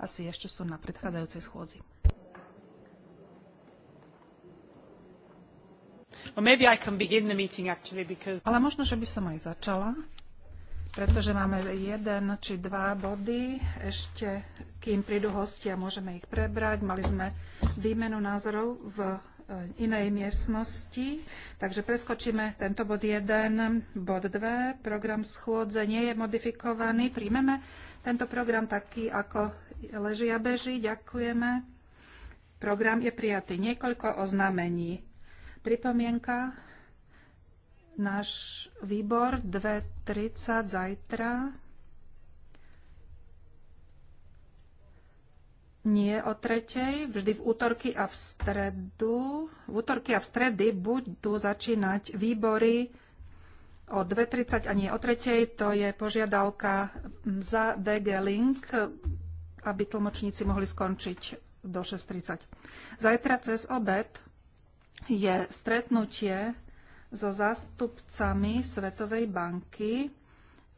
asi ešte sú na predchádzajúcej schôdzi. Ale možno, že by som aj začala, pretože máme jeden či dva body. Ešte, kým prídu hostia, môžeme ich prebrať. Mali sme výmenu názorov v E, inej miestnosti. Takže preskočíme tento bod 1, bod 2. Program schôdze nie je modifikovaný. Príjmeme tento program taký, ako leží a beží. Ďakujeme. Program je prijatý. Niekoľko oznámení. Pripomienka. Náš výbor 2.30 zajtra nie o tretej, vždy v útorky a v stredu. V útorky a v stredy budú začínať výbory o 2.30 a nie o tretej. To je požiadavka za DG Link, aby tlmočníci mohli skončiť do 6.30. Zajtra cez obed je stretnutie so zástupcami Svetovej banky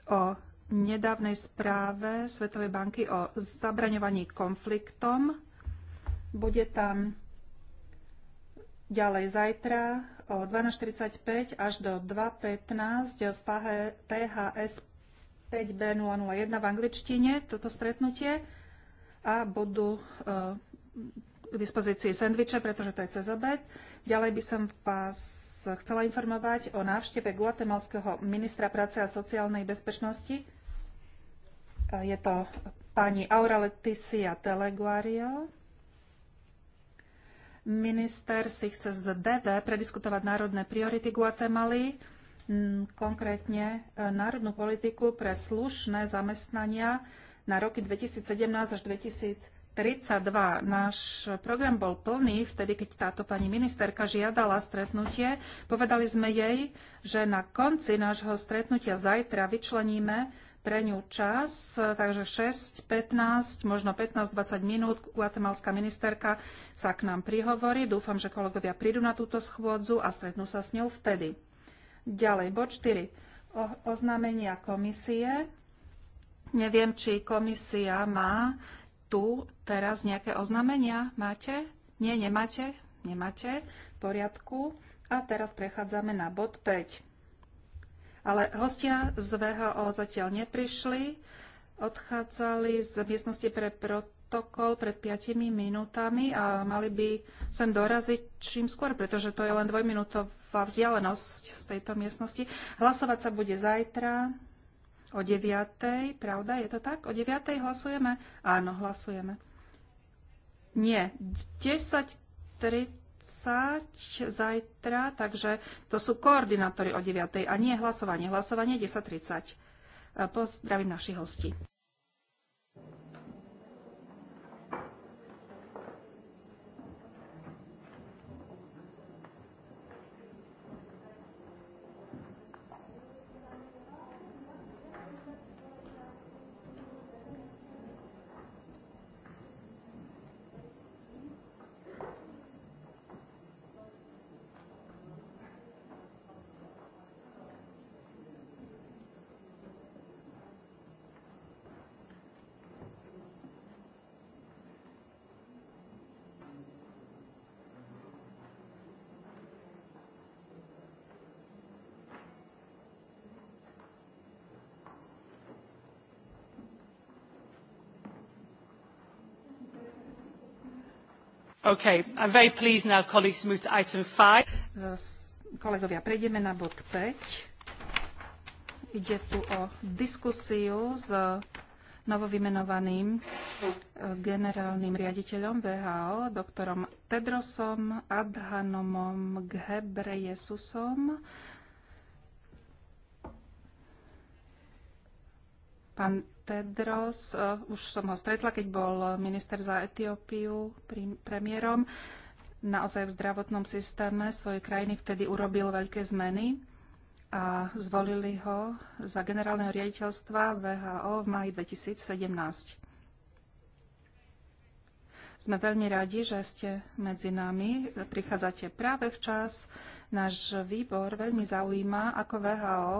o nedávnej správe Svetovej banky o zabraňovaní konfliktom. Bude tam ďalej zajtra o 12.45 až do 2.15 v PHS 5B001 v angličtine toto stretnutie a budú e, k dispozícii sendviče, pretože to je cez obed. Ďalej by som vás chcela informovať o návšteve guatemalského ministra práce a sociálnej bezpečnosti je to pani Aura Leticia Teleguaria. Minister si chce z DV prediskutovať národné priority Guatemaly, mm, konkrétne e, národnú politiku pre slušné zamestnania na roky 2017 až 2032. Náš program bol plný, vtedy keď táto pani ministerka žiadala stretnutie. Povedali sme jej, že na konci nášho stretnutia zajtra vyčleníme pre ňu čas, takže 6, 15, možno 15-20 minút guatemalská ministerka sa k nám prihovorí. Dúfam, že kolegovia prídu na túto schôdzu a stretnú sa s ňou vtedy. Ďalej, bod 4. O, oznámenia komisie. Neviem, či komisia má tu teraz nejaké oznámenia. Máte? Nie, nemáte? Nemáte. V poriadku. A teraz prechádzame na bod 5 ale hostia z VHO zatiaľ neprišli, odchádzali z miestnosti pre protokol pred 5 minútami a mali by sem doraziť čím skôr, pretože to je len dvojminútová vzdialenosť z tejto miestnosti. Hlasovať sa bude zajtra o 9. Pravda, je to tak? O 9. hlasujeme? Áno, hlasujeme. Nie, 10.30 10.30 zajtra, takže to sú koordinátory o 9.00 a nie hlasovanie. Hlasovanie 10.30. Pozdravím našich hostí. Okay, I'm very pleased now, colleagues, to move to item 5. Kolegovia, prejdeme na bod 5. Ide tu o diskusiu s novovymenovaným eh, generálnym riaditeľom VHO, doktorom Tedrosom Adhanomom Ghebreyesusom. Pán Tedros. Eh, už som ho stretla, keď bol minister za Etiópiu premiérom. Naozaj v zdravotnom systéme svojej krajiny vtedy urobil veľké zmeny a zvolili ho za generálneho riaditeľstva VHO v maji 2017. Sme veľmi radi, že ste medzi nami, prichádzate práve včas. Náš výbor veľmi zaujíma, ako VHO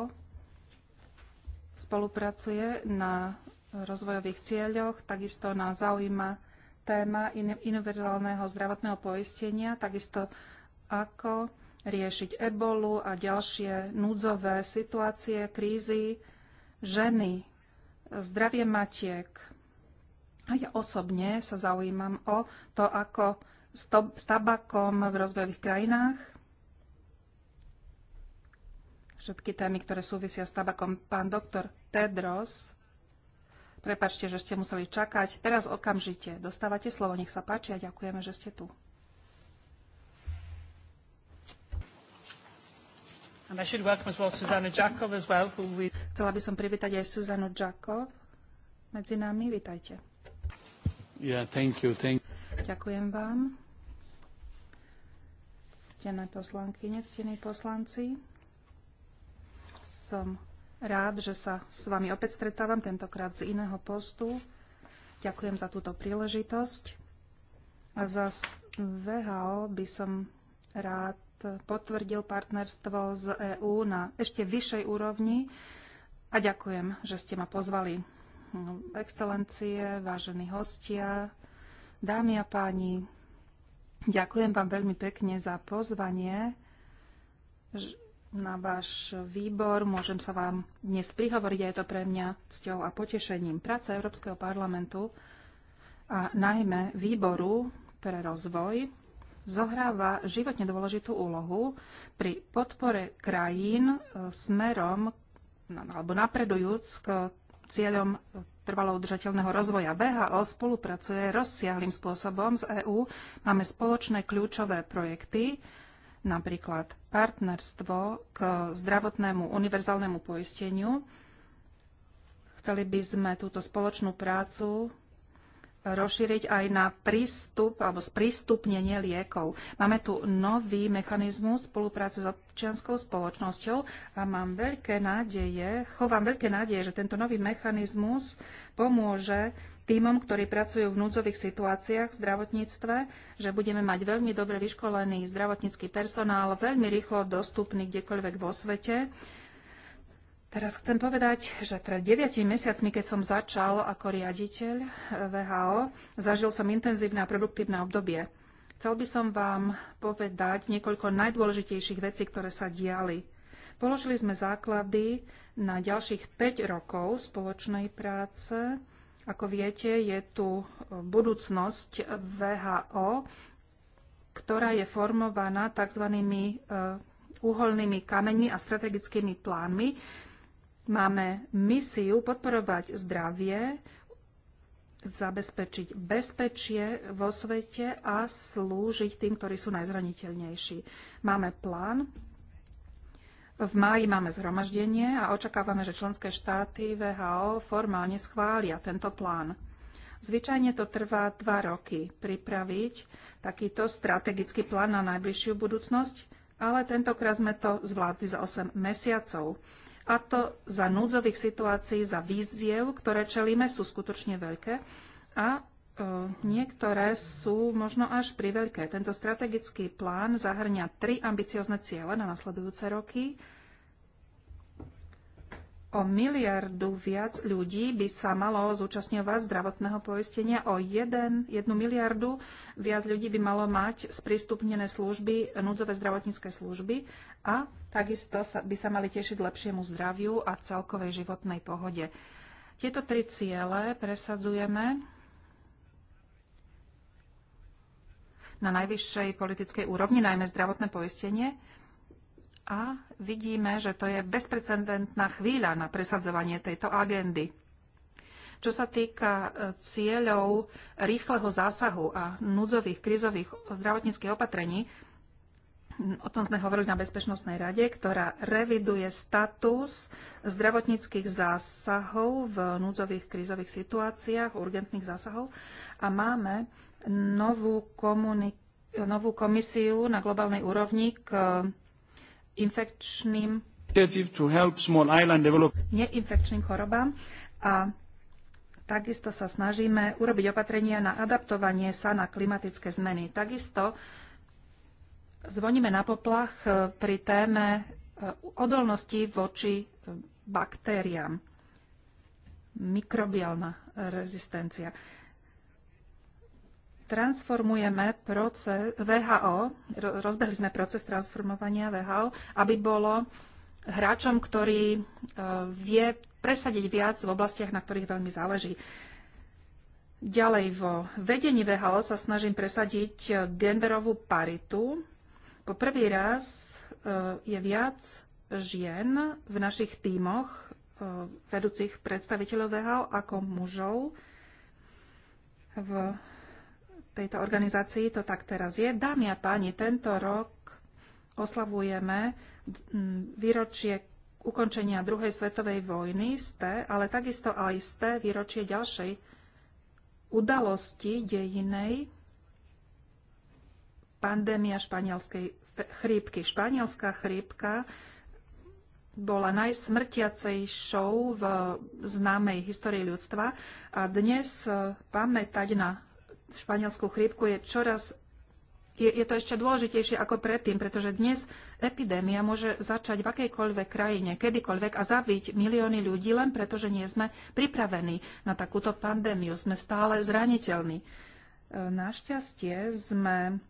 spolupracuje na rozvojových cieľoch, takisto na zaujíma téma individuálneho zdravotného poistenia, takisto ako riešiť ebolu a ďalšie núdzové situácie, krízy, ženy, zdravie matiek. A ja osobne sa zaujímam o to, ako s tabakom v rozvojových krajinách všetky témy, ktoré súvisia s tabakom. Pán doktor Tedros, prepačte, že ste museli čakať. Teraz okamžite dostávate slovo. Nech sa páči a ďakujeme, že ste tu. Chcela by som privítať aj Suzanu Jakob medzi nami. Vítajte. Yeah, thank you, thank you. Ďakujem vám. Ctené poslanky, nectení poslanci. Som rád, že sa s vami opäť stretávam, tentokrát z iného postu. Ďakujem za túto príležitosť. A za VHO by som rád potvrdil partnerstvo z EÚ na ešte vyššej úrovni a ďakujem, že ste ma pozvali. Excelencie, vážení hostia, dámy a páni, ďakujem vám veľmi pekne za pozvanie na váš výbor. Môžem sa vám dnes prihovoriť a je to pre mňa cťou a potešením. Práca Európskeho parlamentu a najmä výboru pre rozvoj zohráva životne dôležitú úlohu pri podpore krajín e, smerom alebo napredujúc k cieľom trvalo udržateľného rozvoja. VHO spolupracuje rozsiahlým spôsobom z EÚ. Máme spoločné kľúčové projekty, napríklad partnerstvo k zdravotnému univerzálnemu poisteniu. Chceli by sme túto spoločnú prácu rozšíriť aj na prístup alebo sprístupnenie liekov. Máme tu nový mechanizmus spolupráce s občianskou spoločnosťou a mám veľké nádeje, chovám veľké nádeje, že tento nový mechanizmus pomôže týmom, ktorí pracujú v núdzových situáciách v zdravotníctve, že budeme mať veľmi dobre vyškolený zdravotnícky personál, veľmi rýchlo dostupný kdekoľvek vo svete. Teraz chcem povedať, že pred 9 mesiacmi, keď som začal ako riaditeľ VHO, zažil som intenzívne a produktívne obdobie. Chcel by som vám povedať niekoľko najdôležitejších vecí, ktoré sa diali. Položili sme základy na ďalších 5 rokov spoločnej práce ako viete, je tu e, budúcnosť VHO, ktorá je formovaná tzv. E, uholnými kameňmi a strategickými plánmi. Máme misiu podporovať zdravie, zabezpečiť bezpečie vo svete a slúžiť tým, ktorí sú najzraniteľnejší. Máme plán v máji máme zhromaždenie a očakávame, že členské štáty VHO formálne schvália tento plán. Zvyčajne to trvá dva roky pripraviť takýto strategický plán na najbližšiu budúcnosť, ale tentokrát sme to zvládli za 8 mesiacov. A to za núdzových situácií, za víziev, ktoré čelíme, sú skutočne veľké a E, niektoré sú možno až priveľké. Tento strategický plán zahrňa tri ambiciozne ciele na nasledujúce roky. O miliardu viac ľudí by sa malo zúčastňovať zdravotného poistenia, o jeden, jednu miliardu viac ľudí by malo mať sprístupnené služby, núdzové zdravotnícke služby a takisto sa, by sa mali tešiť lepšiemu zdraviu a celkovej životnej pohode. Tieto tri ciele presadzujeme na najvyššej politickej úrovni, najmä zdravotné poistenie. A vidíme, že to je bezprecedentná chvíľa na presadzovanie tejto agendy. Čo sa týka e, cieľov rýchleho zásahu a núdzových, krizových zdravotníckých opatrení, o tom sme hovorili na Bezpečnostnej rade, ktorá reviduje status zdravotníckých zásahov v núdzových krizových situáciách, urgentných zásahov. A máme novú, komunik- novú komisiu na globálnej úrovni k eh, infekčným neinfekčným chorobám a takisto sa snažíme urobiť opatrenia na adaptovanie sa na klimatické zmeny. Takisto zvoníme na poplach eh, pri téme eh, odolnosti voči baktériám. Mikrobiálna rezistencia transformujeme proces VHO, rozbehli sme proces transformovania VHO, aby bolo hráčom, ktorý e, vie presadiť viac v oblastiach, na ktorých veľmi záleží. Ďalej vo vedení VHO sa snažím presadiť e, genderovú paritu. Po prvý raz e, je viac žien v našich tímoch vedúcich predstaviteľov VHO ako mužov. V tejto organizácii to tak teraz je. Dámy a páni, tento rok oslavujeme výročie ukončenia druhej svetovej vojny, ste, ale takisto aj ste výročie ďalšej udalosti dejinej pandémia španielskej chrípky. Španielská chrípka bola najsmrtiacejšou v známej histórii ľudstva a dnes pamätať na španielskú chrípku je čoraz je, je to ešte dôležitejšie ako predtým, pretože dnes epidémia môže začať v akejkoľvek krajine, kedykoľvek a zabiť milióny ľudí len preto, že nie sme pripravení na takúto pandémiu. Sme stále zraniteľní. E, našťastie sme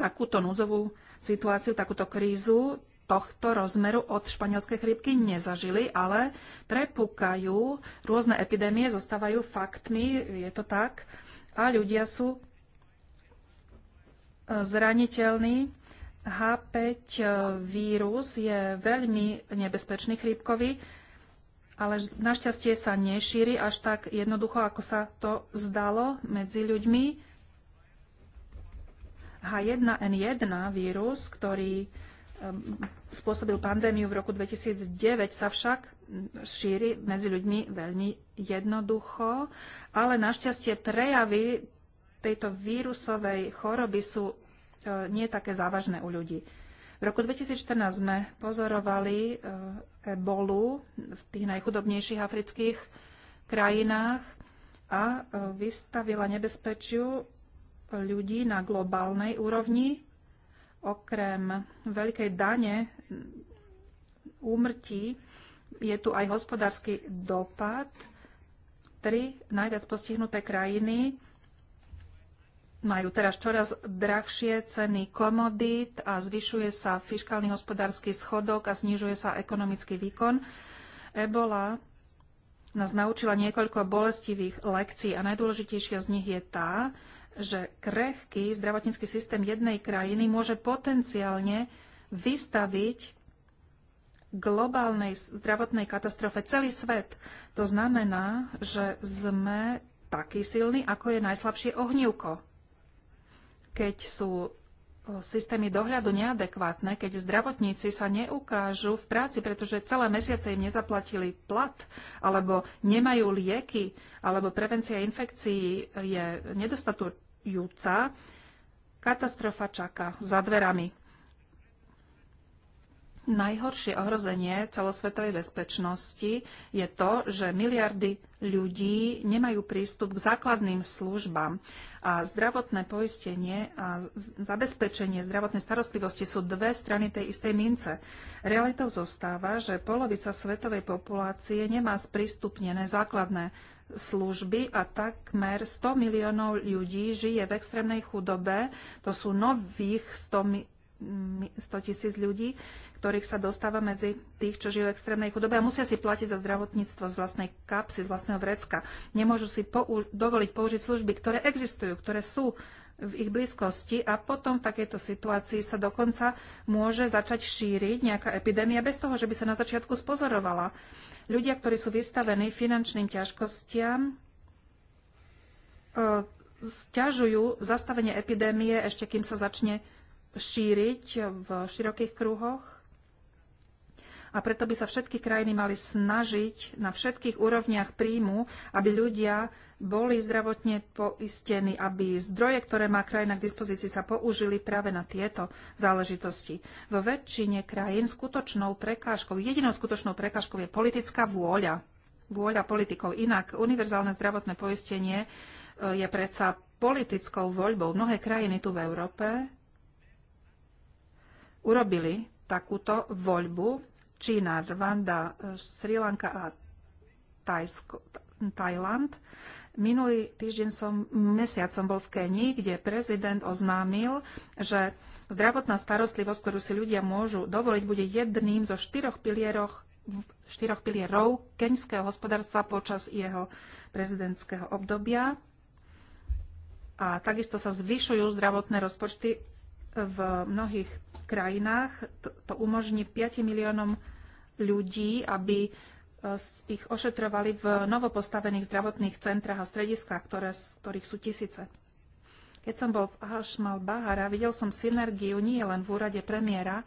takúto núzovú situáciu, takúto krízu tohto rozmeru od španielskej chrípky nezažili, ale prepukajú rôzne epidémie, zostávajú faktmi, je to tak a ľudia sú e, zraniteľní. H5 e, vírus je veľmi nebezpečný chrípkový, ale našťastie sa nešíri až tak jednoducho, ako sa to zdalo medzi ľuďmi. H1N1 vírus, ktorý Um, spôsobil pandémiu v roku 2009, sa však šíri medzi ľuďmi veľmi jednoducho, ale našťastie prejavy tejto vírusovej choroby sú e, nie také závažné u ľudí. V roku 2014 sme pozorovali e, ebolu v tých najchudobnejších afrických krajinách a e, vystavila nebezpečiu ľudí na globálnej úrovni Okrem veľkej dane úmrtí je tu aj hospodársky dopad. Tri najviac postihnuté krajiny majú teraz čoraz drahšie ceny komodít a zvyšuje sa fiskálny hospodársky schodok a znižuje sa ekonomický výkon. Ebola nás naučila niekoľko bolestivých lekcií a najdôležitejšia z nich je tá, že krehký zdravotnícky systém jednej krajiny môže potenciálne vystaviť globálnej zdravotnej katastrofe celý svet. To znamená, že sme taký silný, ako je najslabšie ohnívko. Keď sú systémy dohľadu neadekvátne, keď zdravotníci sa neukážu v práci, pretože celé mesiace im nezaplatili plat, alebo nemajú lieky, alebo prevencia infekcií je nedostatočná, júca. Katastrofa čaká za dverami. Najhoršie ohrozenie celosvetovej bezpečnosti je to, že miliardy ľudí nemajú prístup k základným službám a zdravotné poistenie a zabezpečenie zdravotnej starostlivosti sú dve strany tej istej mince. Realitou zostáva, že polovica svetovej populácie nemá sprístupnené základné služby a takmer 100 miliónov ľudí žije v extrémnej chudobe. To sú nových 100, 100 tisíc ľudí, ktorých sa dostáva medzi tých, čo žijú v extrémnej chudobe a musia si platiť za zdravotníctvo z vlastnej kapsy, z vlastného vrecka. Nemôžu si pou- dovoliť použiť služby, ktoré existujú, ktoré sú v ich blízkosti a potom v takejto situácii sa dokonca môže začať šíriť nejaká epidémia bez toho, že by sa na začiatku spozorovala. Ľudia, ktorí sú vystavení finančným ťažkostiam, e, sťažujú zastavenie epidémie ešte kým sa začne šíriť v širokých kruhoch a preto by sa všetky krajiny mali snažiť na všetkých úrovniach príjmu, aby ľudia boli zdravotne poistení, aby zdroje, ktoré má krajina k dispozícii, sa použili práve na tieto záležitosti. Vo väčšine krajín skutočnou prekážkou, jedinou skutočnou prekážkou je politická vôľa. Vôľa politikov. Inak univerzálne zdravotné poistenie eh, je predsa politickou voľbou. Mnohé krajiny tu v Európe urobili takúto voľbu Čína, Rwanda, Sri Lanka a Tajsko, Tajland. Minulý týždeň som, mesiac som bol v Kenii, kde prezident oznámil, že zdravotná starostlivosť, ktorú si ľudia môžu dovoliť, bude jedným zo štyroch pilieroch štyroch pilierov keňského hospodárstva počas jeho prezidentského obdobia. A takisto sa zvyšujú zdravotné rozpočty v mnohých krajinách. To umožní 5 miliónom ľudí, aby e, ich ošetrovali v novopostavených zdravotných centrách a strediskách, ktoré, ktorých sú tisíce. Keď som bol v Hašmal Bahara, videl som synergiu nie len v úrade premiéra,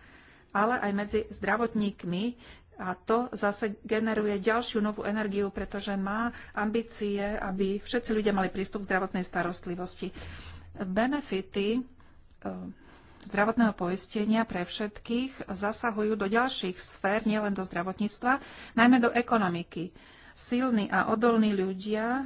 ale aj medzi zdravotníkmi a to zase generuje ďalšiu novú energiu, pretože má ambície, aby všetci ľudia mali prístup k zdravotnej starostlivosti. Benefity e, zdravotného poistenia pre všetkých zasahujú do ďalších sfér, nielen do zdravotníctva, najmä do ekonomiky. Silní a odolní ľudia,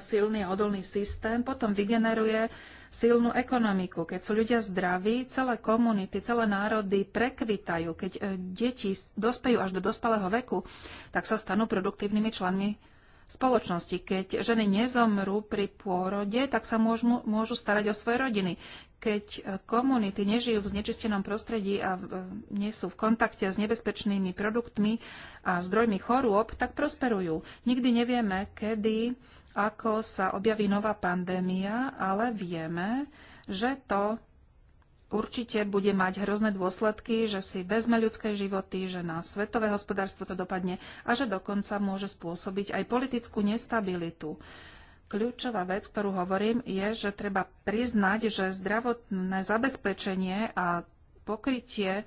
silný a odolný systém potom vygeneruje silnú ekonomiku. Keď sú ľudia zdraví, celé komunity, celé národy prekvitajú. Keď eh, deti dospejú až do dospelého veku, tak sa stanú produktívnymi členmi spoločnosti. Keď ženy nezomrú pri pôrode, tak sa môžu, môžu starať o svoje rodiny. Keď komunity nežijú v znečistenom prostredí a nie sú v kontakte s nebezpečnými produktmi a zdrojmi chorôb, tak prosperujú. Nikdy nevieme, kedy, ako sa objaví nová pandémia, ale vieme, že to určite bude mať hrozné dôsledky, že si vezme ľudské životy, že na svetové hospodárstvo to dopadne a že dokonca môže spôsobiť aj politickú nestabilitu. Kľúčová vec, ktorú hovorím, je, že treba priznať, že zdravotné zabezpečenie a pokrytie e,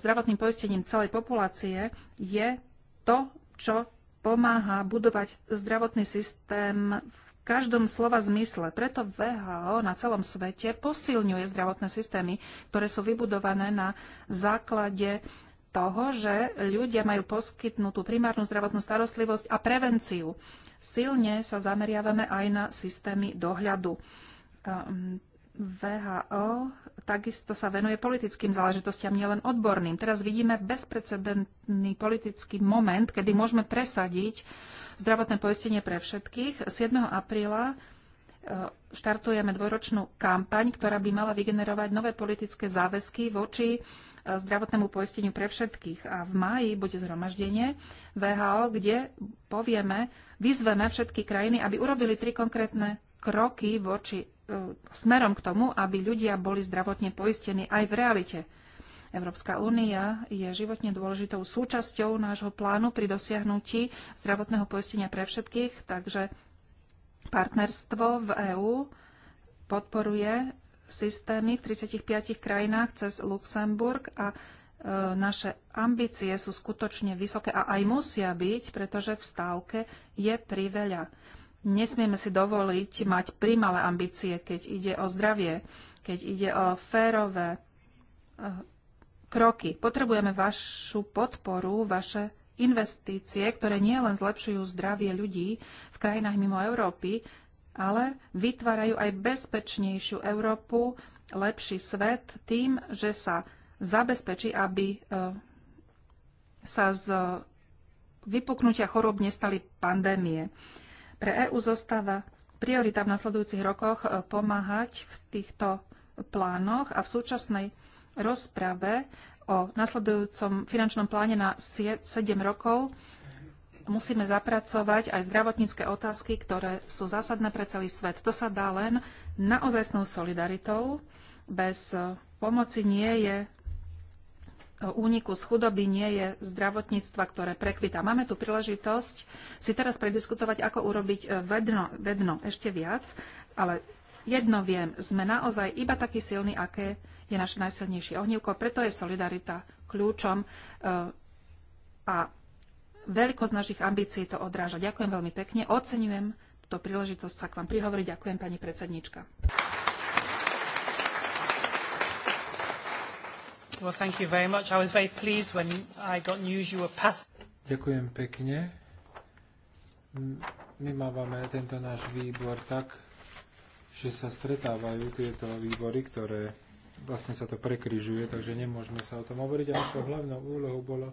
zdravotným poistením celej populácie je to, čo pomáha budovať zdravotný systém v každom slova zmysle. Preto VHO na celom svete posilňuje zdravotné systémy, ktoré sú vybudované na základe toho, že ľudia majú poskytnutú primárnu zdravotnú starostlivosť a prevenciu. Silne sa zameriavame aj na systémy dohľadu. Ehm, VHO takisto sa venuje politickým záležitostiam, nielen odborným. Teraz vidíme bezprecedentný politický moment, kedy môžeme presadiť zdravotné poistenie pre všetkých. 7. apríla e, štartujeme dvojročnú kampaň, ktorá by mala vygenerovať nové politické záväzky voči e, zdravotnému poisteniu pre všetkých. A v máji bude zhromaždenie VHO, kde povieme, vyzveme všetky krajiny, aby urobili tri konkrétne kroky voči, e, smerom k tomu, aby ľudia boli zdravotne poistení aj v realite. Európska únia je životne dôležitou súčasťou nášho plánu pri dosiahnutí zdravotného poistenia pre všetkých, takže partnerstvo v EÚ podporuje systémy v 35 krajinách cez Luxemburg a e, naše ambície sú skutočne vysoké a aj musia byť, pretože v stávke je priveľa. Nesmieme si dovoliť mať primalé ambície, keď ide o zdravie, keď ide o férové e, kroky. Potrebujeme vašu podporu, vaše investície, ktoré nie len zlepšujú zdravie ľudí v krajinách mimo Európy, ale vytvárajú aj bezpečnejšiu Európu, lepší svet tým, že sa zabezpečí, aby e, sa z vypuknutia chorób nestali pandémie. Pre EÚ zostáva priorita v nasledujúcich rokoch e, pomáhať v týchto plánoch a v súčasnej rozprave o nasledujúcom finančnom pláne na 7 rokov musíme zapracovať aj zdravotnícke otázky, ktoré sú zásadné pre celý svet. To sa dá len naozajstnou solidaritou. Bez eh, pomoci nie je eh, úniku z chudoby, nie je zdravotníctva, ktoré prekvita. Máme tu príležitosť si teraz prediskutovať, ako urobiť eh, vedno, vedno ešte viac, ale jedno viem, sme naozaj iba takí silní, aké je naše najsilnejšie ohnívko, preto je solidarita kľúčom e, a veľkosť našich ambícií to odráža. Ďakujem veľmi pekne, ocenujem túto príležitosť sa k vám prihovoriť. Ďakujem, pani predsednička. Ďakujem pekne. My máme tento náš výbor tak, že sa stretávajú tieto výbory, ktoré vlastne sa to prekryžuje, takže nemôžeme sa o tom hovoriť. A našou hlavnou úlohou bolo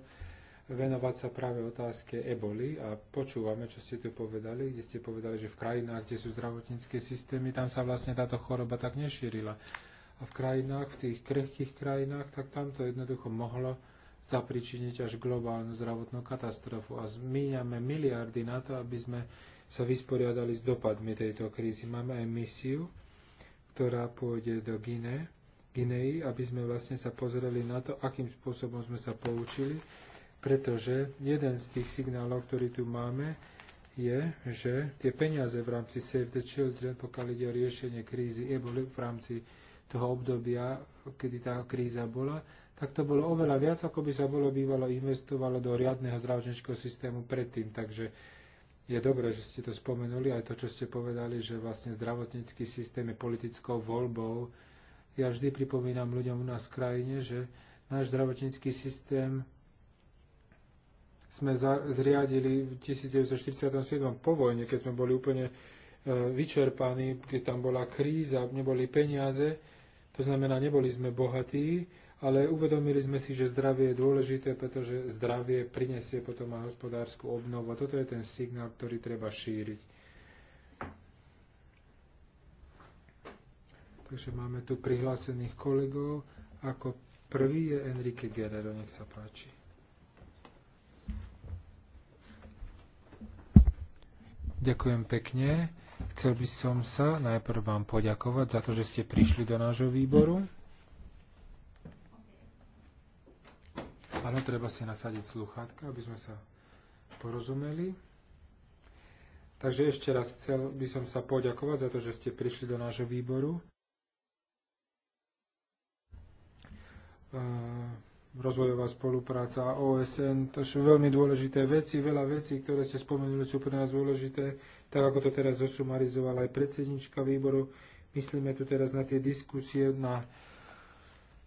venovať sa práve otázke eboli a počúvame, čo ste tu povedali, kde ste povedali, že v krajinách, kde sú zdravotnícke systémy, tam sa vlastne táto choroba tak nešírila. A v krajinách, v tých krehkých krajinách, tak tam to jednoducho mohlo zapričiniť až globálnu zdravotnú katastrofu. A zmíňame miliardy na to, aby sme sa vysporiadali s dopadmi tejto krízy. Máme aj misiu, ktorá pôjde do Gine Gineji, aby sme vlastne sa pozreli na to, akým spôsobom sme sa poučili, pretože jeden z tých signálov, ktorý tu máme, je, že tie peniaze v rámci Save the Children, pokiaľ ide o riešenie krízy boli v rámci toho obdobia, kedy tá kríza bola, tak to bolo oveľa viac, ako by sa bolo bývalo investovalo do riadneho zdravotníckého systému predtým. Takže je dobré, že ste to spomenuli, aj to, čo ste povedali, že vlastne zdravotnícky systém je politickou voľbou ja vždy pripomínam ľuďom u nás v krajine, že náš zdravotnícky systém sme zriadili v 1947 po vojne, keď sme boli úplne e, vyčerpaní, keď tam bola kríza, neboli peniaze, to znamená, neboli sme bohatí, ale uvedomili sme si, že zdravie je dôležité, pretože zdravie prinesie potom aj hospodárskú obnovu. A toto je ten signál, ktorý treba šíriť. Takže máme tu prihlásených kolegov. Ako prvý je Enrique Guerrero, nech sa páči. Ďakujem pekne. Chcel by som sa najprv vám poďakovať za to, že ste prišli do nášho výboru. Áno, treba si nasadiť sluchátka, aby sme sa porozumeli. Takže ešte raz chcel by som sa poďakovať za to, že ste prišli do nášho výboru. rozvojová spolupráca a OSN. To sú veľmi dôležité veci, veľa vecí, ktoré ste spomenuli, sú pre nás dôležité, tak ako to teraz zosumarizovala aj predsednička výboru. Myslíme tu teraz na tie diskusie, na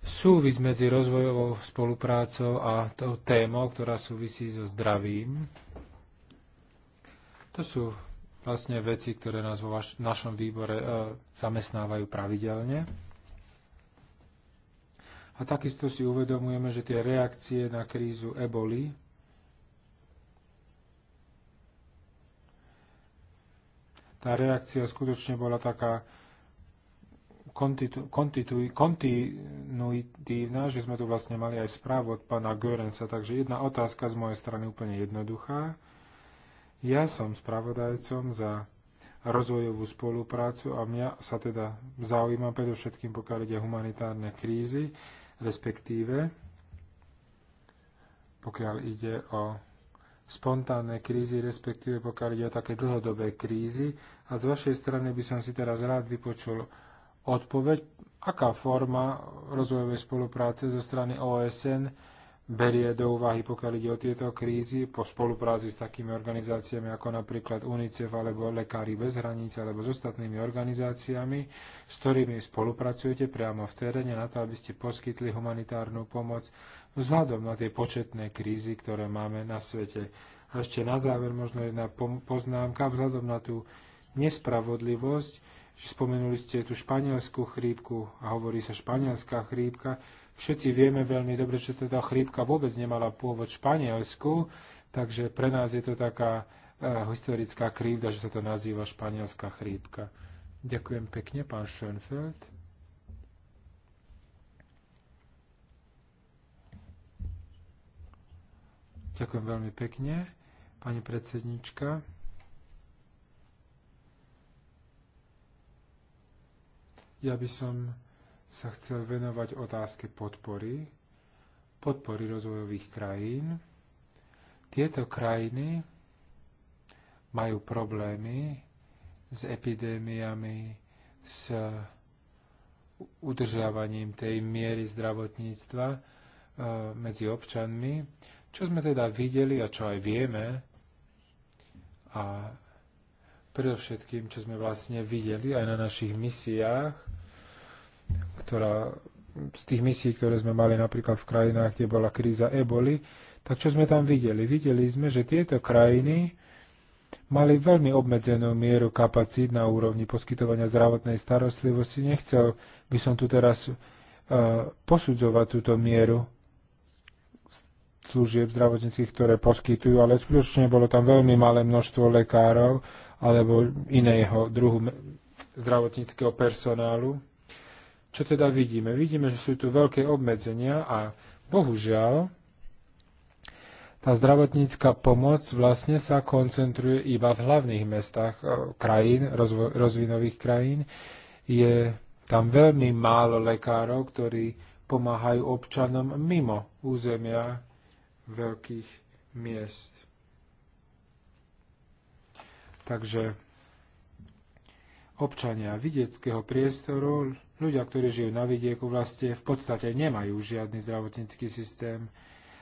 súvis medzi rozvojovou spoluprácou a tou témou, ktorá súvisí so zdravím. To sú vlastne veci, ktoré nás vo vaš- našom výbore e, zamestnávajú pravidelne. A takisto si uvedomujeme, že tie reakcie na krízu eboli tá reakcia skutočne bola taká kontitu, kontinuitívna, že sme tu vlastne mali aj správu od pána Görensa. Takže jedna otázka z mojej strany úplne jednoduchá. Ja som spravodajcom za rozvojovú spoluprácu a mňa sa teda zaujíma predovšetkým, pokiaľ ide humanitárne krízy respektíve pokiaľ ide o spontánne krízy, respektíve pokiaľ ide o také dlhodobé krízy. A z vašej strany by som si teraz rád vypočul odpoveď, aká forma rozvojovej spolupráce zo strany OSN berie do úvahy, pokiaľ ide o tieto krízy, po spolupráci s takými organizáciami ako napríklad UNICEF alebo Lekári bez hraníc alebo s ostatnými organizáciami, s ktorými spolupracujete priamo v teréne na to, aby ste poskytli humanitárnu pomoc vzhľadom na tie početné krízy, ktoré máme na svete. A ešte na záver možno jedna poznámka vzhľadom na tú nespravodlivosť, že spomenuli ste tú španielskú chrípku a hovorí sa španielská chrípka, Všetci vieme veľmi dobre, že teda chrípka vôbec nemala pôvod v Španielsku, takže pre nás je to taká uh, historická krivda, že sa to nazýva španielská chrípka. Ďakujem pekne, pán Schoenfeld. Ďakujem veľmi pekne, pani predsednička. Ja by som sa chcel venovať otázke podpory, podpory rozvojových krajín. Tieto krajiny majú problémy s epidémiami, s udržiavaním tej miery zdravotníctva eh, medzi občanmi, čo sme teda videli a čo aj vieme a predovšetkým, čo sme vlastne videli aj na našich misiách, ktorá z tých misií, ktoré sme mali napríklad v krajinách, kde bola kríza eboli, tak čo sme tam videli? Videli sme, že tieto krajiny mali veľmi obmedzenú mieru kapacít na úrovni poskytovania zdravotnej starostlivosti. Nechcel by som tu teraz uh, posudzovať túto mieru služieb zdravotníckých, ktoré poskytujú, ale skutočne bolo tam veľmi malé množstvo lekárov alebo iného druhu zdravotníckého personálu čo teda vidíme? Vidíme, že sú tu veľké obmedzenia a bohužiaľ tá zdravotnícka pomoc vlastne sa koncentruje iba v hlavných mestách e, krajín, rozvo- rozvinových krajín. Je tam veľmi málo lekárov, ktorí pomáhajú občanom mimo územia veľkých miest. Takže občania vidieckého priestoru Ľudia, ktorí žijú na vidieku, vlastne v podstate nemajú žiadny zdravotnícky systém,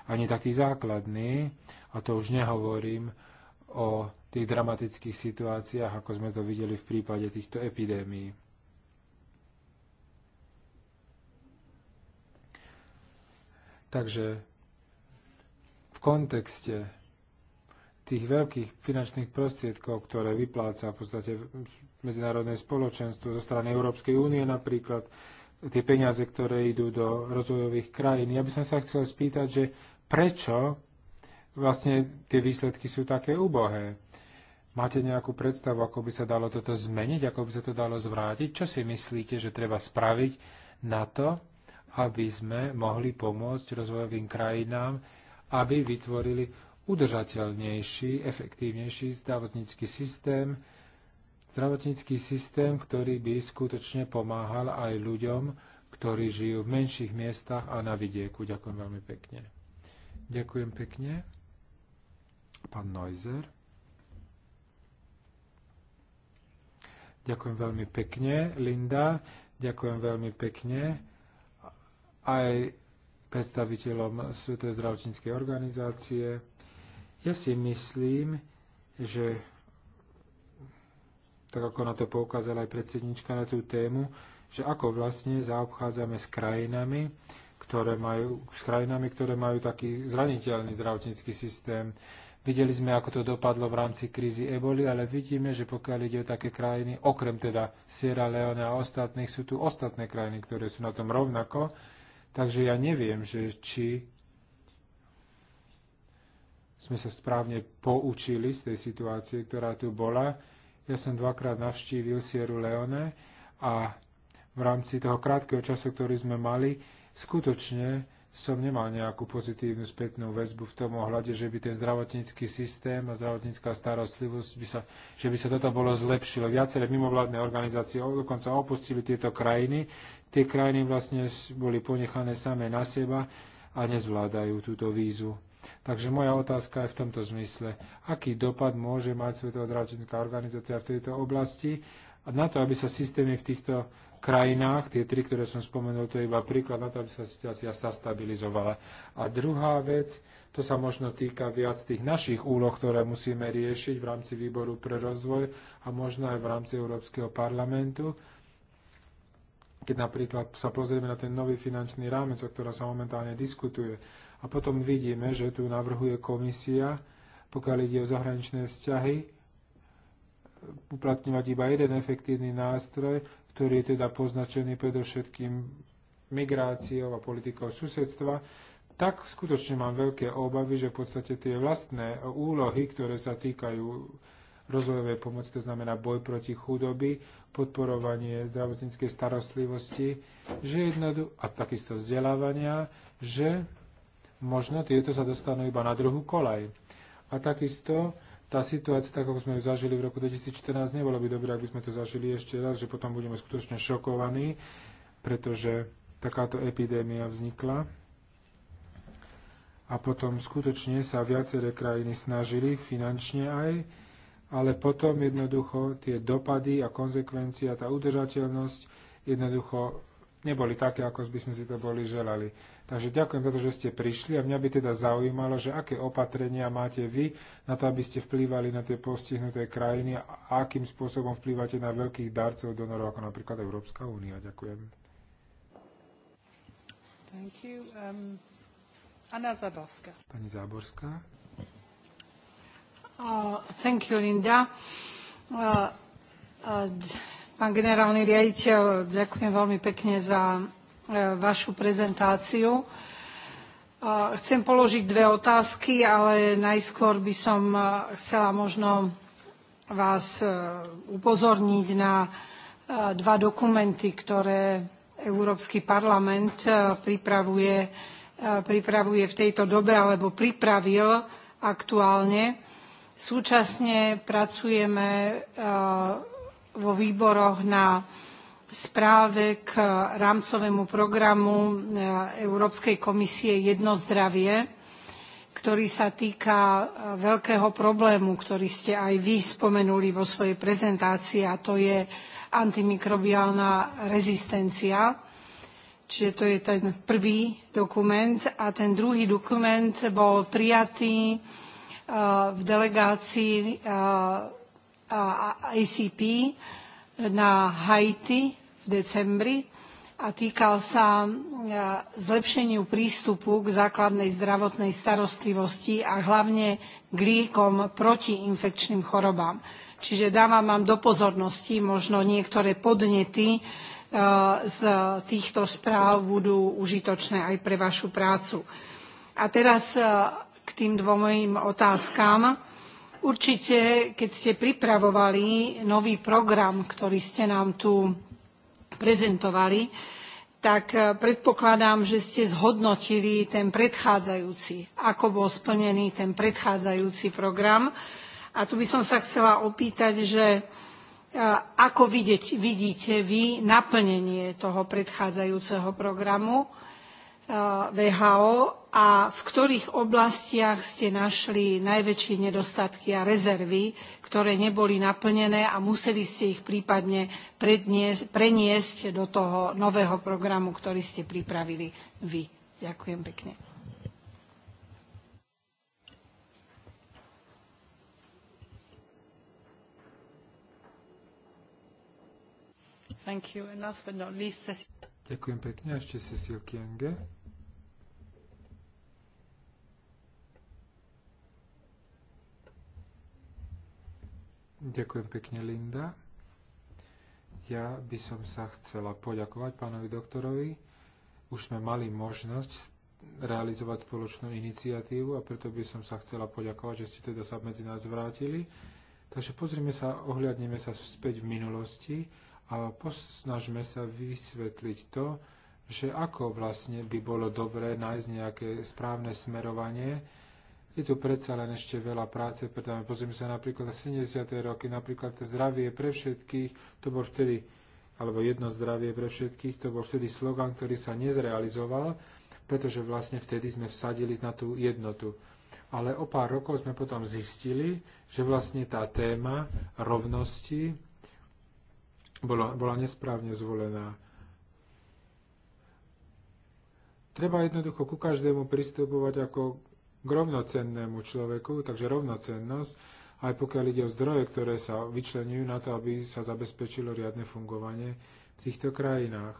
ani taký základný, a to už nehovorím o tých dramatických situáciách, ako sme to videli v prípade týchto epidémií. Takže v kontexte tých veľkých finančných prostriedkov, ktoré vypláca v podstate medzinárodné spoločenstvo zo strany Európskej únie napríklad, tie peniaze, ktoré idú do rozvojových krajín. Ja by som sa chcel spýtať, že prečo vlastne tie výsledky sú také ubohé? Máte nejakú predstavu, ako by sa dalo toto zmeniť, ako by sa to dalo zvrátiť? Čo si myslíte, že treba spraviť na to, aby sme mohli pomôcť rozvojovým krajinám, aby vytvorili udržateľnejší, efektívnejší zdravotnícky systém, zdravotnícky systém, ktorý by skutočne pomáhal aj ľuďom, ktorí žijú v menších miestach a na vidieku. Ďakujem veľmi pekne. Ďakujem pekne. Pán Neuser. Ďakujem veľmi pekne, Linda. Ďakujem veľmi pekne aj predstaviteľom Svetovej zdravotníckej organizácie. Ja si myslím, že tak ako na to poukázala aj predsednička na tú tému, že ako vlastne zaobchádzame s krajinami, ktoré majú, s krajinami, ktoré majú taký zraniteľný zdravotnícky systém. Videli sme, ako to dopadlo v rámci krízy eboli, ale vidíme, že pokiaľ ide o také krajiny, okrem teda Sierra Leone a ostatných, sú tu ostatné krajiny, ktoré sú na tom rovnako. Takže ja neviem, že či sme sa správne poučili z tej situácie, ktorá tu bola. Ja som dvakrát navštívil Sieru Leone a v rámci toho krátkeho času, ktorý sme mali, skutočne som nemal nejakú pozitívnu spätnú väzbu v tom ohľade, že by ten zdravotnícky systém a zdravotnícká starostlivosť, by sa, že by sa toto bolo zlepšilo. Viaceré mimovládne organizácie dokonca opustili tieto krajiny. Tie krajiny vlastne boli ponechané samé na seba a nezvládajú túto výzvu. Takže moja otázka je v tomto zmysle. Aký dopad môže mať Svetová organizácia v tejto oblasti a na to, aby sa systémy v týchto krajinách, tie tri, ktoré som spomenul, to je iba príklad na to, aby sa situácia stabilizovala. A druhá vec, to sa možno týka viac tých našich úloh, ktoré musíme riešiť v rámci výboru pre rozvoj a možno aj v rámci Európskeho parlamentu keď napríklad sa pozrieme na ten nový finančný rámec, o ktorom sa momentálne diskutuje. A potom vidíme, že tu navrhuje komisia, pokiaľ ide o zahraničné vzťahy, uplatňovať iba jeden efektívny nástroj, ktorý je teda poznačený predovšetkým migráciou a politikou susedstva, tak skutočne mám veľké obavy, že v podstate tie vlastné úlohy, ktoré sa týkajú rozvojovej pomoci, to znamená boj proti chudoby, podporovanie zdravotníckej starostlivosti, že jednodu, a takisto vzdelávania, že možno tieto sa dostanú iba na druhú kolaj. A takisto tá situácia, tak ako sme ju zažili v roku 2014, nebolo by dobré, ak by sme to zažili ešte raz, že potom budeme skutočne šokovaní, pretože takáto epidémia vznikla. A potom skutočne sa viaceré krajiny snažili finančne aj ale potom jednoducho tie dopady a konsekvencia, tá udržateľnosť jednoducho neboli také, ako by sme si to boli želali. Takže ďakujem za to, že ste prišli a mňa by teda zaujímalo, že aké opatrenia máte vy na to, aby ste vplývali na tie postihnuté krajiny a akým spôsobom vplývate na veľkých darcov donorov, ako napríklad Európska únia. Ďakujem. Thank you. Um, Anna Zaborska. Pani Záborská. Uh, uh, uh, pán generálny riaditeľ, ďakujem veľmi pekne za vašu prezentáciu. Chcem položiť dve otázky, ale najskôr by som chcela možno vás upozorniť na dva dokumenty, ktoré Európsky parlament pripravuje v tejto dobe alebo pripravil aktuálne Súčasne pracujeme e, vo výboroch na správe k rámcovému programu e, Európskej komisie Jedno zdravie, ktorý sa týka e, veľkého problému, ktorý ste aj vy spomenuli vo svojej prezentácii, a to je antimikrobiálna rezistencia. Čiže to je ten prvý dokument. A ten druhý dokument bol prijatý v delegácii eh, ACP na Haiti v decembri a týkal sa eh, zlepšeniu prístupu k základnej zdravotnej starostlivosti a hlavne k liekom proti infekčným chorobám. Čiže dávam vám do pozornosti možno niektoré podnety eh, z týchto správ budú užitočné aj pre vašu prácu. A teraz k tým dvom mojim otázkám. Určite, keď ste pripravovali nový program, ktorý ste nám tu prezentovali, tak e, predpokladám, že ste zhodnotili ten predchádzajúci, ako bol splnený ten predchádzajúci program. A tu by som sa chcela opýtať, že e, ako vidieť, vidíte vy naplnenie toho predchádzajúceho programu Eh, VHO a v ktorých oblastiach ste našli najväčšie nedostatky a rezervy, ktoré neboli naplnené a museli ste ich prípadne preniesť do toho nového programu, ktorý ste pripravili vy. Ďakujem pekne. Least... Ďakujem pekne. Ešte Cecil Kienge. Ďakujem pekne, Linda. Ja by som sa chcela poďakovať pánovi doktorovi. Už sme mali možnosť realizovať spoločnú iniciatívu a preto by som sa chcela poďakovať, že ste teda sa medzi nás vrátili. Takže pozrime sa, ohľadneme sa späť v minulosti a posnažme sa vysvetliť to, že ako vlastne by bolo dobré nájsť nejaké správne smerovanie, je tu predsa len ešte veľa práce, pretože pozrieme sa napríklad na 70. roky, napríklad zdravie pre všetkých, to bol vtedy, alebo jedno zdravie pre všetkých, to bol vtedy slogan, ktorý sa nezrealizoval, pretože vlastne vtedy sme vsadili na tú jednotu. Ale o pár rokov sme potom zistili, že vlastne tá téma rovnosti bola, bola nesprávne zvolená. Treba jednoducho ku každému pristupovať ako k rovnocennému človeku, takže rovnocennosť, aj pokiaľ ide o zdroje, ktoré sa vyčlenujú na to, aby sa zabezpečilo riadne fungovanie v týchto krajinách.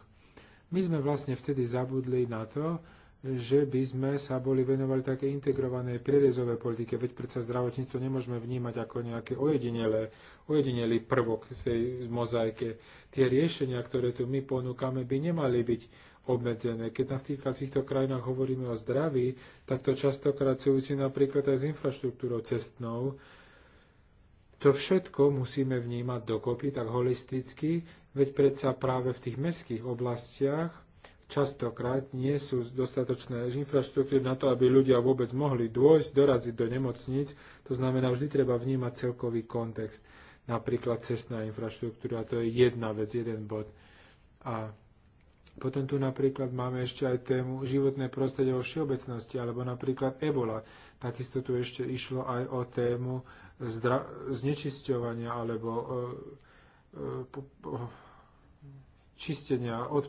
My sme vlastne vtedy zabudli na to, že by sme sa boli venovali také integrovanej prierezovej politike, veď predsa zdravotníctvo nemôžeme vnímať ako nejaké ojedinelé, ojedinelý prvok v tej mozaike. Tie riešenia, ktoré tu my ponúkame, by nemali byť obmedzené. Keď napríklad v týchto krajinách hovoríme o zdraví, tak to častokrát súvisí napríklad aj s infraštruktúrou cestnou. To všetko musíme vnímať dokopy tak holisticky, veď predsa práve v tých mestských oblastiach častokrát nie sú dostatočné infraštruktúry na to, aby ľudia vôbec mohli dôjsť, doraziť do nemocnic. To znamená, vždy treba vnímať celkový kontext. Napríklad cestná infraštruktúra, to je jedna vec, jeden bod. A potom tu napríklad máme ešte aj tému životné prostredie vo všeobecnosti, alebo napríklad ebola. Takisto tu ešte išlo aj o tému zdra- znečisťovania alebo e, e, po, po, čistenia, od,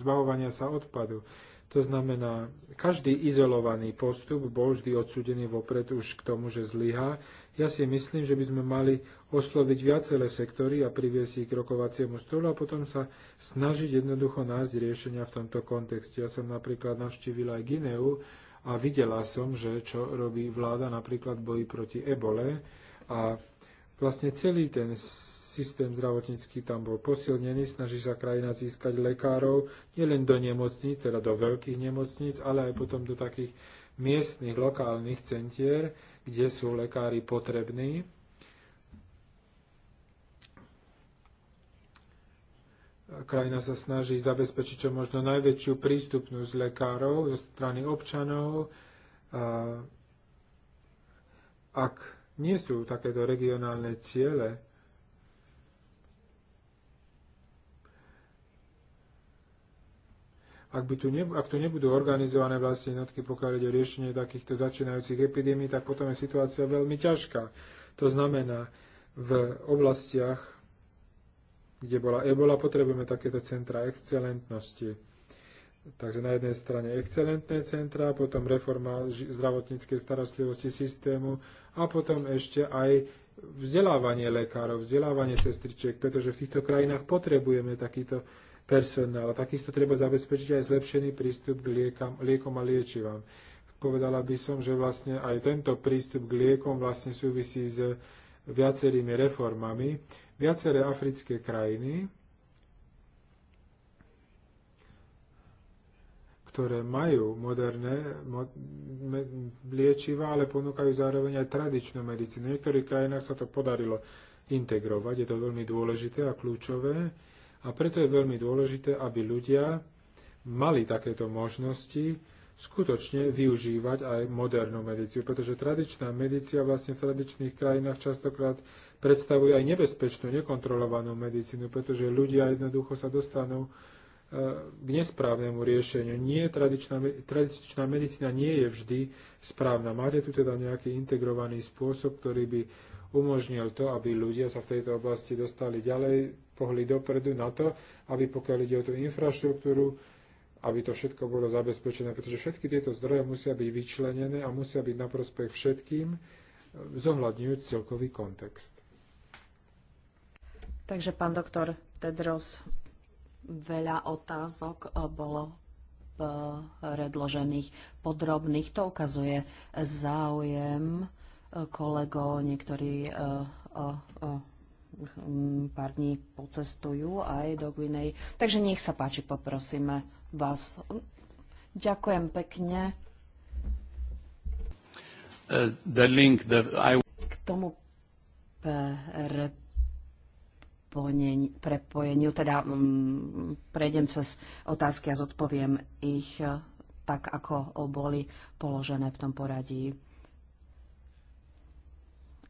zbavovania sa odpadu. To znamená, každý izolovaný postup bol vždy odsudený vopred už k tomu, že zlyhá. Ja si myslím, že by sme mali osloviť viaceré sektory a priviesť ich k rokovaciemu stolu a potom sa snažiť jednoducho nájsť riešenia v tomto kontexte. Ja som napríklad navštívila aj Gineu a videla som, že čo robí vláda napríklad boji proti ebole a vlastne celý ten systém zdravotnícky tam bol posilnený, snaží sa krajina získať lekárov nielen do nemocníc, teda do veľkých nemocníc, ale aj potom do takých miestnych, lokálnych centier, kde sú lekári potrební. Krajina sa snaží zabezpečiť čo možno najväčšiu prístupnosť lekárov zo strany občanov. Ak nie sú takéto regionálne ciele, Ak, by tu ne, ak tu nebudú organizované vlastne jednotky, pokiaľ ide o riešenie takýchto začínajúcich epidémií, tak potom je situácia veľmi ťažká. To znamená, v oblastiach, kde bola ebola, potrebujeme takéto centra excelentnosti. Takže na jednej strane excelentné centra, potom reforma zdravotníckej starostlivosti systému a potom ešte aj vzdelávanie lekárov, vzdelávanie sestričiek, pretože v týchto krajinách potrebujeme takýto personál. A takisto treba zabezpečiť aj zlepšený prístup k liekam, liekom a liečivám. Povedala by som, že vlastne aj tento prístup k liekom vlastne súvisí s viacerými reformami. Viaceré africké krajiny, ktoré majú moderné mo- me- liečiva, ale ponúkajú zároveň aj tradičnú medicínu. V niektorých krajinách sa to podarilo integrovať, je to veľmi dôležité a kľúčové. A preto je veľmi dôležité, aby ľudia mali takéto možnosti skutočne využívať aj modernú mediciu, pretože tradičná medicína vlastne v tradičných krajinách častokrát predstavuje aj nebezpečnú, nekontrolovanú medicínu, pretože ľudia jednoducho sa dostanú eh, k nesprávnemu riešeniu. Nie, tradičná, tradičná medicína nie je vždy správna. Máte tu teda nejaký integrovaný spôsob, ktorý by umožnil to, aby ľudia sa v tejto oblasti dostali ďalej, pohli dopredu na to, aby pokiaľ ide o tú infraštruktúru, aby to všetko bolo zabezpečené, pretože všetky tieto zdroje musia byť vyčlenené a musia byť na prospech všetkým, zohľadňujúc celkový kontext. Takže pán doktor Tedros, veľa otázok eh, bolo eh, predložených podrobných. To ukazuje záujem eh, kolegov, niektorí o, o, Mm, pár dní pocestujú aj do Guinej. Takže nech sa páči, poprosíme vás. Ďakujem pekne. Uh, the link that I... K tomu pre prepojeniu, teda um, prejdem cez otázky a zodpoviem ich eh, tak, ako boli položené v tom poradí.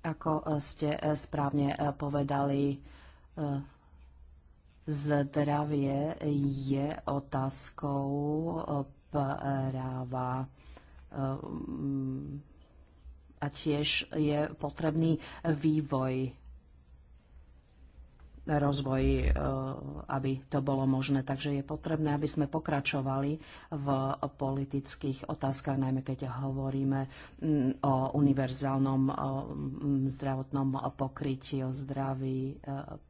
Ako e, ste e, správne e, povedali, zdravie je otázkou práva a tiež je potrebný vývoj rozvoj, e, aby to bolo možné. Takže je potrebné, aby sme pokračovali v politických otázkach, najmä keď hovoríme o univerzálnom e, zdravotnom pokrytí, o zdraví e,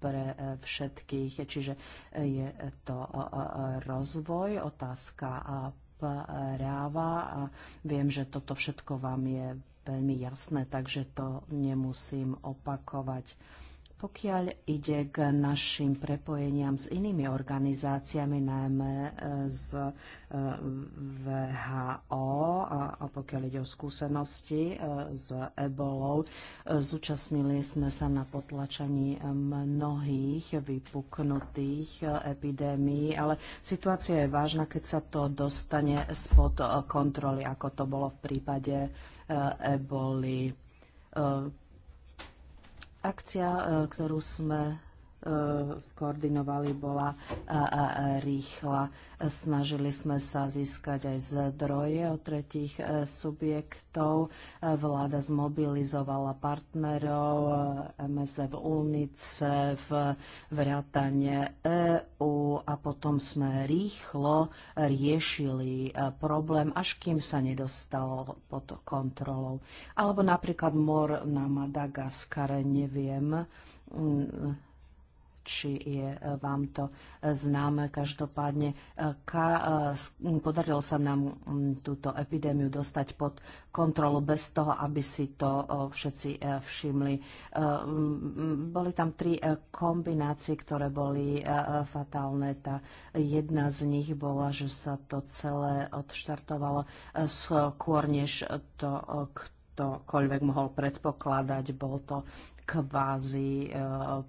pre všetkých. Čiže je to rozvoj, otázka práva a viem, že toto všetko vám je veľmi jasné, takže to nemusím opakovať. Pokiaľ ide k našim prepojeniam s inými organizáciami, najmä e, z e, VHO, a pokiaľ ide o skúsenosti e, s ebolou, zúčastnili sme sa na potlačení mnohých vypuknutých epidémií, ale situácia je vážna, keď sa to dostane spod kontroly, ako to bolo v prípade eboli Akcia, e, ktorú sme Eh, skoordinovali, bola eh, eh, rýchla. Snažili sme sa získať aj zdroje od tretích subjektov. Vláda zmobilizovala partnerov MSF, UNICEF, vrátanie EU a potom sme rýchlo riešili problém, až kým sa nedostal pod kontrolou. Alebo napríklad mor na Madagaskare, neviem, mm, či je e, vám to e, známe. Každopádne e, podarilo sa nám túto epidémiu dostať pod kontrolu bez toho, aby si to všetci všimli. Boli tam tri kombinácie, ktoré boli fatálne. Tá jedna z nich bola, že sa to celé odštartovalo skôr, než to, kto mohol predpokladať. Bol to kvázi eh,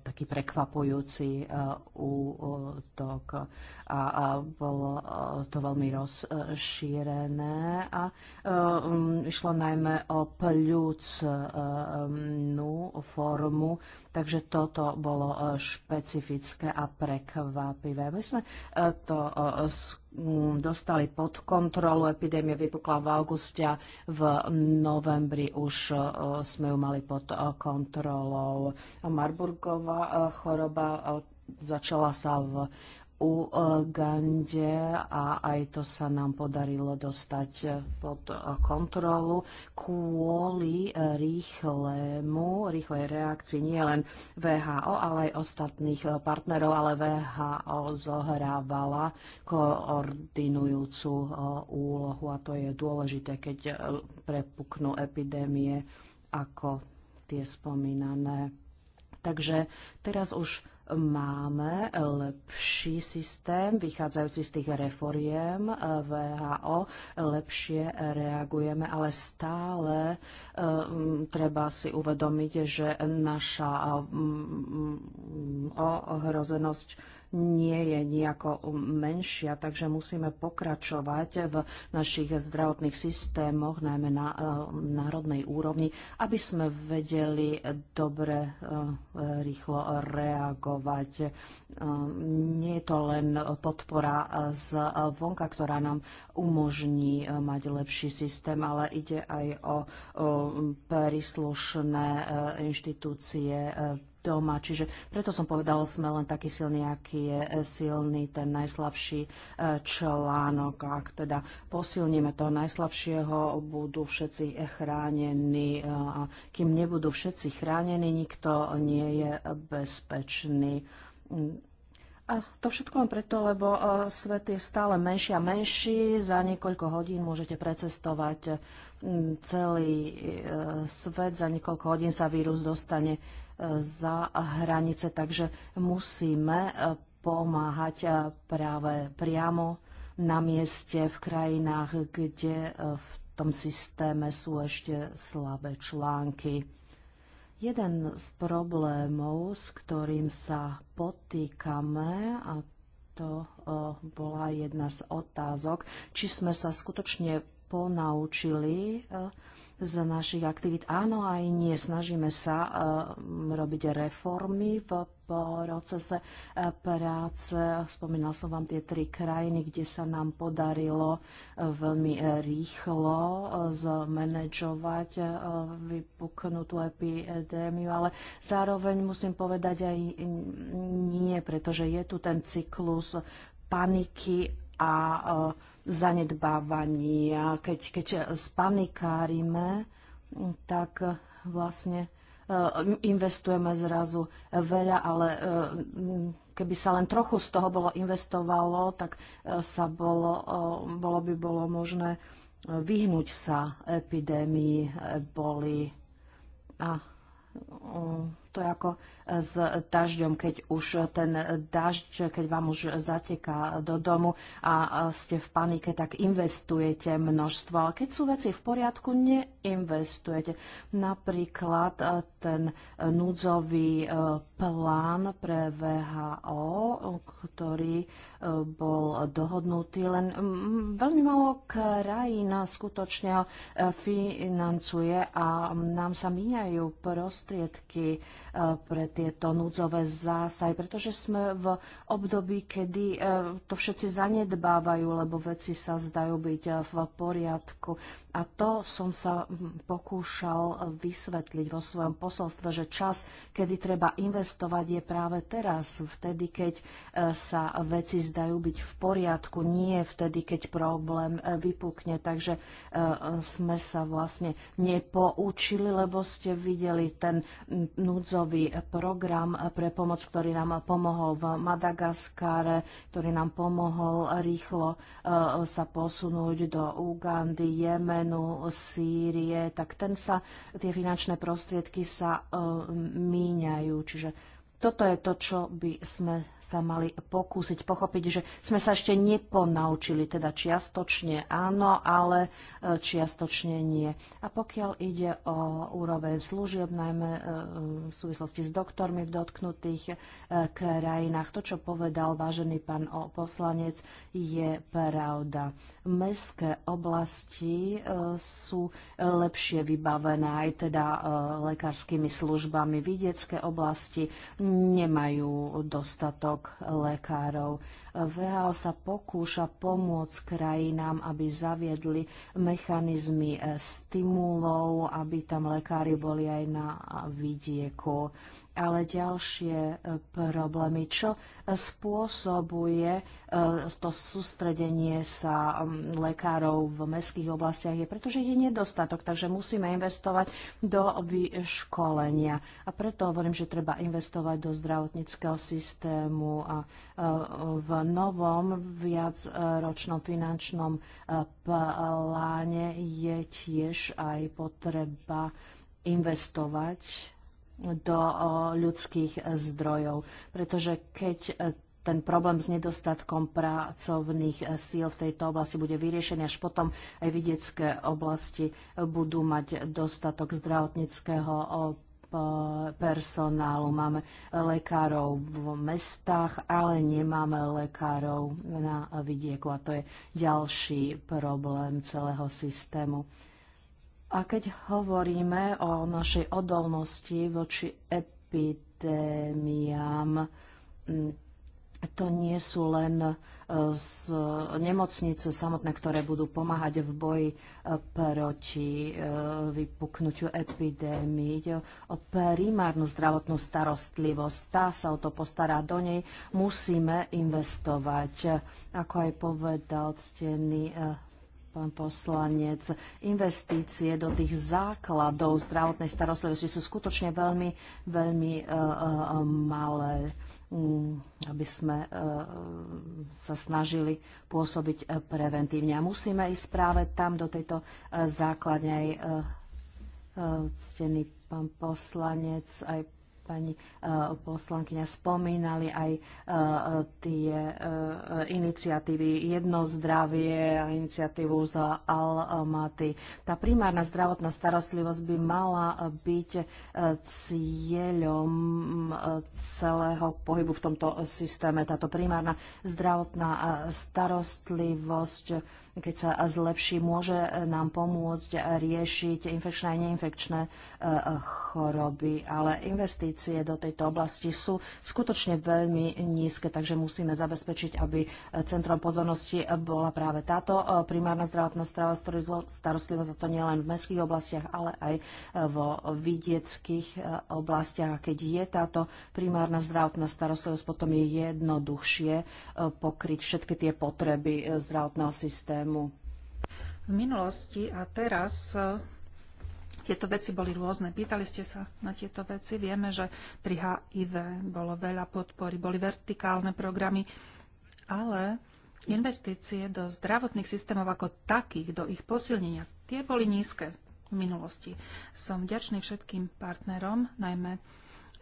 taký prekvapujúci eh, útok a bolo eh, to veľmi rozšírené a išlo najmä o pľúcnú formu Takže toto bolo e, špecifické a prekvapivé. My sme e, to e, dostali pod kontrolu. Epidémia vypukla v auguste, v novembri už sme ju mali pod kontrolou. Marburgová choroba začala sa v u eh, Gande a aj to sa nám podarilo dostať eh, pod eh, kontrolu kvôli rýchlemu, rýchlej reakcii nielen VHO, ale aj ostatných partnerov, ale VHO zohrávala koordinujúcu úlohu a to je dôležité, keď prepuknú epidémie ako tie spomínané. Takže teraz už máme lepší systém, vychádzajúci z tých reforiem eh, VHO, lepšie reagujeme, ale stále eh, mm, treba si uvedomiť, že naša eh, mm, mm, ohrozenosť nie je nejako menšia, takže musíme pokračovať v našich zdravotných systémoch, najmä na e, národnej úrovni, aby sme vedeli dobre, e, rýchlo reagovať. E, nie je to len podpora z vonka, ktorá nám umožní mať lepší systém, ale ide aj o príslušné inštitúcie doma. Čiže preto som povedal, sme len taký silný, aký je e, silný ten najslabší e, článok. Ak teda posilníme toho najslabšieho, budú všetci chránení. E, a kým nebudú všetci chránení, nikto nie je bezpečný. A to všetko len preto, lebo svet je stále menší a menší. Za niekoľko hodín môžete precestovať celý svet. Za niekoľko hodín sa vírus dostane za hranice, takže musíme e, pomáhať e, práve priamo na mieste v krajinách, kde e, v tom systéme sú ešte slabé články. Jeden z problémov, s ktorým sa potýkame, a to bola jedna z otázok, či sme sa skutočne ponaučili z našich aktivít. Áno, aj nie. Snažíme sa eh, robiť reformy v procese eh, práce. Spomínal som vám tie tri krajiny, kde sa nám podarilo eh, veľmi rýchlo zmanéžovať vypuknutú epidémiu, ale zároveň musím povedať aj nie, pretože je tu ten cyklus paniky a uh, zanedbávania. Keď, keď spanikárime, tak vlastne e, investujeme zrazu veľa, ale e, keby sa len trochu z toho bolo investovalo, tak e, sa bolo, bolo by bolo možné vyhnúť sa epidémii boli a to je ako e, s dažďom, keď už ten dažď, keď vám už zateká do domu a ste v panike, tak investujete množstvo. Ale keď sú veci v poriadku, neinvestujete. Napríklad e, ten núdzový e, plán pre VHO, ktorý bol dohodnutý. Len veľmi malo krajín skutočne e, financuje a nám sa míňajú prostriedky e, pre tieto núdzové zásahy, pretože sme v období, kedy e, to všetci zanedbávajú, lebo veci sa zdajú byť v poriadku. A to som sa pokúšal vysvetliť vo svojom posolstve, že čas, kedy treba investovať, je práve teraz, vtedy, keď sa veci zdajú zdajú byť v poriadku, nie vtedy, keď problém eh, vypukne. Takže eh, sme sa vlastne nepoučili, lebo ste videli ten núdzový program pre pomoc, ktorý nám pomohol v Madagaskare, ktorý nám pomohol rýchlo eh, sa posunúť do Ugandy, Jemenu, Sýrie, tak ten sa, tie finančné prostriedky sa míňajú. Čiže toto je to, čo by sme sa mali pokúsiť pochopiť, že sme sa ešte neponaučili, teda čiastočne áno, ale e, čiastočne nie. A pokiaľ ide o úroveň služieb, najmä e, v súvislosti s doktormi v dotknutých e, krajinách, to, čo povedal vážený pán poslanec, je pravda. Mestské oblasti sú lepšie vybavené aj teda lekárskymi službami, vidiecké oblasti nemajú dostatok lekárov. VHO sa pokúša pomôcť krajinám, aby zaviedli mechanizmy e, stimulov, aby tam lekári boli aj na vidieku. Ale ďalšie e, problémy, čo spôsobuje e, to sústredenie sa lekárov v mestských oblastiach, je pretože je nedostatok, takže musíme investovať do vyškolenia. A preto hovorím, že treba investovať do zdravotníckého systému a v novom viacročnom finančnom eh, pláne je tiež aj potreba investovať do eh, ľudských zdrojov. Pretože keď eh, ten problém s nedostatkom pracovných síl v tejto oblasti bude vyriešený, až potom aj vidiecké oblasti budú mať dostatok zdravotníckého Eh, personálu, máme lekárov v mestách, ale nemáme lekárov na vidieku a to je ďalší problém celého systému. A keď hovoríme o našej odolnosti voči epidémiám, to nie sú len z e, nemocnice samotné, ktoré budú pomáhať v boji e, proti e, vypuknutiu epidémii. Ide o primárnu zdravotnú starostlivosť. Tá sa o to postará. Do nej musíme investovať. Ako aj povedal ctený pán poslanec, investície do tých základov zdravotnej starostlivosti sú skutočne veľmi, veľmi uh, uh, malé Mm, aby sme e, sa snažili pôsobiť e, preventívne. A musíme ísť práve tam do tejto e, základnej ctený pán poslanec, aj pani e, poslankyňa spomínali aj e, tie e, iniciatívy Jedno zdravie a iniciatívu za Almaty. Tá primárna zdravotná starostlivosť by mala byť cieľom celého pohybu v tomto systéme. Táto primárna zdravotná starostlivosť keď sa zlepší, môže e, nám pomôcť riešiť infekčné a neinfekčné e, choroby. Ale investície do tejto oblasti sú skutočne veľmi nízke, takže musíme zabezpečiť, aby e, centrom pozornosti bola práve táto primárna zdravotná starostlivosť, a to nielen v mestských oblastiach, ale aj vo vidieckých oblastiach. A keď je táto primárna zdravotná starostlivosť, potom je jednoduchšie pokryť všetky tie potreby zdravotného systému tému. V minulosti a teraz e, tieto veci boli rôzne. Pýtali ste sa na tieto veci. Vieme, že pri HIV bolo veľa podpory, boli vertikálne programy, ale investície do zdravotných systémov ako takých, do ich posilnenia, tie boli nízke v minulosti. Som vďačný všetkým partnerom, najmä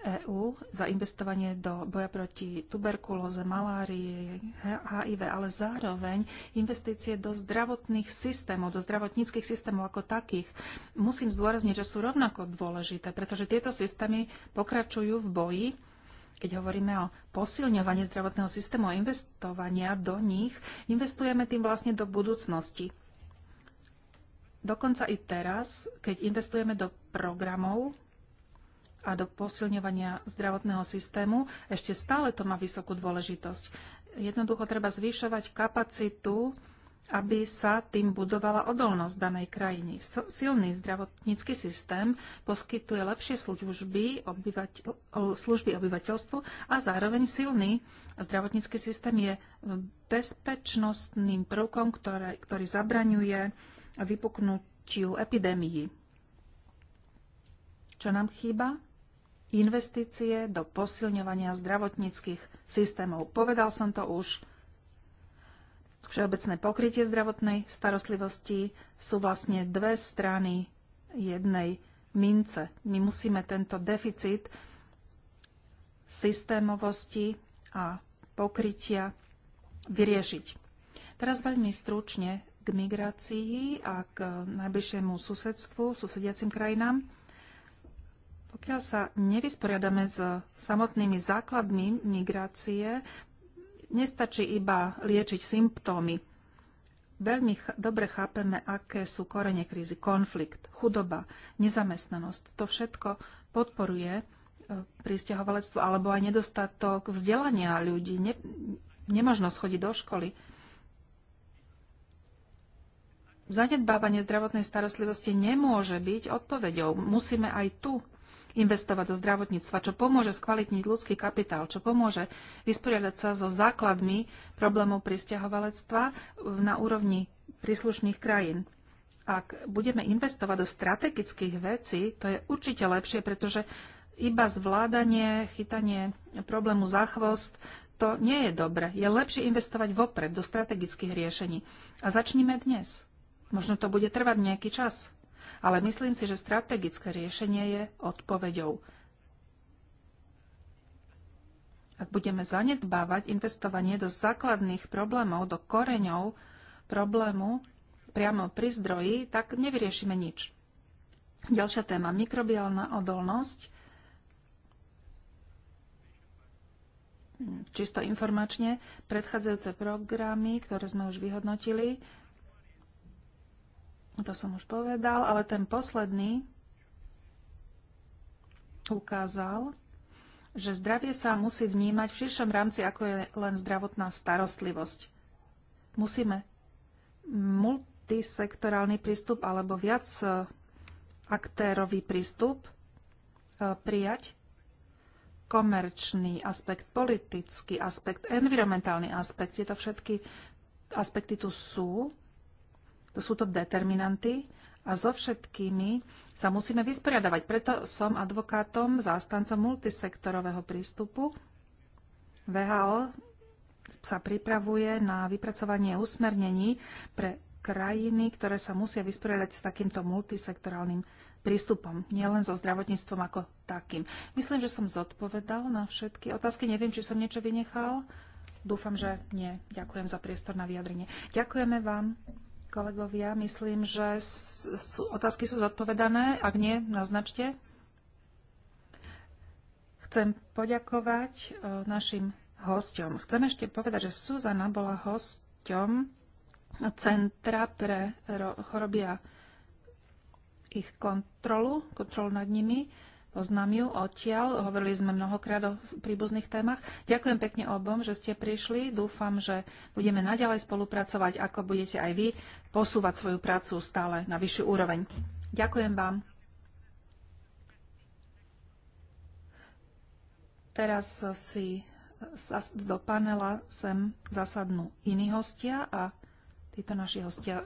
EÚ za investovanie do boja proti tuberkulóze, malárii, HIV, ale zároveň investície do zdravotných systémov, do zdravotníckých systémov ako takých. Musím zdôrazniť, že sú rovnako dôležité, pretože tieto systémy pokračujú v boji, keď hovoríme o posilňovaní zdravotného systému a investovania do nich, investujeme tým vlastne do budúcnosti. Dokonca i teraz, keď investujeme do programov, a do posilňovania zdravotného systému, ešte stále to má vysokú dôležitosť. Jednoducho treba zvyšovať kapacitu, aby sa tým budovala odolnosť danej krajiny. Silný zdravotnícky systém poskytuje lepšie služby, obyvateľ, služby obyvateľstvu a zároveň silný zdravotnícky systém je bezpečnostným prvkom, ktoré, ktorý zabraňuje vypuknutiu epidémií. Čo nám chýba? investície do posilňovania zdravotníckých systémov. Povedal som to už. Všeobecné pokrytie zdravotnej starostlivosti sú vlastne dve strany jednej mince. My musíme tento deficit systémovosti a pokrytia vyriešiť. Teraz veľmi stručne k migrácii a k najbližšiemu susedstvu, susediacim krajinám. Pokiaľ sa nevysporiadame s samotnými základmi migrácie, nestačí iba liečiť symptómy. Veľmi ch- dobre chápeme, aké sú korene krízy. Konflikt, chudoba, nezamestnanosť. To všetko podporuje e, pristahovalectvo alebo aj nedostatok vzdelania ľudí, ne- nemožnosť chodiť do školy. Zanedbávanie zdravotnej starostlivosti nemôže byť odpoveďou. Musíme aj tu investovať do zdravotníctva, čo pomôže skvalitniť ľudský kapitál, čo pomôže vysporiadať sa so základmi problémov pristahovalectva na úrovni príslušných krajín. Ak budeme investovať do strategických vecí, to je určite lepšie, pretože iba zvládanie, chytanie problému za chvost, to nie je dobre. Je lepšie investovať vopred do strategických riešení. A začnime dnes. Možno to bude trvať nejaký čas ale myslím si, že strategické riešenie je odpoveďou. Ak budeme zanedbávať investovanie do základných problémov, do koreňov problému priamo pri zdroji, tak nevyriešime nič. Ďalšia téma, mikrobiálna odolnosť. Hm, čisto informačne, predchádzajúce programy, ktoré sme už vyhodnotili, No to som už povedal, ale ten posledný ukázal, že zdravie sa musí vnímať v širšom rámci, ako je len zdravotná starostlivosť. Musíme multisektorálny prístup alebo viac e, aktérový prístup e, prijať, komerčný aspekt, politický aspekt, environmentálny aspekt, tieto všetky aspekty tu sú to sú to determinanty a so všetkými sa musíme vysporiadavať. Preto som advokátom, zástancom multisektorového prístupu. VHO sa pripravuje na vypracovanie usmernení pre krajiny, ktoré sa musia vysporiadať s takýmto multisektorálnym prístupom, nielen so zdravotníctvom ako takým. Myslím, že som zodpovedal na všetky otázky. Neviem, či som niečo vynechal. Dúfam, že nie. Ďakujem za priestor na vyjadrenie. Ďakujeme vám. Kolegovia, myslím, že otázky sú zodpovedané. Ak nie, naznačte. Chcem poďakovať e, našim hostom. Chcem ešte povedať, že Suzana bola hostom Centra pre choroby a ich kontrolu, kontrolu nad nimi Poznám ju odtiaľ, hovorili sme mnohokrát o príbuzných témach. Ďakujem pekne obom, že ste prišli. Dúfam, že budeme naďalej spolupracovať, ako budete aj vy posúvať svoju prácu stále na vyššiu úroveň. Ďakujem vám. Teraz si do panela sem zasadnú iní hostia a títo naši hostia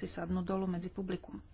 si sadnú dolu medzi publikum.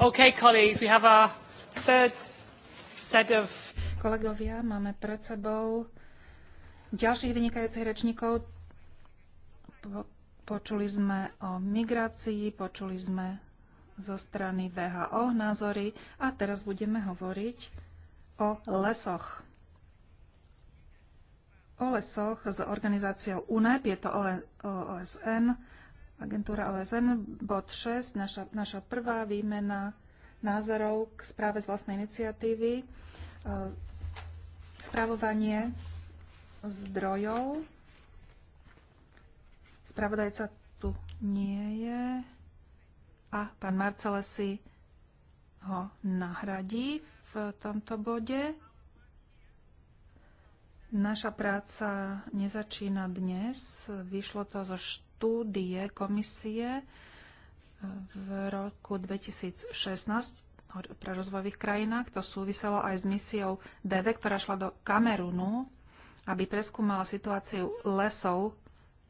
Okay, colleagues, we have our third set of... Kolegovia, máme pred sebou ďalších vynikajúcich rečníkov. počuli sme o migrácii, počuli sme zo strany VHO názory a teraz budeme hovoriť o lesoch. O lesoch s organizáciou UNEP, je to OSN, agentúra OSN, bod 6, naša, naša prvá výmena názorov k správe z vlastnej iniciatívy, e, správovanie zdrojov. Spravodajca tu nie je a pán Marcelesi ho nahradí v tomto bode. Naša práca nezačína dnes. Vyšlo to zo štúdie komisie v roku 2016 pre rozvojových krajinách. To súviselo aj s misiou DV, ktorá šla do Kamerunu, aby preskúmala situáciu lesov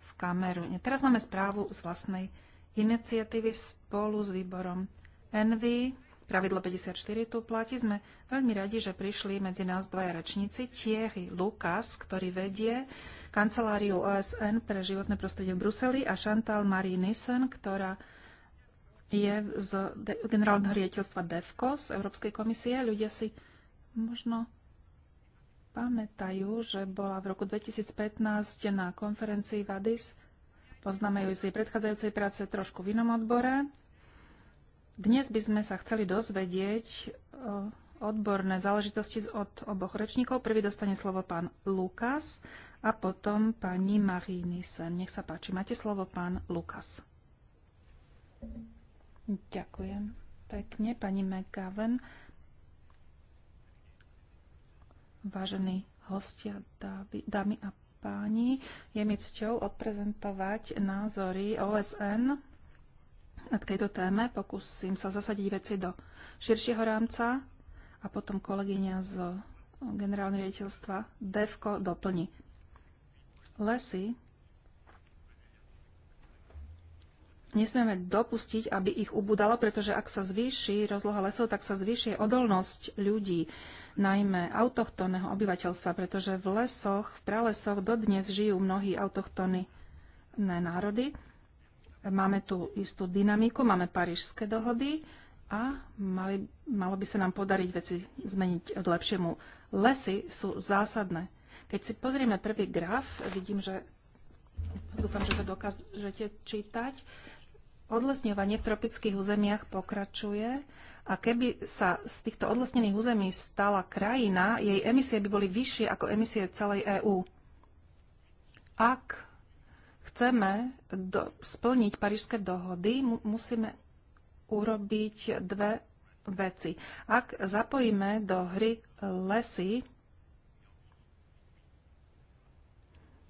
v Kamerune. Teraz máme správu z vlastnej iniciatívy spolu s výborom Envy Pravidlo 54 tu platí. Sme veľmi radi, že prišli medzi nás dvaja rečníci. Thierry Lukas, ktorý vedie kanceláriu OSN pre životné prostredie v Bruseli a Chantal Marie Nissen, ktorá je z generálneho riaditeľstva DEFCO z Európskej komisie. Ľudia si možno pamätajú, že bola v roku 2015 na konferencii VADIS. Poznáme ju z jej predchádzajúcej práce trošku v inom odbore dnes by sme sa chceli dozvedieť e, odborné záležitosti od oboch rečníkov. Prvý dostane slovo pán Lukas a potom pani Marinisen. Nech sa páči, máte slovo pán Lukas. Ďakujem pekne, pani McGavin. Vážení hostia, dámy a páni, je mi cťou odprezentovať názory OSN k tejto téme. Pokúsim sa zasadiť veci do širšieho rámca a potom kolegyňa z generálneho riaditeľstva DEVKO doplní. Lesy nesmieme dopustiť, aby ich ubudalo, pretože ak sa zvýši rozloha lesov, tak sa zvýši odolnosť ľudí, najmä autochtónneho obyvateľstva, pretože v lesoch, v pralesoch dodnes žijú mnohí autochtónne národy Máme tu istú dynamiku, máme parížské dohody a mali, malo by sa nám podariť veci zmeniť k lepšiemu. Lesy sú zásadné. Keď si pozrieme prvý graf, vidím, že dúfam, že to dokážete čítať. Odlesňovanie v tropických územiach pokračuje a keby sa z týchto odlesnených území stala krajina, jej emisie by boli vyššie ako emisie celej EÚ. Ak chceme do, splniť parížské dohody, mu, musíme urobiť dve veci. Ak zapojíme do hry lesy,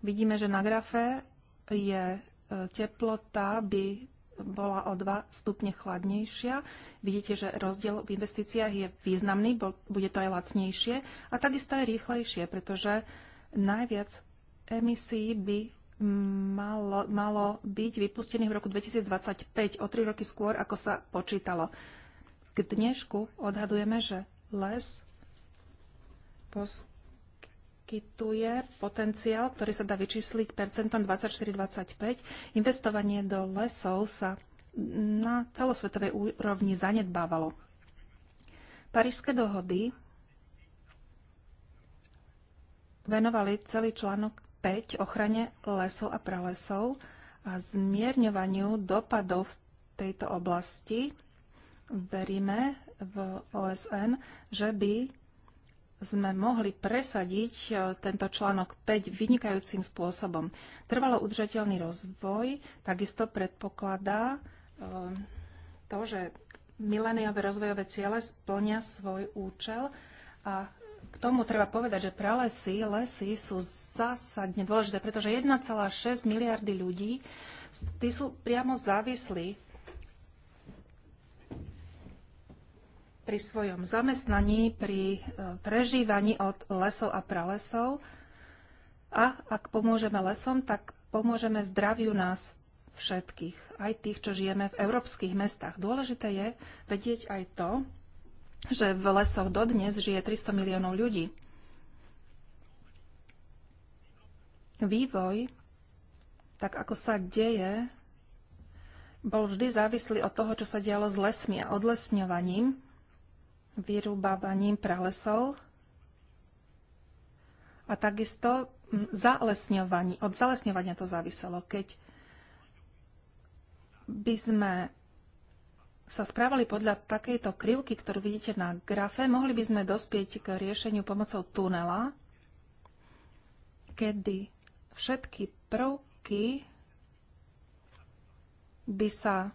vidíme, že na grafe je e, teplota by bola o 2 stupne chladnejšia. Vidíte, že rozdiel v investíciách je významný, bude to aj lacnejšie a takisto aj rýchlejšie, pretože najviac emisí by malo, malo byť vypustených v roku 2025, o tri roky skôr, ako sa počítalo. K dnešku odhadujeme, že les poskytuje potenciál, ktorý sa dá vyčísliť percentom 24-25. Investovanie do lesov sa na celosvetovej úrovni zanedbávalo. Parížské dohody venovali celý článok 5 ochrane lesov a pralesov a zmierňovaniu dopadov v tejto oblasti. Veríme v OSN, že by sme mohli presadiť e, tento článok 5 vynikajúcim spôsobom. Trvalo udržateľný rozvoj takisto predpokladá e, to, že mileniové rozvojové ciele splnia svoj účel a k tomu treba povedať, že pralesy, lesy sú zásadne dôležité, pretože 1,6 miliardy ľudí, tí sú priamo závislí pri svojom zamestnaní, pri e, prežívaní od lesov a pralesov. A ak pomôžeme lesom, tak pomôžeme zdraviu nás všetkých, aj tých, čo žijeme v európskych mestách. Dôležité je vedieť aj to, že v lesoch dodnes žije 300 miliónov ľudí. Vývoj, tak ako sa deje, bol vždy závislý od toho, čo sa dialo s lesmi a odlesňovaním, vyrúbávaním pralesov a takisto zalesňovaní. Od zalesňovania to záviselo. Keď by sme sa správali podľa takejto krivky, ktorú vidíte na grafe, mohli by sme dospieť k riešeniu pomocou tunela, kedy všetky prvky by sa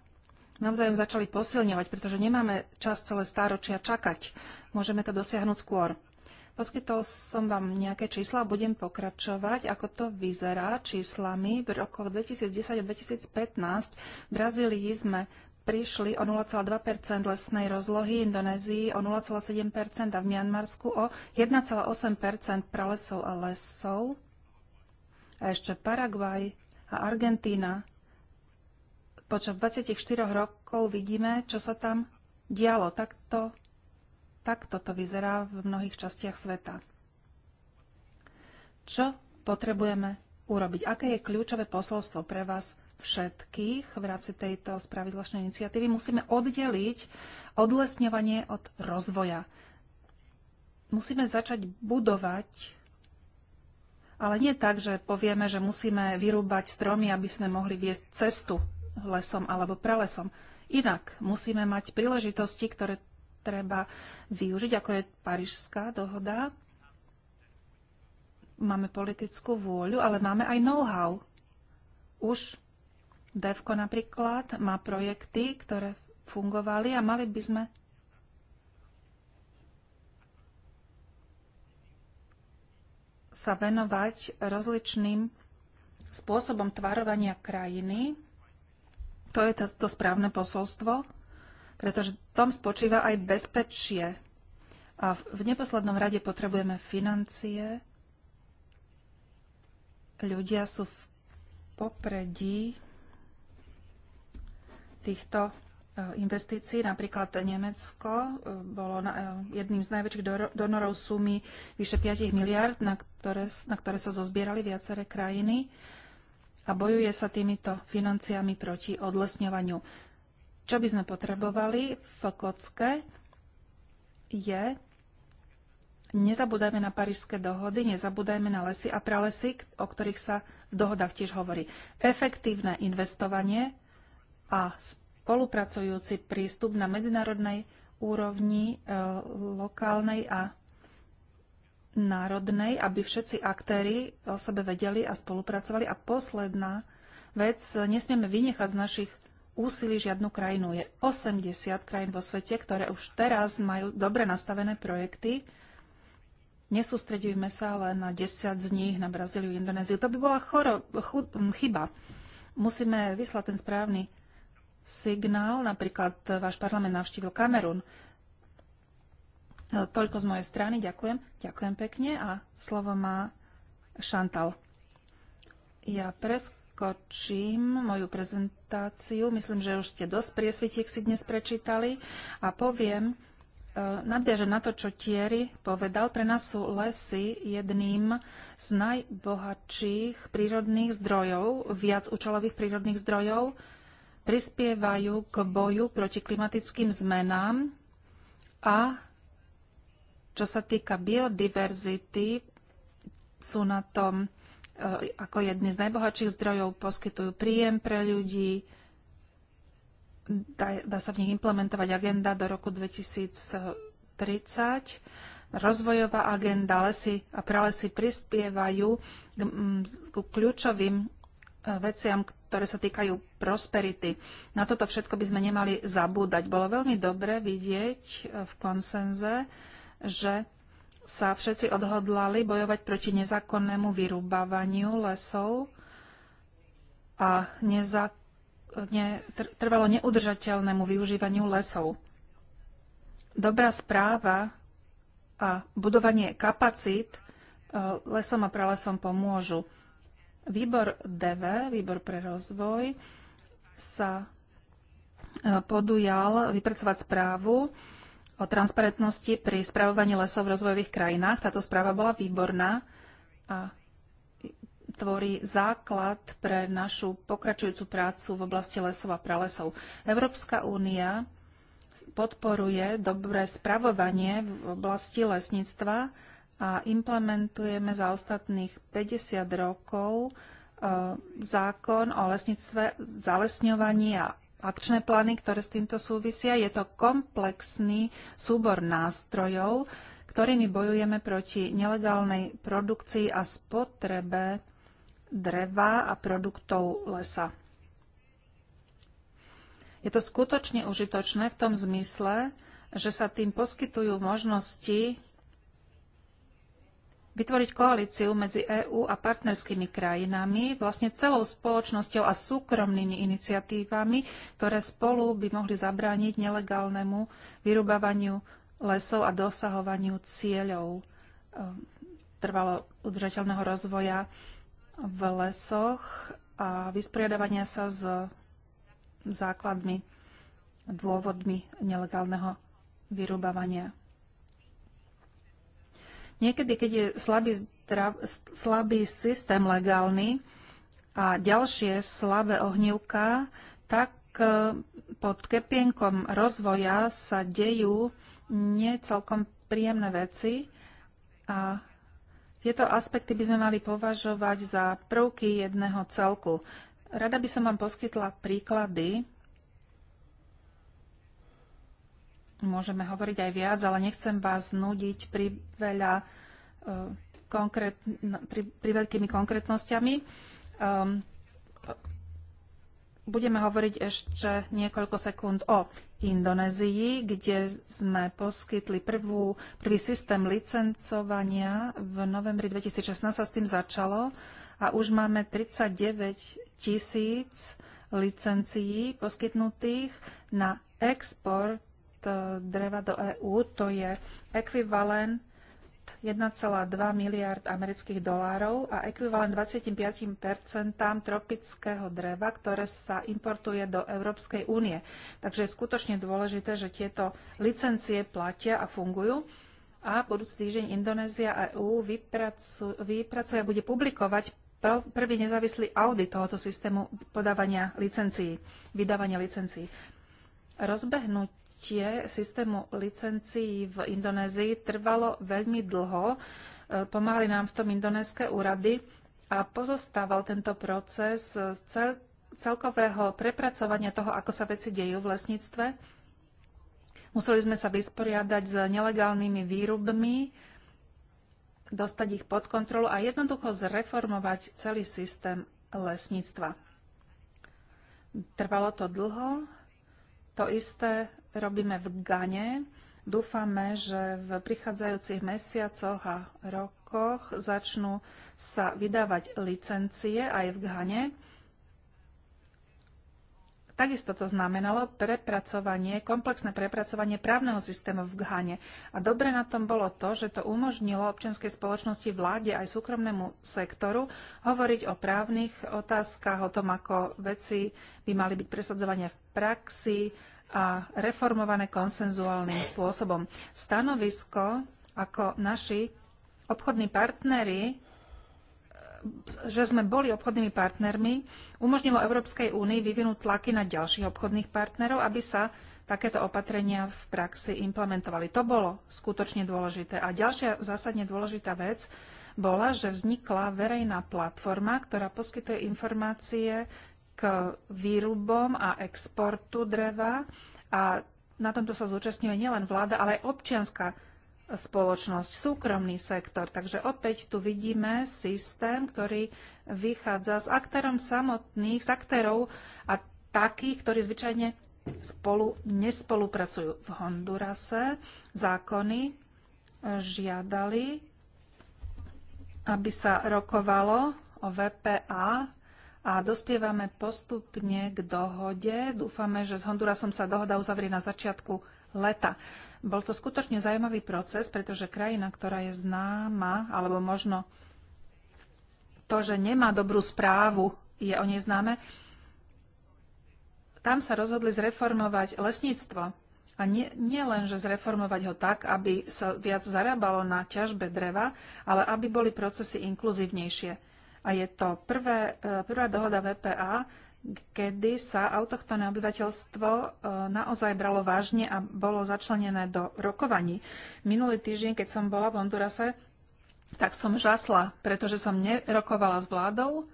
navzájom začali posilňovať, pretože nemáme čas celé stáročia čakať. Môžeme to dosiahnuť skôr. Poskytol som vám nejaké čísla, budem pokračovať, ako to vyzerá číslami. V rokoch 2010 a 2015 v Brazílii sme prišli o 0,2 lesnej rozlohy, Indonézii o 0,7 a v Mianmarsku o 1,8 pralesov a lesov. A ešte Paraguaj a Argentína. Počas 24 rokov vidíme, čo sa tam dialo. Takto, takto to vyzerá v mnohých častiach sveta. Čo potrebujeme urobiť? Aké je kľúčové posolstvo pre vás všetkých v rámci tejto správy iniciatívy musíme oddeliť odlesňovanie od rozvoja. Musíme začať budovať, ale nie tak, že povieme, že musíme vyrúbať stromy, aby sme mohli viesť cestu lesom alebo prelesom. Inak musíme mať príležitosti, ktoré treba využiť, ako je Parížská dohoda. Máme politickú vôľu, ale máme aj know-how. Už DEVKO napríklad má projekty, ktoré fungovali a mali by sme sa venovať rozličným spôsobom tvarovania krajiny. To je to správne posolstvo, pretože v tom spočíva aj bezpečie. A v neposlednom rade potrebujeme financie. Ľudia sú v popredí týchto e, investícií. Napríklad Nemecko e, bolo e, jedným z najväčších donorov sumy vyše 5 miliard, na ktoré, na ktoré sa zozbierali viaceré krajiny a bojuje sa týmito financiami proti odlesňovaniu. Čo by sme potrebovali v Kocke je nezabúdajme na parížské dohody, nezabúdajme na lesy a pralesy, o ktorých sa v dohodách tiež hovorí. Efektívne investovanie a spolupracujúci prístup na medzinárodnej úrovni, e, lokálnej a národnej, aby všetci aktéry o sebe vedeli a spolupracovali. A posledná vec, e, nesmieme vynechať z našich úsilí žiadnu krajinu. Je 80 krajín vo svete, ktoré už teraz majú dobre nastavené projekty. Nesústredujme sa ale na 10 z nich, na Brazíliu, Indonéziu. To by bola choro, chud, chyba. Musíme vyslať ten správny signál. Napríklad váš parlament navštívil Kamerun. Toľko z mojej strany. Ďakujem. Ďakujem pekne a slovo má Šantal. Ja preskočím moju prezentáciu. Myslím, že už ste dosť priesvitiek si dnes prečítali a poviem, eh, nadviažem na to, čo Thierry povedal, pre nás sú lesy jedným z najbohatších prírodných zdrojov, viac účelových prírodných zdrojov prispievajú k boju proti klimatickým zmenám a čo sa týka biodiverzity, sú na tom eh, ako jedni z najbohatších zdrojov, poskytujú príjem pre ľudí, dá, dá sa v nich implementovať agenda do roku 2030, rozvojová agenda, lesy a pralesy prispievajú k, mm, k kľúčovým eh, veciam, ktoré sa týkajú prosperity. Na toto všetko by sme nemali zabúdať. Bolo veľmi dobre vidieť e, v konsenze, že sa všetci odhodlali bojovať proti nezákonnému vyrúbavaniu lesov a neza, ne, trvalo neudržateľnému využívaniu lesov. Dobrá správa a budovanie kapacít e, lesom a pralesom pomôžu. Výbor DV, výbor pre rozvoj, sa e, podujal vypracovať správu o transparentnosti pri spravovaní lesov v rozvojových krajinách. Táto správa bola výborná a tvorí základ pre našu pokračujúcu prácu v oblasti lesov a pralesov. Európska únia podporuje dobré spravovanie v oblasti lesníctva a implementujeme za ostatných 50 rokov e, zákon o lesníctve, zalesňovaní a akčné plány, ktoré s týmto súvisia. Je to komplexný súbor nástrojov, ktorými bojujeme proti nelegálnej produkcii a spotrebe dreva a produktov lesa. Je to skutočne užitočné v tom zmysle, že sa tým poskytujú možnosti vytvoriť koalíciu medzi EÚ a partnerskými krajinami, vlastne celou spoločnosťou a súkromnými iniciatívami, ktoré spolu by mohli zabrániť nelegálnemu vyrubávaniu lesov a dosahovaniu cieľov ehm, trvalo udržateľného rozvoja v lesoch a vysporiadavania sa s základmi, dôvodmi nelegálneho vyrubávania Niekedy, keď je slabý, zdrav, slabý systém legálny a ďalšie slabé ohnívka, tak e, pod kepienkom rozvoja sa dejú necelkom príjemné veci a tieto aspekty by sme mali považovať za prvky jedného celku. Rada by som vám poskytla príklady Môžeme hovoriť aj viac, ale nechcem vás nudiť pri veľa eh, konkrét, pri, pri veľkými konkrétnosťami. Um, ehm, budeme hovoriť ešte niekoľko sekúnd o Indonézii, kde sme poskytli prvú, prvý systém licencovania. V novembri 2016 sa s tým začalo a už máme 39 tisíc licencií poskytnutých na export E, dreva do EÚ, to je ekvivalent 1,2 miliard amerických dolárov a ekvivalent 25 tropického dreva, ktoré sa importuje do Európskej únie. Takže je skutočne dôležité, že tieto licencie platia a fungujú. A budúci týždeň Indonézia a EÚ vypracuje a bude publikovať prvý nezávislý audit tohoto systému podávania licencií, vydávania licencií. Rozbehnúť prijatie systému licencií v Indonézii trvalo veľmi dlho. E, pomáhali nám v tom indonéske úrady a pozostával tento proces e, cel, celkového prepracovania toho, ako sa veci dejú v lesníctve. Museli sme sa vysporiadať s nelegálnymi výrubmi, dostať ich pod kontrolu a jednoducho zreformovať celý systém lesníctva. Trvalo to dlho. To isté robíme v Gane. Dúfame, že v prichádzajúcich mesiacoch a rokoch začnú sa vydávať licencie aj v Ghane. Takisto to znamenalo prepracovanie, komplexné prepracovanie právneho systému v Ghane. A dobre na tom bolo to, že to umožnilo občianskej spoločnosti, vláde aj súkromnému sektoru hovoriť o právnych otázkach, o tom, ako veci by mali byť presadzované v praxi, a reformované konsenzuálnym spôsobom. Stanovisko ako naši obchodní partnery že sme boli obchodnými partnermi, umožnilo Európskej únii vyvinúť tlaky na ďalších obchodných partnerov, aby sa takéto opatrenia v praxi implementovali. To bolo skutočne dôležité. A ďalšia zásadne dôležitá vec bola, že vznikla verejná platforma, ktorá poskytuje informácie k výrubom a exportu dreva a na tomto sa zúčastňuje nielen vláda, ale aj občianská spoločnosť, súkromný sektor. Takže opäť tu vidíme systém, ktorý vychádza s aktérom samotných, s aktérov a takých, ktorí zvyčajne spolu nespolupracujú. V Hondurase zákony eh, žiadali, aby sa rokovalo o VPA a dospievame postupne k dohode. Dúfame, že s Hondurasom sa dohoda uzavrie na začiatku leta. Bol to skutočne zaujímavý proces, pretože krajina, ktorá je známa, alebo možno to, že nemá dobrú správu, je o nej známe, tam sa rozhodli zreformovať lesníctvo. A nie, nie len, že zreformovať ho tak, aby sa viac zarábalo na ťažbe dreva, ale aby boli procesy inkluzívnejšie a je to prvé, e, prvá dohoda VPA, kedy sa autochtónne obyvateľstvo e, naozaj bralo vážne a bolo začlenené do rokovaní. Minulý týždeň, keď som bola v Hondurase, tak som žasla, pretože som nerokovala s vládou,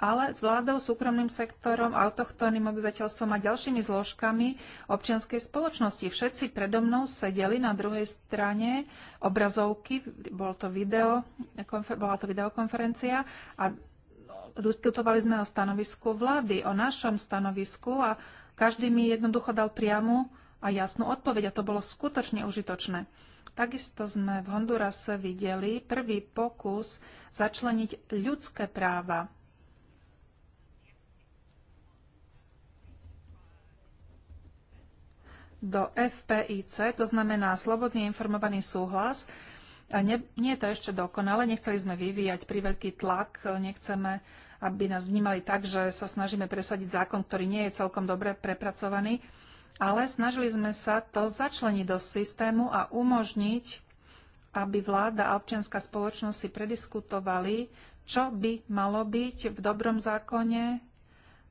ale s vládou, súkromným sektorom, autochtónnym obyvateľstvom a ďalšími zložkami občianskej spoločnosti. Všetci predo mnou sedeli na druhej strane obrazovky, bol to video, bola to videokonferencia a diskutovali sme o stanovisku vlády, o našom stanovisku a každý mi jednoducho dal priamu a jasnú odpoveď a to bolo skutočne užitočné. Takisto sme v Hondurase videli prvý pokus začleniť ľudské práva do FPIC, to znamená slobodne informovaný súhlas. A nie, nie je to ešte dokonale, nechceli sme vyvíjať priveľký tlak, nechceme, aby nás vnímali tak, že sa snažíme presadiť zákon, ktorý nie je celkom dobre prepracovaný, ale snažili sme sa to začleniť do systému a umožniť, aby vláda a občianská spoločnosť si prediskutovali, čo by malo byť v dobrom zákone,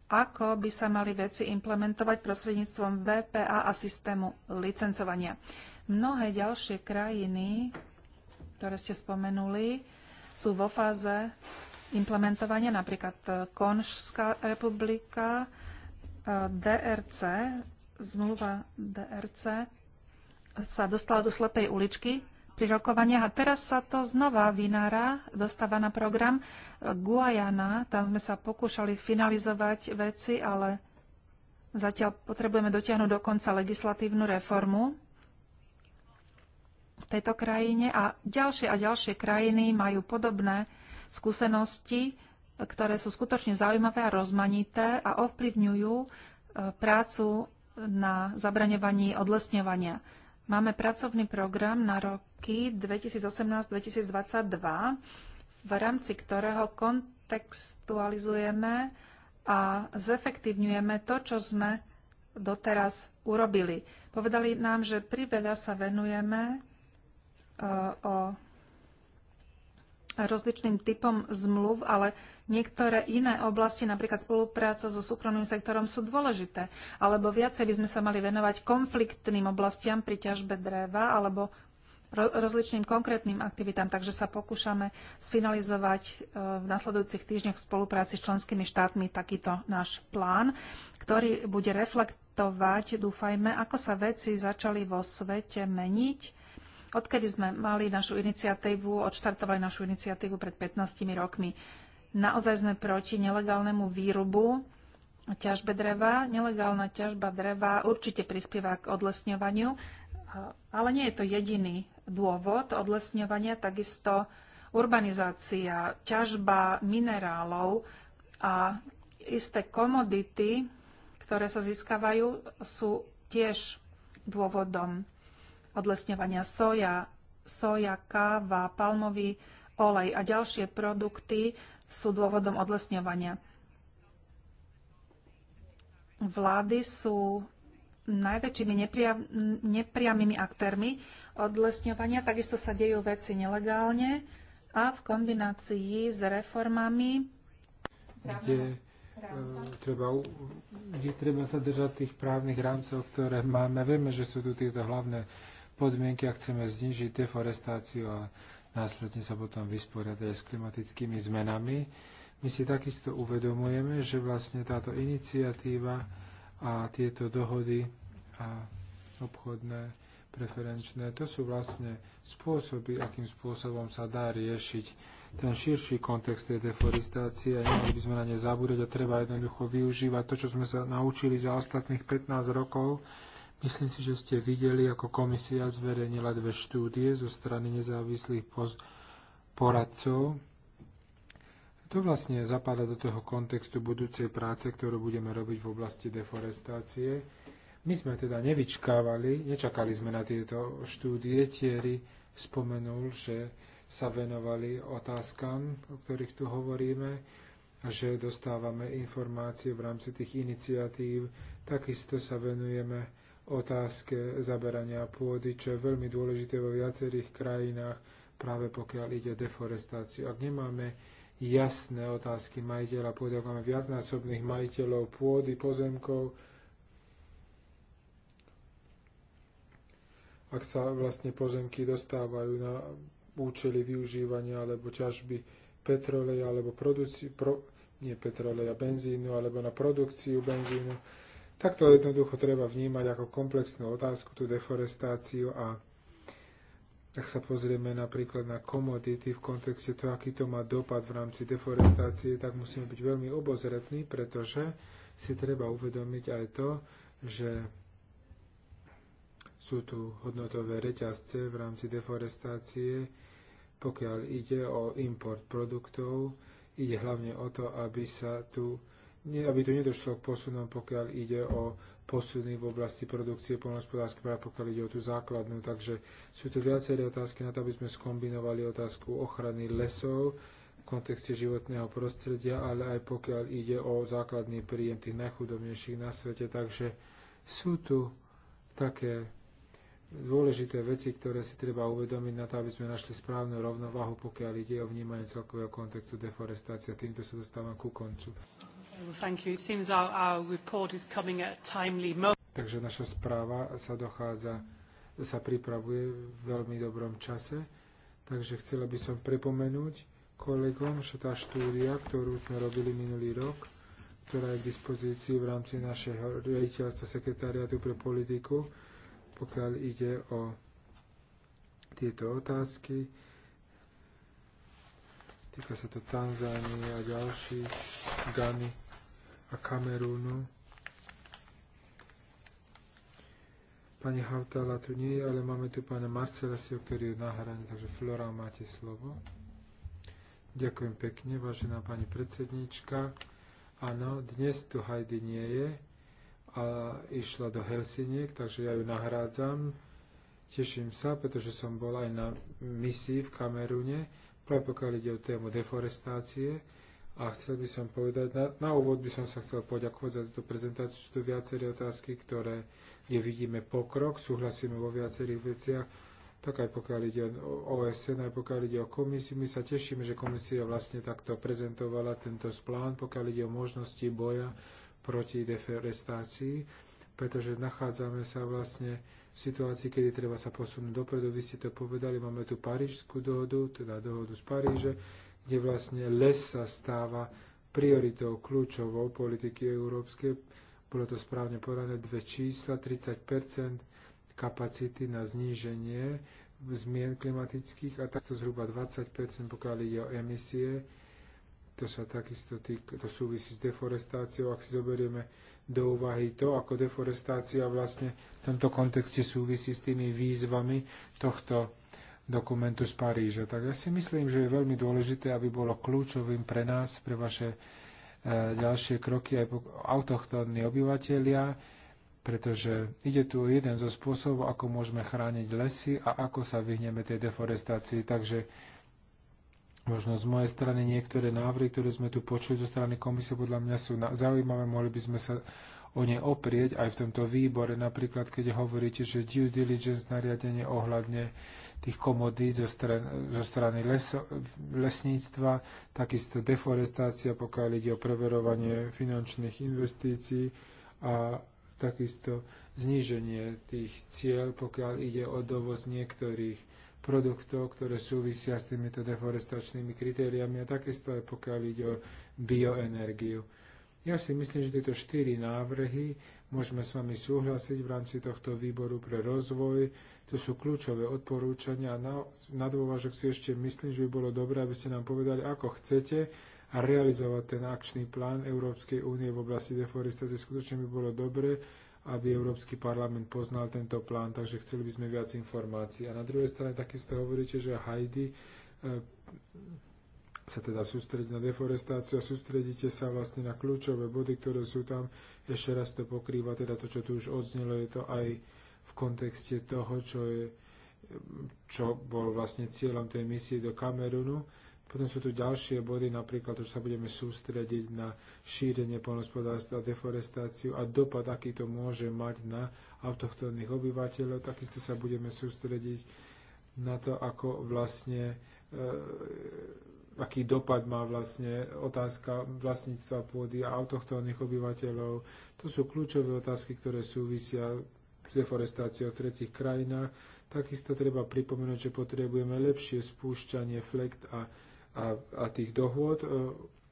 ako by sa mali veci implementovať prostredníctvom VPA a systému licencovania. Mnohé ďalšie krajiny, ktoré ste spomenuli, sú vo fáze implementovania, napríklad e, Konžská republika, e, DRC, zmluva DRC sa dostala do slepej uličky, pri rokovaniach a teraz sa to znova vynára, dostáva na program Guajana. Tam sme sa pokúšali finalizovať veci, ale zatiaľ potrebujeme dotiahnuť dokonca legislatívnu reformu v tejto krajine a ďalšie a ďalšie krajiny majú podobné skúsenosti, ktoré sú skutočne zaujímavé a rozmanité a ovplyvňujú eh, prácu na zabraňovaní odlesňovania. Máme pracovný program na roky 2018-2022, v rámci ktorého kontextualizujeme a zefektívňujeme to, čo sme doteraz urobili. Povedali nám, že priveľa sa venujeme e, o rozličným typom zmluv, ale niektoré iné oblasti, napríklad spolupráca so súkromným sektorom, sú dôležité. Alebo viacej by sme sa mali venovať konfliktným oblastiam pri ťažbe dreva alebo rozličným konkrétnym aktivitám. Takže sa pokúšame sfinalizovať e, v nasledujúcich týždňoch v spolupráci s členskými štátmi takýto náš plán, ktorý bude reflektovať, dúfajme, ako sa veci začali vo svete meniť Odkedy sme mali našu iniciatívu, odštartovali našu iniciatívu pred 15 rokmi. Naozaj sme proti nelegálnemu výrubu ťažbe dreva. Nelegálna ťažba dreva určite prispieva k odlesňovaniu, ale nie je to jediný dôvod odlesňovania. Takisto urbanizácia, ťažba minerálov a isté komodity, ktoré sa získavajú, sú tiež dôvodom odlesňovania soja, soja, káva, palmový olej a ďalšie produkty sú dôvodom odlesňovania. Vlády sú najväčšími nepria- nepriamými aktérmi odlesňovania. Takisto sa dejú veci nelegálne a v kombinácii s reformami kde eh, treba, kde treba sa držať tých právnych rámcov, ktoré máme. Vieme, že sú tu tieto hlavné podmienky a chceme znižiť deforestáciu a následne sa potom vysporiadať s klimatickými zmenami. My si takisto uvedomujeme, že vlastne táto iniciatíva a tieto dohody a obchodné preferenčné, to sú vlastne spôsoby, akým spôsobom sa dá riešiť ten širší kontext tej deforestácie a nemali by sme na ne zabúdať a treba jednoducho využívať to, čo sme sa naučili za ostatných 15 rokov, Myslím si, že ste videli, ako komisia zverejnila dve štúdie zo strany nezávislých poradcov. To vlastne zapadá do toho kontextu budúcej práce, ktorú budeme robiť v oblasti deforestácie. My sme teda nevyčkávali, nečakali sme na tieto štúdie. Thierry spomenul, že sa venovali otázkam, o ktorých tu hovoríme, a že dostávame informácie v rámci tých iniciatív. Takisto sa venujeme otázke zaberania pôdy, čo je veľmi dôležité vo viacerých krajinách, práve pokiaľ ide o deforestáciu. Ak nemáme jasné otázky majiteľa pôdy, ak máme viacnásobných majiteľov pôdy, pozemkov, ak sa vlastne pozemky dostávajú na účely využívania alebo ťažby petroleja alebo produci, pro, nie petroleja, benzínu alebo na produkciu benzínu, tak to jednoducho treba vnímať ako komplexnú otázku tú deforestáciu a ak sa pozrieme napríklad na komodity v kontexte toho, aký to má dopad v rámci deforestácie, tak musíme byť veľmi obozretní, pretože si treba uvedomiť aj to, že sú tu hodnotové reťazce v rámci deforestácie, pokiaľ ide o import produktov, ide hlavne o to, aby sa tu aby to nedošlo k posunom, pokiaľ ide o posuny v oblasti produkcie poľnohospodárskej práve pokiaľ ide o tú základnú. Takže sú tu viaceré otázky na to, aby sme skombinovali otázku ochrany lesov v kontexte životného prostredia, ale aj pokiaľ ide o základný príjem tých najchudobnejších na svete. Takže sú tu také dôležité veci, ktoré si treba uvedomiť na to, aby sme našli správnu rovnováhu, pokiaľ ide o vnímanie celkového kontextu deforestácie. Týmto sa dostávam ku koncu. Takže naša správa sa dochádza, sa pripravuje v veľmi dobrom čase. Takže chcela by som pripomenúť kolegom, že tá štúdia, ktorú sme robili minulý rok, ktorá je k dispozícii v rámci našeho rejiteľstva sekretariátu pre politiku, pokiaľ ide o tieto otázky, týka sa to Tanzánie a ďalší Gany, a Kamerúnu. Pani Hautala tu nie je, ale máme tu pána Marcelesio, ktorý je na hrane, takže Flora, máte slovo. Ďakujem pekne, vážená pani predsednička. Áno, dnes tu Heidi nie je a išla do Helsiniek, takže ja ju nahrádzam. Teším sa, pretože som bol aj na misii v kamerúne pokiaľ ide o tému deforestácie. A chcel by som povedať, na, na úvod by som sa chcel poďakovať za túto prezentáciu. Sú tu viaceré otázky, ktoré, kde vidíme pokrok, súhlasíme vo viacerých veciach, tak aj pokiaľ ide o OSN, aj pokiaľ ide o komisiu. My sa tešíme, že komisia vlastne takto prezentovala tento plán, pokiaľ ide o možnosti boja proti deforestácii, pretože nachádzame sa vlastne v situácii, kedy treba sa posunúť dopredu. Vy ste to povedali, máme tu Parížskú dohodu, teda dohodu z Paríže, kde vlastne les sa stáva prioritou kľúčovou politiky európskej. Bolo to správne porané dve čísla, 30 kapacity na zníženie zmien klimatických a takto zhruba 20 pokiaľ ide o emisie. To sa takisto týka, to súvisí s deforestáciou. Ak si zoberieme do úvahy to, ako deforestácia vlastne v tomto kontexte súvisí s tými výzvami tohto dokumentu z Paríža. Tak ja si myslím, že je veľmi dôležité, aby bolo kľúčovým pre nás, pre vaše e, ďalšie kroky aj autochtónni obyvateľia, pretože ide tu o jeden zo spôsobov, ako môžeme chrániť lesy a ako sa vyhneme tej deforestácii. Takže možno z mojej strany niektoré návrhy, ktoré sme tu počuli zo strany komisie, podľa mňa sú zaujímavé, mohli by sme sa o ne oprieť aj v tomto výbore. Napríklad, keď hovoríte, že due diligence nariadenie ohľadne tých komodí zo, stran, zo strany leso, lesníctva, takisto deforestácia, pokiaľ ide o preverovanie finančných investícií a takisto zníženie tých cieľ, pokiaľ ide o dovoz niektorých produktov, ktoré súvisia s týmito deforestačnými kritériami a takisto aj pokiaľ ide o bioenergiu. Ja si myslím, že tieto štyri návrhy môžeme s vami súhlasiť v rámci tohto výboru pre rozvoj. To sú kľúčové odporúčania. Na, na dôvažok si ešte myslím, že by bolo dobré, aby ste nám povedali, ako chcete a realizovať ten akčný plán Európskej únie v oblasti deforestácie. Skutočne by bolo dobré, aby Európsky parlament poznal tento plán, takže chceli by sme viac informácií. A na druhej strane takisto hovoríte, že Heidi eh, sa teda sústrediť na deforestáciu a sústredíte sa vlastne na kľúčové body, ktoré sú tam. Ešte raz to pokrýva, teda to, čo tu už odznelo, je to aj v kontexte toho, čo, je, čo bol vlastne cieľom tej misie do Kamerunu. Potom sú tu ďalšie body, napríklad, že sa budeme sústrediť na šírenie polnospodárstva, deforestáciu a dopad, aký to môže mať na autochtónnych obyvateľov. Takisto sa budeme sústrediť na to, ako vlastne e, aký dopad má vlastne otázka vlastníctva pôdy a autochtónnych obyvateľov. To sú kľúčové otázky, ktoré súvisia s deforestáciou v tretich krajinách. Takisto treba pripomenúť, že potrebujeme lepšie spúšťanie flekt a, a, a tých dohôd e,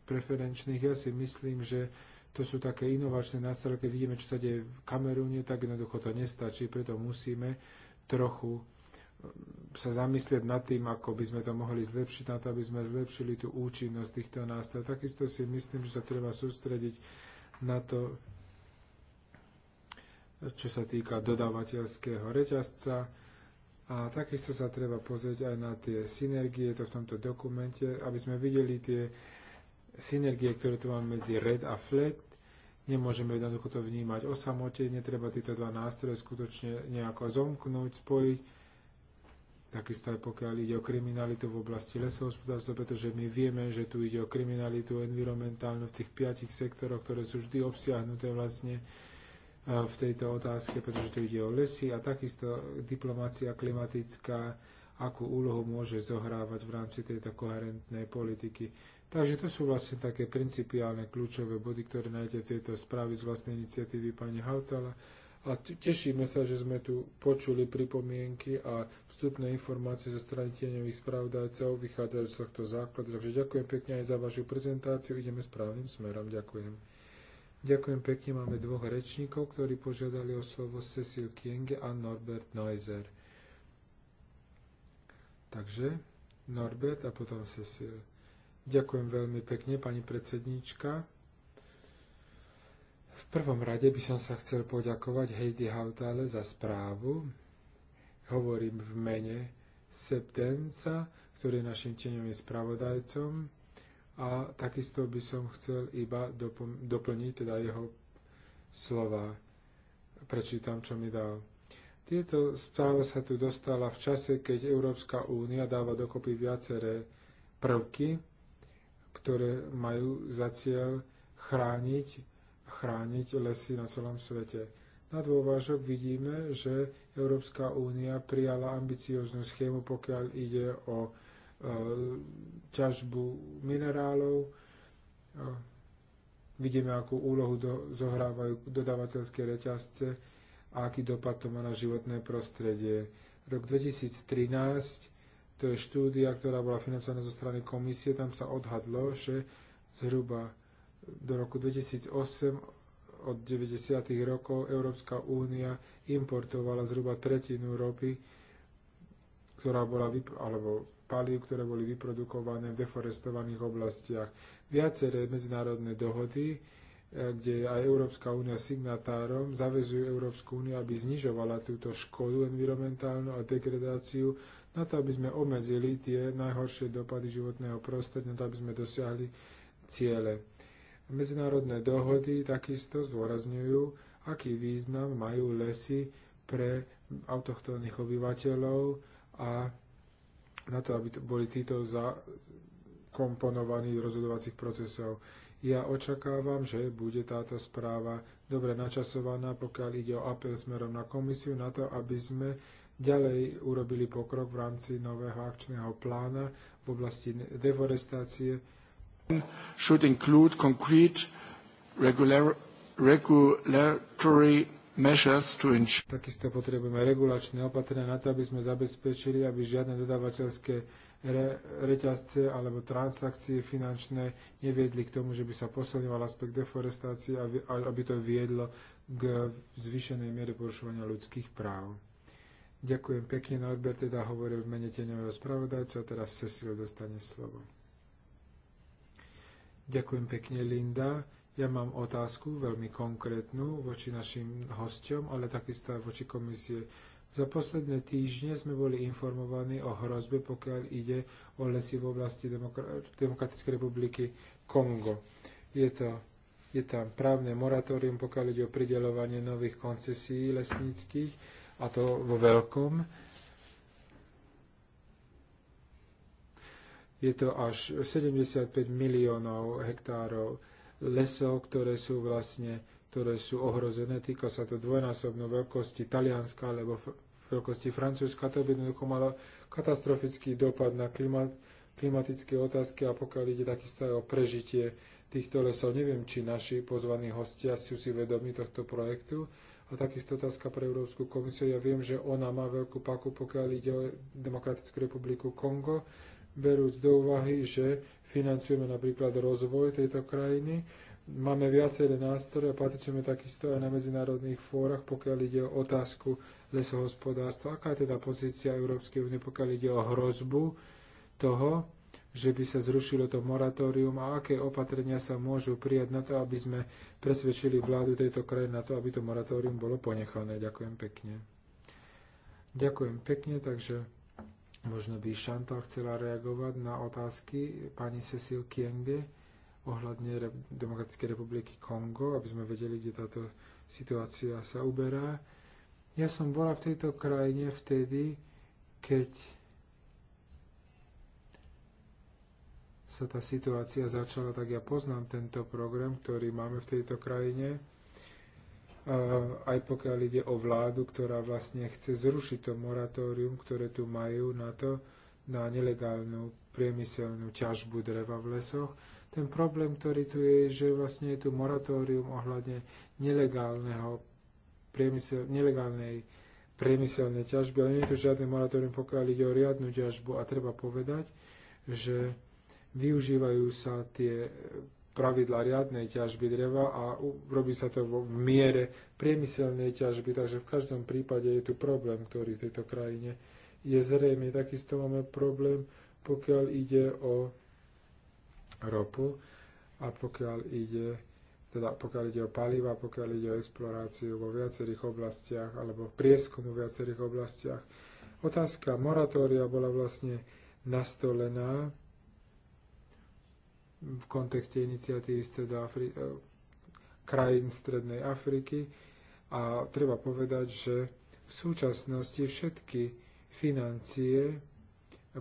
preferenčných. Ja si myslím, že to sú také inovačné nástroje, keď vidíme, čo sa deje v Kamerúne, tak jednoducho to nestačí, preto musíme trochu sa zamyslieť nad tým, ako by sme to mohli zlepšiť, na to, aby sme zlepšili tú účinnosť týchto nástrojov. Takisto si myslím, že sa treba sústrediť na to, čo sa týka dodávateľského reťazca. A takisto sa treba pozrieť aj na tie synergie, to v tomto dokumente, aby sme videli tie synergie, ktoré tu máme medzi red a flat. Nemôžeme jednoducho to vnímať osamotene, treba tieto dva nástroje skutočne nejako zomknúť, spojiť Takisto aj pokiaľ ide o kriminalitu v oblasti lesohospodárstva, pretože my vieme, že tu ide o kriminalitu environmentálnu v tých piatich sektoroch, ktoré sú vždy obsiahnuté vlastne e, v tejto otázke, pretože tu ide o lesy a takisto diplomácia klimatická, akú úlohu môže zohrávať v rámci tejto koherentnej politiky. Takže to sú vlastne také principiálne kľúčové body, ktoré nájdete v tejto správe z vlastnej iniciatívy pani Hautala a tešíme sa, že sme tu počuli pripomienky a vstupné informácie zo strany tieňových spravodajcov vychádzajú z tohto základu. Takže ďakujem pekne aj za vašu prezentáciu. Ideme správnym smerom. Ďakujem. Ďakujem pekne. Máme dvoch rečníkov, ktorí požiadali o slovo Cecil Kienge a Norbert Neuser. Takže Norbert a potom Cecil. Ďakujem veľmi pekne, pani predsedníčka prvom rade by som sa chcel poďakovať Heidi Hautale za správu. Hovorím v mene Septenca, ktorý je našim tenovým spravodajcom. A takisto by som chcel iba doplniť teda jeho slova. Prečítam, čo mi dal. Tieto správa sa tu dostala v čase, keď Európska únia dáva dokopy viaceré prvky, ktoré majú za cieľ chrániť chrániť lesy na celom svete. Na dôvážok vidíme, že Európska únia prijala ambicióznu schému, pokiaľ ide o e, ťažbu minerálov. E, vidíme, akú úlohu do, zohrávajú dodávateľské reťazce a aký dopad to má na životné prostredie. Rok 2013 to je štúdia, ktorá bola financovaná zo strany komisie, tam sa odhadlo, že zhruba do roku 2008 od 90. rokov Európska únia importovala zhruba tretinu ropy, ktorá bola, alebo palív, ktoré boli vyprodukované v deforestovaných oblastiach. Viaceré medzinárodné dohody, e, kde aj Európska únia signatárom, zavezujú Európsku úniu, aby znižovala túto škodu environmentálnu a degradáciu, na to, aby sme obmedzili tie najhoršie dopady životného prostredia, na to, aby sme dosiahli ciele. Medzinárodné dohody takisto zdôrazňujú, aký význam majú lesy pre autochtónnych obyvateľov a na to, aby boli títo zakomponovaní do rozhodovacích procesov. Ja očakávam, že bude táto správa dobre načasovaná, pokiaľ ide o apel smerom na komisiu, na to, aby sme ďalej urobili pokrok v rámci nového akčného plána v oblasti deforestácie, should include concrete regular, regulatory measures to ensure... Takisto potrebujeme regulačné opatrenia na to, aby sme zabezpečili, aby žiadne dodávateľské re, reťazce alebo transakcie finančné neviedli k tomu, že by sa posilňoval aspekt deforestácie a aby to viedlo k zvýšenej miere porušovania ľudských práv. Ďakujem pekne, Norbert teda hovoril v mene teňového spravodajca a teraz Cecil dostane slovo. Ďakujem pekne, Linda. Ja mám otázku veľmi konkrétnu voči našim hostiom, ale takisto aj voči komisie. Za posledné týždne sme boli informovaní o hrozbe, pokiaľ ide o lesy v oblasti Demokra- Demokratickej republiky Kongo. Je, to, je tam právne moratórium, pokiaľ ide o pridelovanie nových koncesí lesníckých, a to vo veľkom je to až 75 miliónov hektárov lesov, ktoré sú vlastne ktoré sú ohrozené. Týka sa to dvojnásobno veľkosti Talianska alebo veľkosti Francúzska. To by jednoducho malo katastrofický dopad na klimat, klimatické otázky a pokiaľ ide takisto aj o prežitie týchto lesov. Neviem, či naši pozvaní hostia sú si vedomi tohto projektu. A takisto otázka pre Európsku komisiu. Ja viem, že ona má veľkú paku, pokiaľ ide o Demokratickú republiku Kongo berúc do úvahy, že financujeme napríklad rozvoj tejto krajiny, máme viaceré nástroje a patričujeme takisto aj na medzinárodných fórach, pokiaľ ide o otázku lesohospodárstva. Aká je teda pozícia Európskej únie, pokiaľ ide o hrozbu toho, že by sa zrušilo to moratórium a aké opatrenia sa môžu prijať na to, aby sme presvedčili vládu tejto krajiny na to, aby to moratórium bolo ponechané. Ďakujem pekne. Ďakujem pekne, takže Možno by Šantal chcela reagovať na otázky pani Cecil Kienge ohľadne Demokratickej republiky Kongo, aby sme vedeli, kde táto situácia sa uberá. Ja som bola v tejto krajine vtedy, keď sa tá situácia začala, tak ja poznám tento program, ktorý máme v tejto krajine aj pokiaľ ide o vládu, ktorá vlastne chce zrušiť to moratórium, ktoré tu majú na to, na nelegálnu priemyselnú ťažbu dreva v lesoch. Ten problém, ktorý tu je, že vlastne je tu moratórium ohľadne nelegálneho priemysel, nelegálnej priemyselnej ťažby, ale nie je tu žiadne moratórium, pokiaľ ide o riadnu ťažbu a treba povedať, že využívajú sa tie pravidla riadnej ťažby dreva a robí sa to v miere priemyselnej ťažby, takže v každom prípade je tu problém, ktorý v tejto krajine je zrejme. Takisto máme problém, pokiaľ ide o ropu a pokiaľ ide, teda pokiaľ ide o paliva, pokiaľ ide o exploráciu vo viacerých oblastiach alebo prieskum v viacerých oblastiach. Otázka moratória bola vlastne nastolená v kontexte iniciatívy Afri- eh, krajín Strednej Afriky a treba povedať, že v súčasnosti všetky financie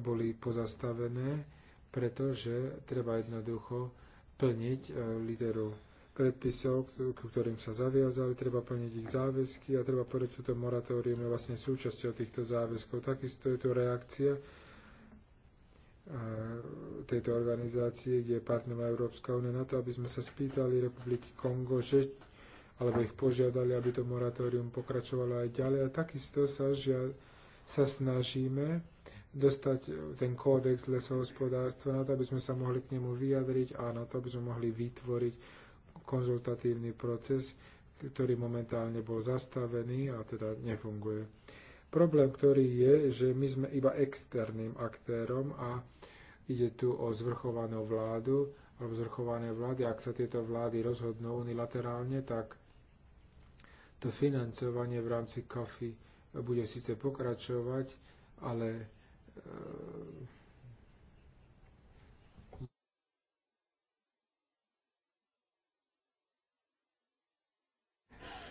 boli pozastavené, pretože treba jednoducho plniť eh, literu predpisov, k ktorým sa zaviazali, treba plniť ich záväzky a treba povedať, že to moratórium je vlastne súčasťou týchto záväzkov. Takisto je to reakcia tejto organizácie, kde je partnerom Európska únia, na to, aby sme sa spýtali Republiky Kongo, že, alebo ich požiadali, aby to moratórium pokračovalo aj ďalej. A takisto sa, žia, sa snažíme dostať ten kódex lesohospodárstva na to, aby sme sa mohli k nemu vyjadriť a na to, aby sme mohli vytvoriť konzultatívny proces, ktorý momentálne bol zastavený a teda nefunguje. Problém, ktorý je, že my sme iba externým aktérom a ide tu o zvrchovanú vládu alebo zvrchované vlády. Ak sa tieto vlády rozhodnú unilaterálne, tak to financovanie v rámci COFI bude síce pokračovať, ale eh,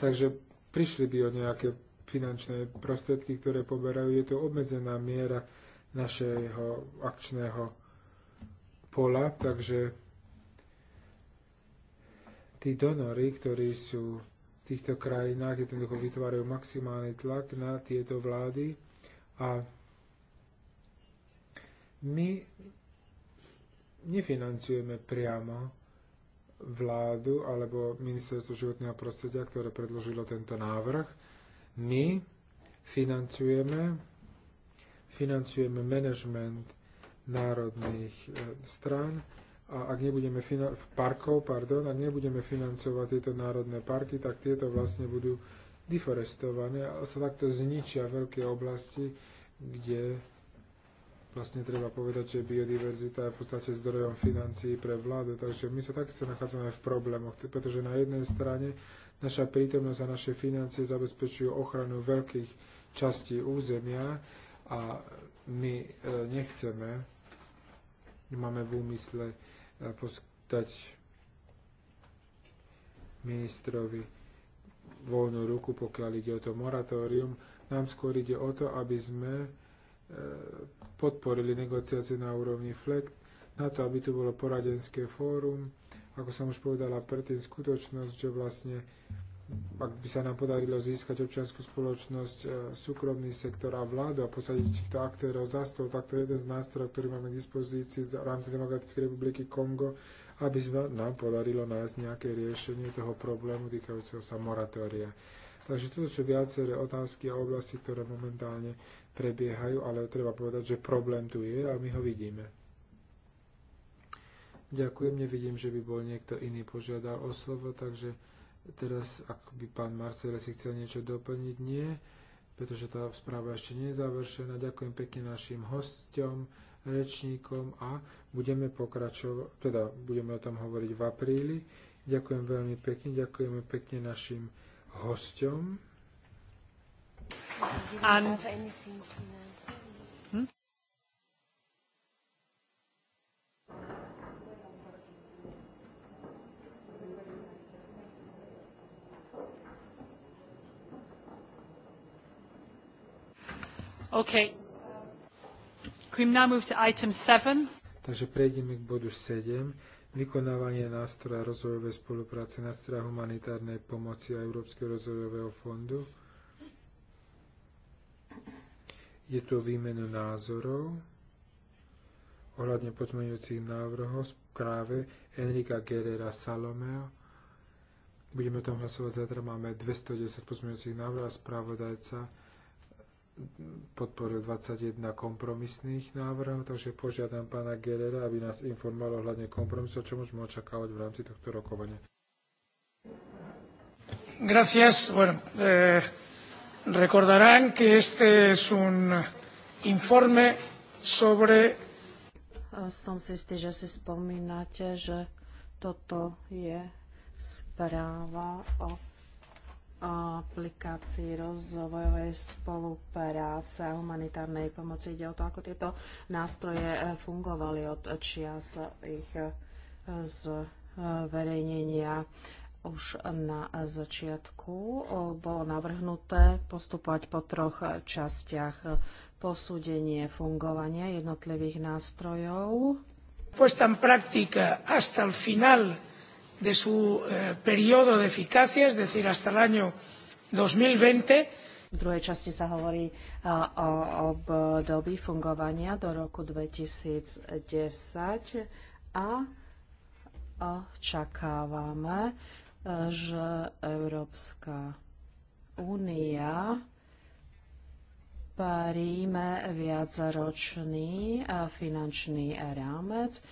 Takže prišli by o nejaké finančné prostriedky, ktoré poberajú, je to obmedzená miera našeho akčného pola, takže tí donory, ktorí sú v týchto krajinách, jednoducho vytvárajú maximálny tlak na tieto vlády a my nefinancujeme priamo vládu alebo ministerstvo životného prostredia, ktoré predložilo tento návrh my financujeme, financujeme management národných e, strán a ak nebudeme parkov, pardon, ak nebudeme financovať tieto národné parky, tak tieto vlastne budú deforestované a sa takto zničia veľké oblasti, kde vlastne treba povedať, že biodiverzita je v podstate zdrojom financií pre vládu, takže my sa takisto nachádzame v problémoch, pretože na jednej strane Naša prítomnosť a naše financie zabezpečujú ochranu veľkých častí územia a my e, nechceme, máme v úmysle e, poskytať ministrovi voľnú ruku, pokiaľ ide o to moratórium. Nám skôr ide o to, aby sme e, podporili negociácie na úrovni FLEC, na to, aby tu bolo poradenské fórum, ako som už povedala predtým, skutočnosť, že vlastne ak by sa nám podarilo získať občianskú spoločnosť, e, súkromný sektor a vládu a posadiť týchto aktérov za stôl, tak to je jeden z nástrojov, ktorý máme k dispozícii v rámci Demokratickej republiky Kongo, aby sme, nám podarilo nájsť nejaké riešenie toho problému týkajúceho sa moratória. Takže toto sú viaceré otázky a oblasti, ktoré momentálne prebiehajú, ale treba povedať, že problém tu je a my ho vidíme. Ďakujem, nevidím, že by bol niekto iný požiadal o slovo, takže teraz, ak by pán Marcele si chcel niečo doplniť, nie, pretože tá správa ešte nie je završená. Ďakujem pekne našim hostom, rečníkom a budeme pokračovať, teda budeme o tom hovoriť v apríli. Ďakujem veľmi pekne, ďakujeme pekne našim hostom. And Takže prejdeme k bodu 7. Vykonávanie nástroja rozvojovej spolupráce, nástroja humanitárnej pomoci a Európskeho rozvojového fondu. Je to výmenu názorov ohľadne pozmeňujúcich návrhov práve Enrika Gerera Salomeo. Budeme o tom hlasovať zajtra. Máme 210 pozmeňujúcich návrhov a správodajca podporil 21 kompromisných návrhov, takže požiadam pána Gerera, aby nás informoval ohľadne kompromisov, čo môžeme očakávať v rámci tohto rokovania. Gracias. Bueno, eh, recordarán que este es un informe sobre... Eh, som si istý, že si spomínate, že toto je správa o O aplikácii rozvojovej spolupráce a humanitárnej pomoci. Ide o to, ako tieto nástroje eh, fungovali od čias ich eh, zverejnenia. Už na začiatku eh, bolo navrhnuté postupovať po troch častiach posúdenie fungovania jednotlivých nástrojov. Puesta en práctica hasta el final de su eh, periodo de eficacia, es decir, hasta el año 2020. V druhej časti sa hovorí eh, o období fungovania do roku 2010 a očakávame, eh, že Európska únia príjme viacročný eh, finančný rámec,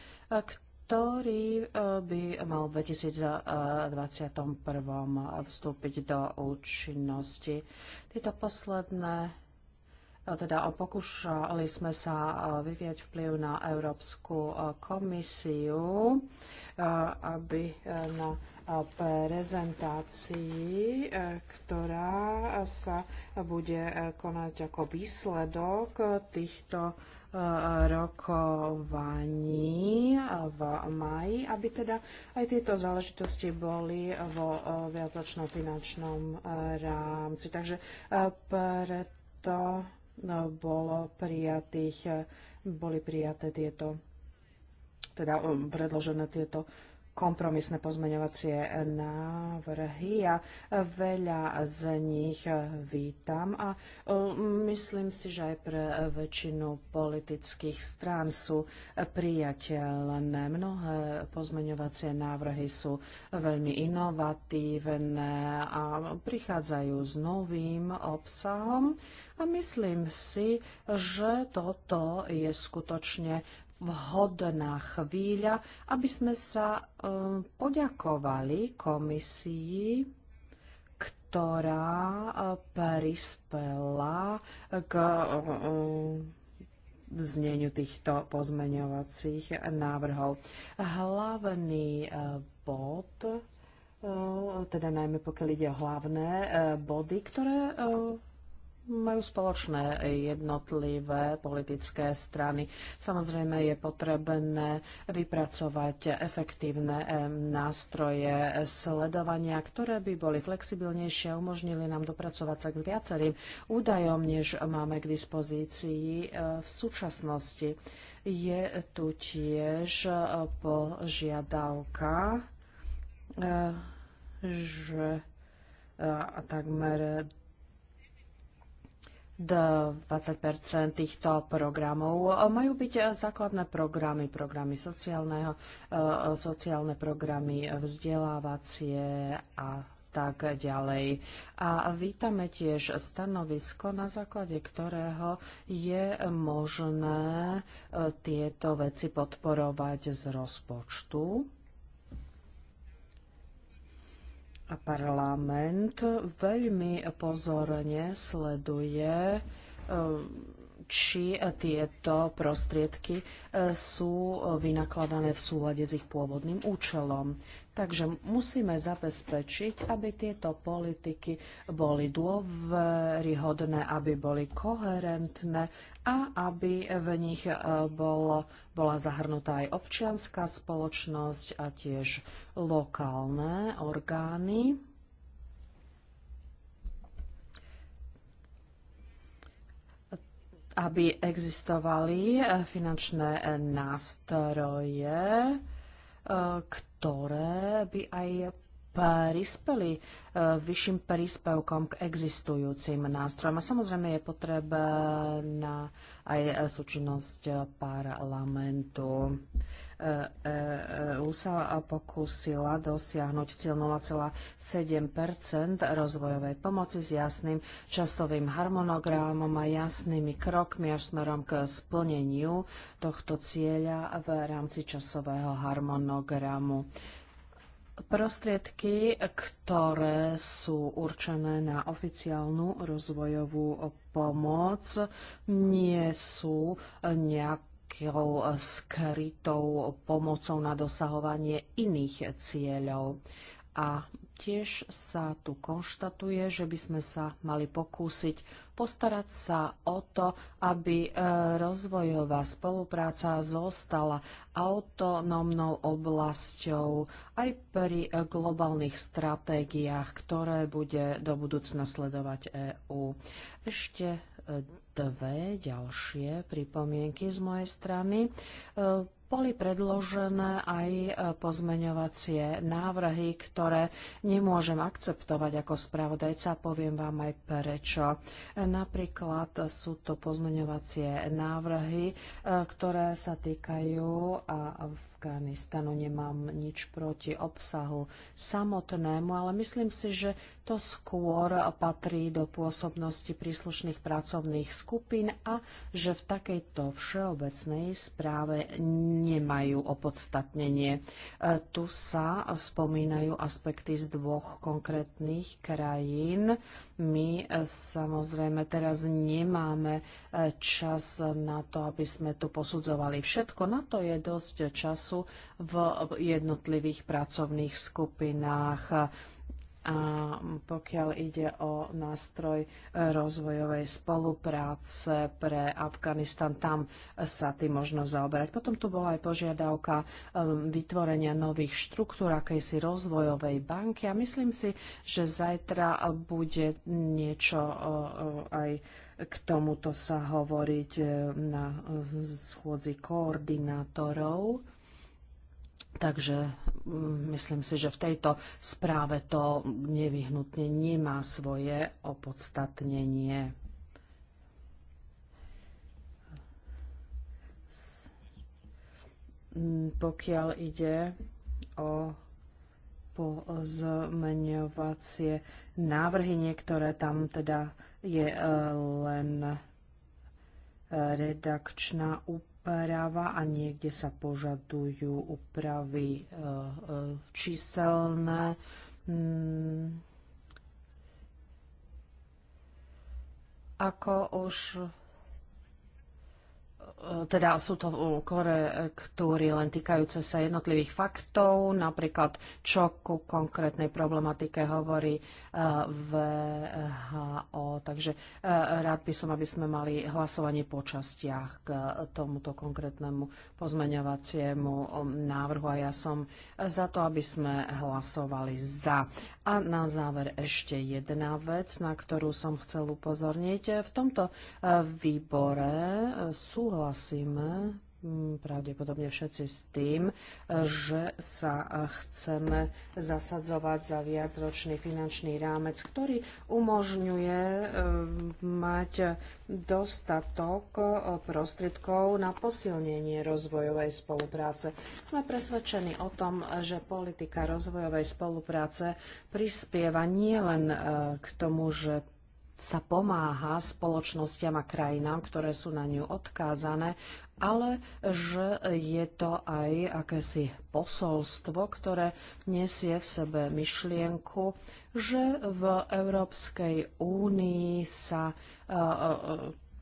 ktorý e, by mal v 2021 vstúpiť do účinnosti. Tieto posledné e, teda pokúšali sme sa e, vyvieť vplyv na Európsku komisiu, aby na prezentácii, ktorá sa bude konať ako výsledok týchto rokovaní v maji, aby teda aj tieto záležitosti boli vo eh, viacročnom finančnom eh, rámci. Takže eh, preto no, bolo prijatých, boli prijaté tieto, teda predložené tieto kompromisné pozmeňovacie návrhy. Ja veľa z nich vítam a e, myslím si, že aj pre väčšinu politických strán sú priateľné. Mnohé pozmeňovacie návrhy sú veľmi inovatívne a prichádzajú s novým obsahom. A myslím si, že toto je skutočne vhodná chvíľa, aby sme sa e, poďakovali komisii, ktorá e, prispela k e, vzneniu týchto pozmeňovacích návrhov. Hlavný bod, teda najmä pokiaľ ide o hlavné body, ktoré majú spoločné jednotlivé politické strany. Samozrejme je potrebné vypracovať efektívne eh, nástroje sledovania, ktoré by boli flexibilnejšie a umožnili nám dopracovať sa k viacerým údajom, než máme k dispozícii eh, v súčasnosti. Je tu tiež eh, požiadavka, že takmer 20 týchto programov majú byť základné programy, programy sociálneho, e, sociálne programy vzdelávacie a tak ďalej. A vítame tiež stanovisko, na základe ktorého je možné e, tieto veci podporovať z rozpočtu parlament veľmi pozorne sleduje eh, či tieto prostriedky eh, sú vynakladané v súlade s ich pôvodným účelom. Takže musíme zabezpečiť, aby tieto politiky boli dôveryhodné, aby boli koherentné a aby v nich e, bolo, bola zahrnutá aj občianská spoločnosť a tiež lokálne orgány. aby existovali finančné nástroje, ktoré e, ktoré by aj prispeli e, vyšším príspevkom k existujúcim nástrojom. A samozrejme je potrebná aj súčinnosť parlamentu. EU e, e sa pokúsila dosiahnuť cieľ 0,7 rozvojovej pomoci s jasným časovým harmonogramom a jasnými krokmi až smerom k splneniu tohto cieľa v rámci časového harmonogramu. Prostriedky, ktoré sú určené na oficiálnu rozvojovú pomoc, nie sú nejakou skrytou pomocou na dosahovanie iných cieľov. A Tiež sa tu konštatuje, že by sme sa mali pokúsiť postarať sa o to, aby e, rozvojová spolupráca zostala autonómnou oblasťou aj pri e, globálnych stratégiách, ktoré bude do budúcna sledovať EÚ. Ešte e, dve ďalšie pripomienky z mojej strany boli predložené aj e, pozmeňovacie návrhy, ktoré nemôžem akceptovať ako spravodajca. Poviem vám aj prečo. Napríklad sú to pozmeňovacie návrhy, e, ktoré sa týkajú a v Afganistanu. Nemám nič proti obsahu samotnému, ale myslím si, že to skôr patrí do pôsobnosti príslušných pracovných skupín a že v takejto všeobecnej správe nemajú opodstatnenie. E, tu sa spomínajú aspekty z dvoch konkrétnych krajín my e, samozrejme teraz nemáme e, čas na to, aby sme tu posudzovali všetko. Na to je dosť času v jednotlivých pracovných skupinách a pokiaľ ide o nástroj rozvojovej spolupráce pre Afganistan, tam sa tým možno zaoberať. Potom tu bola aj požiadavka um, vytvorenia nových štruktúr, akejsi rozvojovej banky a myslím si, že zajtra bude niečo aj k tomuto sa hovoriť e, na e, schôdzi koordinátorov. Takže mm, myslím si, že v tejto správe to nevyhnutne nemá svoje opodstatnenie. Mm, pokiaľ ide o pozmeňovacie návrhy, niektoré tam teda je eh, len eh, redakčná úprava práva a niekde sa požadujú úpravy e, e, číselné. Mm. Ako už E, teda sú to korektúry e, len týkajúce sa jednotlivých faktov, napríklad čo ku konkrétnej problematike hovorí e, VHO. Takže rád by som, aby sme mali hlasovanie po častiach k tomuto konkrétnemu pozmeňovaciemu um, návrhu a ja som za to, aby sme hlasovali za. A na záver ešte jedna vec, na ktorú som chcel upozorniť. V tomto výbore súhlas súhlasíme mm, pravdepodobne všetci s tým, že sa eh, chceme zasadzovať za viacročný finančný rámec, ktorý umožňuje eh, mať dostatok eh, prostriedkov na posilnenie rozvojovej spolupráce. Sme presvedčení o tom, že politika rozvojovej spolupráce prispieva nielen k tomu, že sa pomáha spoločnosťam a krajinám, ktoré sú na ňu odkázané, ale že je to aj akési posolstvo, ktoré nesie v sebe myšlienku, že v Európskej únii sa e, e,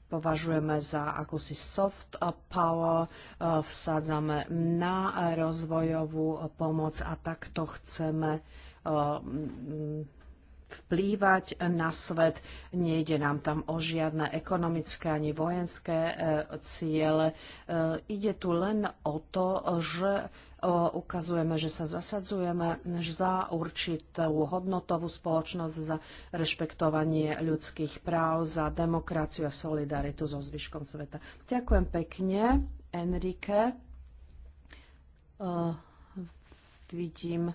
považujeme za akúsi soft power, e, vsádzame na rozvojovú pomoc a takto chceme vplývať na svet. Nejde nám tam o žiadne ekonomické ani vojenské e, ciele. E, ide tu len o to, že e, ukazujeme, že sa zasadzujeme za určitú hodnotovú spoločnosť, za rešpektovanie ľudských práv, za demokraciu a solidaritu so zvyškom sveta. Ďakujem pekne, Enrique. Uh, vidím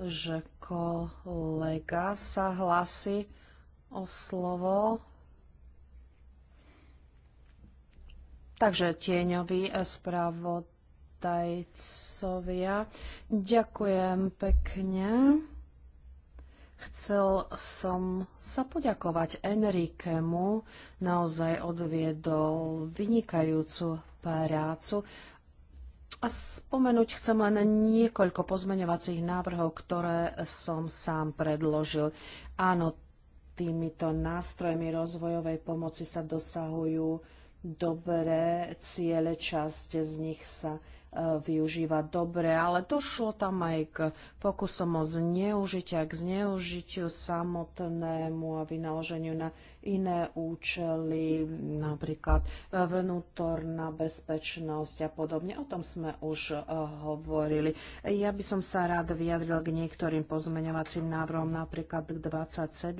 že kolega sa hlási o slovo. Takže tieňový spravodajcovia. Ďakujem pekne. Chcel som sa poďakovať Enrikemu, naozaj odviedol vynikajúcu prácu. A spomenúť chcem len niekoľko pozmeňovacích návrhov, ktoré som sám predložil. Áno, týmito nástrojmi rozvojovej pomoci sa dosahujú dobré ciele, časť z nich sa e, využíva dobre, ale došlo tam aj k pokusom o zneužitia, k zneužitiu samotnému a vynaloženiu na iné účely, napríklad vnútorná bezpečnosť a podobne. O tom sme už eh, hovorili. Ja by som sa rád vyjadril k niektorým pozmeňovacím návrhom, napríklad k 27,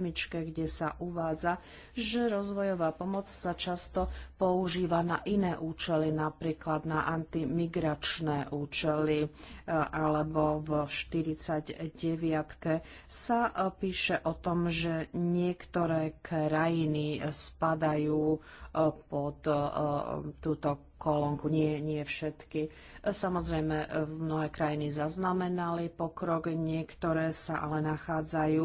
kde sa uvádza, že rozvojová pomoc sa často používa na iné účely, napríklad na antimigračné účely, eh, alebo v 49 sa eh, píše o tom, že niektoré kraje krajiny spadajú eh, pod eh, túto kolónku, nie, nie všetky. Samozrejme, eh, mnohé krajiny zaznamenali pokrok, niektoré sa ale nachádzajú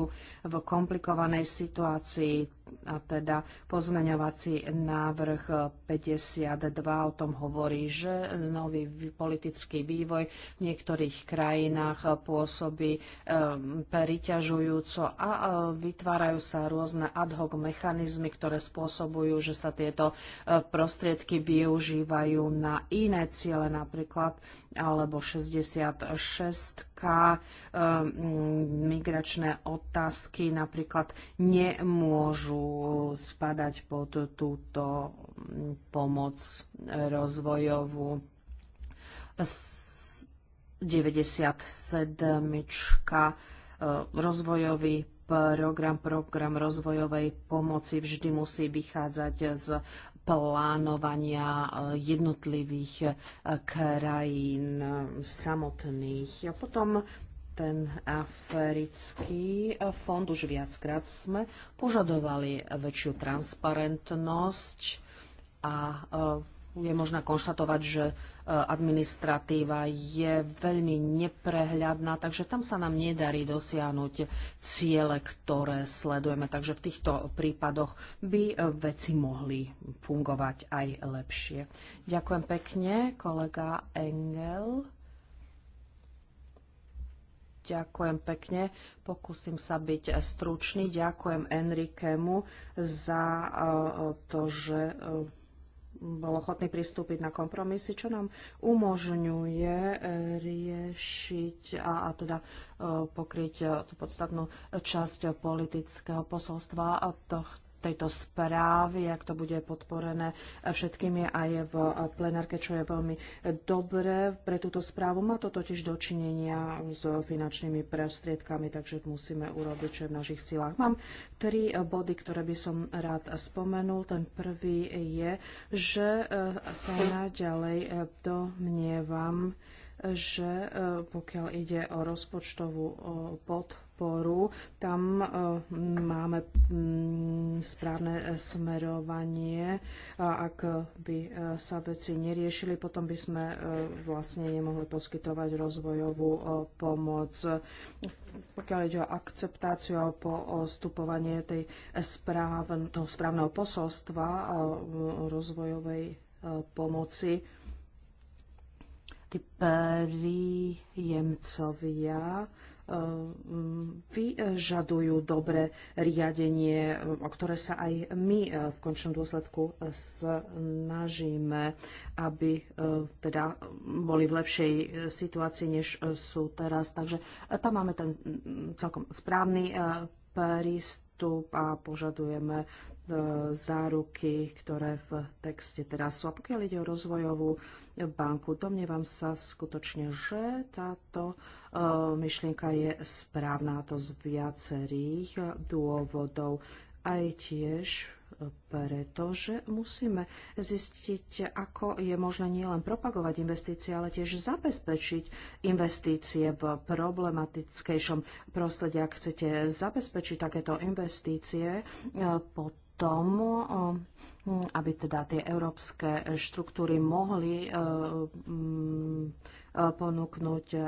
v komplikovanej situácii a teda pozmeňovací návrh 52 o tom hovorí, že nový politický vývoj v niektorých krajinách pôsobí periťažujúco a e, vytvárajú sa rôzne ad hoc mechanizmy, ktoré spôsobujú, že sa tieto e, prostriedky využívajú na iné ciele, napríklad alebo 66 eh, mm, migračné otázky napríklad nemôžu spadať pod túto mm, pomoc rozvojovú. 97. Eh, rozvojový program, program rozvojovej pomoci vždy musí vychádzať z plánovania eh, jednotlivých eh, krajín eh, samotných. A potom ten africký fond, už viackrát sme požadovali väčšiu transparentnosť a je možné konštatovať, že administratíva je veľmi neprehľadná, takže tam sa nám nedarí dosiahnuť ciele, ktoré sledujeme. Takže v týchto prípadoch by veci mohli fungovať aj lepšie. Ďakujem pekne, kolega Engel. Ďakujem pekne. Pokúsim sa byť stručný. Ďakujem Enrikemu za eh, to, že eh, bol ochotný pristúpiť na kompromisy, čo nám umožňuje e, riešiť a, a teda e, pokryť e, tú podstatnú časť politického posolstva tohto tejto správy, ak to bude podporené všetkými aj v plenárke, čo je veľmi dobré pre túto správu. Má to totiž dočinenia s finančnými prostriedkami, takže musíme urobiť, čo je v našich silách. Mám tri body, ktoré by som rád spomenul. Ten prvý je, že e, sa naďalej e, domnievam, že e, pokiaľ ide o rozpočtovú podporu, podporu. Tam e, máme mm, správne e, smerovanie a ak by e, sa veci neriešili, potom by sme vlastne nemohli poskytovať rozvojovú pomoc. Pokiaľ ide o akceptáciu a postupovanie tej správn- toho správneho posolstva rozvojovej pomoci, tí príjemcovia Ehm, vyžadujú dobré riadenie, o ktoré sa aj my e, v končnom dôsledku snažíme, aby e, teda boli v lepšej situácii, než sú teraz. Takže e, tam máme ten celkom správny prístup a požadujeme E, záruky, ktoré v texte teraz sú. A pokiaľ ide o rozvojovú banku, domnievam sa skutočne, že táto e, myšlienka je správna, a to z viacerých dôvodov. Aj tiež pretože musíme zistiť, ako je možné nielen propagovať investície, ale tiež zabezpečiť investície v problematickejšom prostredí. Ak chcete zabezpečiť takéto investície, e, potom tom, eh, aby teda tie európske štruktúry mohli eh, ponúknuť e,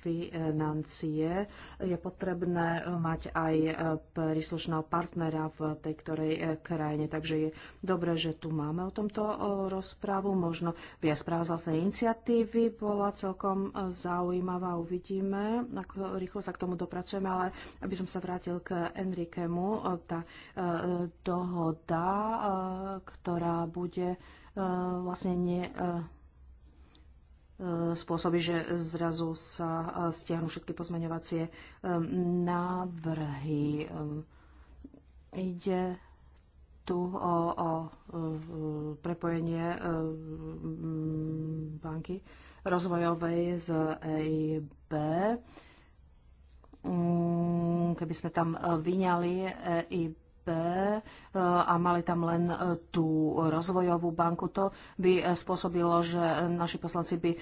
financie. Je potrebné mať aj e, príslušného partnera v tej ktorej e, krajine. Takže je dobré, že tu máme o tomto rozprávu. Možno via správa z vlastnej iniciatívy bola celkom zaujímavá. Uvidíme, ako rýchlo sa k tomu dopracujeme, ale aby som sa vrátil k Enrikemu, tá dohoda, ktorá bude vlastne nie, spôsobí, že zrazu sa e, stiahnu všetky pozmeňovacie e, návrhy. E, ide tu o, o prepojenie banky rozvojovej z EIB mm, keby sme tam vyňali EIB E, a mali tam len e, tú rozvojovú banku, to by e, spôsobilo, že naši poslanci by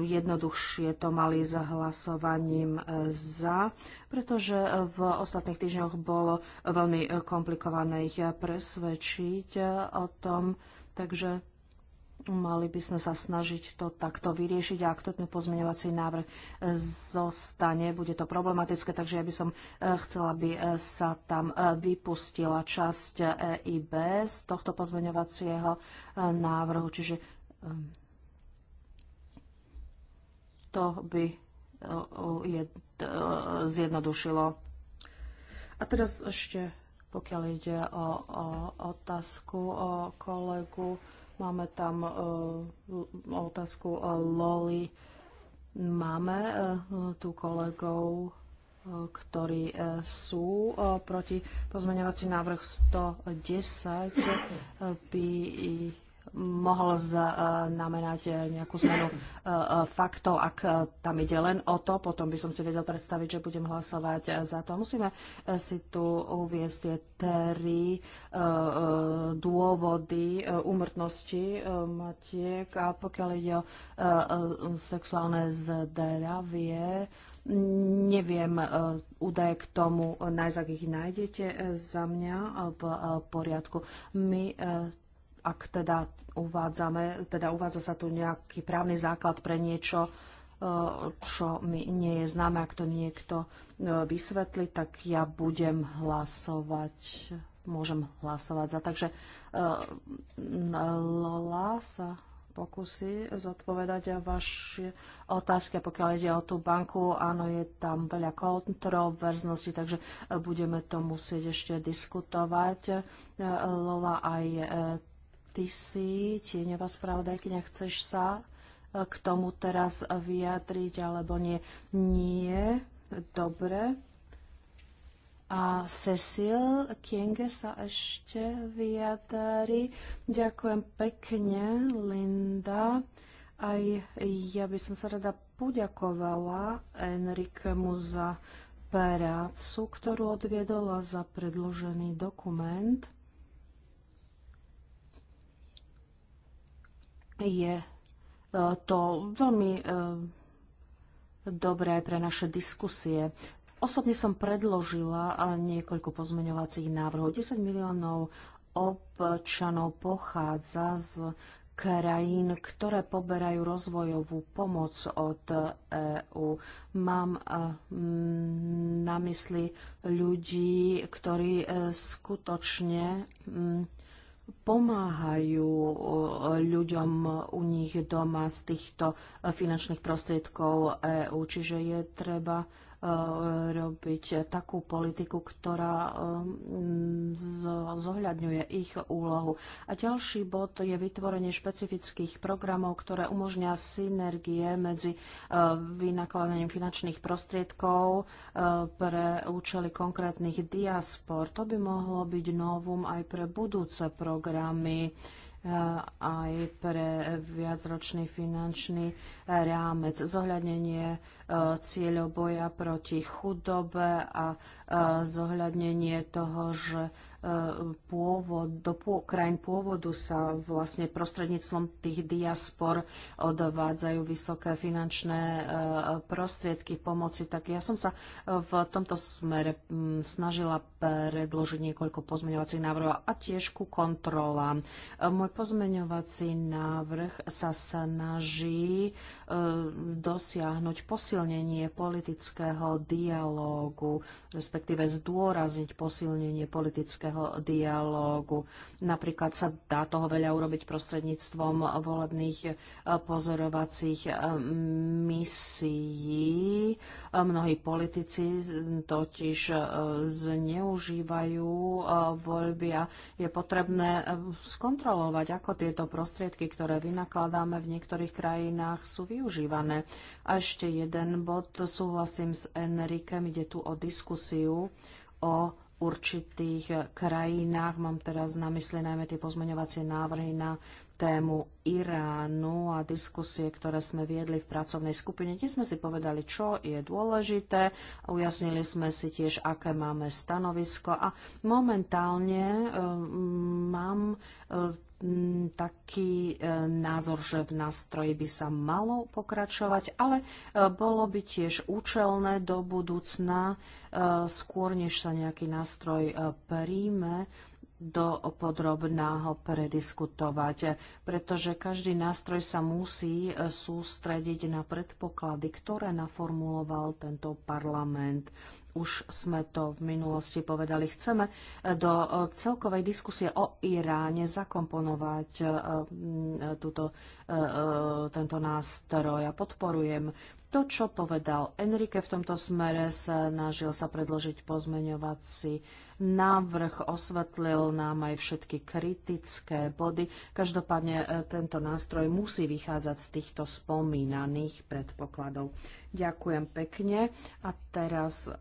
jednoduchšie to mali za hlasovaním za, pretože v ostatných týždňoch bolo veľmi komplikované ich presvedčiť o tom, takže mali by sme sa snažiť to takto vyriešiť a ak ten pozmeňovací návrh e, zostane, bude to problematické, takže ja by som e, chcela, aby e, sa tam vypustila časť EIB z tohto pozmeňovacieho návrhu, čiže to by zjednodušilo. A teraz ešte, pokiaľ ide o, o otázku o kolegu, Máme tam e, otázku e, Loli. Máme e, tu kolegov, ktorí sú proti pozmeňovací návrh 110 by mohol znamenať eh, nejakú zmenu eh, eh, faktov. Ak tam ide len o to, potom by som si vedel predstaviť, že budem hlasovať za to. Musíme si tu uviezť tie tri dôvody umrtnosti matiek a pokiaľ ide o sexuálne zdravie, Neviem údaje k tomu nájsť, ak ich nájdete za mňa v poriadku. My ak teda uvádzame, teda uvádza sa tu nejaký právny základ pre niečo, e, čo mi nie je známe, ak to niekto e, vysvetli, tak ja budem hlasovať, môžem hlasovať za. Takže e, Lola sa pokusí zodpovedať a vaše otázky. Pokiaľ ide o tú banku, áno, je tam veľa kontroverznosti, takže budeme to musieť ešte diskutovať. Lola aj Ty si tieňová spravodajkyňa, chceš sa e, k tomu teraz vyjadriť alebo nie? Nie. Dobre. A Cecil Kienge sa ešte vyjadrí. Ďakujem pekne, Linda. Aj ja by som sa rada poďakovala Enrikemu za prácu, ktorú odviedol a za predložený dokument. je e, to veľmi e, dobré pre naše diskusie. Osobne som predložila e, niekoľko pozmeňovacích návrhov. 10 miliónov občanov pochádza z krajín, ktoré poberajú rozvojovú pomoc od EÚ. Mám na mysli ľudí, ktorí skutočne pomáhajú ľuďom u nich doma z týchto e, finančných prostriedkov EÚ. Čiže je treba Eh, robiť takú politiku, ktorá eh, zohľadňuje ich úlohu. A ďalší bod je vytvorenie špecifických programov, ktoré umožňa synergie medzi eh, vynakladaním finančných prostriedkov pre účely konkrétnych diaspor. To by mohlo byť novum aj pre budúce programy aj pre viacročný finančný rámec. Zohľadnenie e, cieľov boja proti chudobe a e, zohľadnenie toho, že E, pôvod, do pô, krajín pôvodu sa vlastne prostredníctvom tých diaspor odvádzajú vysoké finančné e, prostriedky pomoci. Tak ja som sa e, v tomto smere snažila predložiť niekoľko pozmeňovacích návrhov a tiež ku kontrolám. Môj pozmeňovací návrh sa snaží dosiahnuť posilnenie politického dialógu, respektíve zdôrazniť posilnenie politického politického dialógu. Napríklad sa dá toho veľa urobiť prostredníctvom volebných e, pozorovacích e, misií. E, mnohí politici totiž zneužívajú voľby a je potrebné skontrolovať, ako tieto prostriedky, ktoré vynakladáme v niektorých krajinách, sú využívané. A ešte jeden bod, súhlasím s Enrikem, ide tu o diskusiu o určitých krajinách. Mám teraz na mysli najmä tie pozmeňovacie návrhy na tému Iránu a diskusie, ktoré sme viedli v pracovnej skupine. Dnes sme si povedali, čo je dôležité, ujasnili sme si tiež, aké máme stanovisko a momentálne um, mám um, Mm, taký e, názor, že v nástroji by sa malo pokračovať, ale e, bolo by tiež účelné do budúcna, e, skôr než sa nejaký nástroj príjme, do podrobného prediskutovať, pretože každý nástroj sa musí eh, sústrediť na predpoklady, ktoré naformuloval tento parlament. Už sme to v minulosti povedali. Chceme eh, do eh, celkovej diskusie o Iráne zakomponovať mm, túto, tento nástroj a podporujem to, čo povedal Enrique v tomto smere, snažil sa predložiť pozmeňovací návrh, osvetlil nám aj všetky kritické body. Každopádne e, tento nástroj musí vychádzať z týchto spomínaných predpokladov. Ďakujem pekne. A teraz e,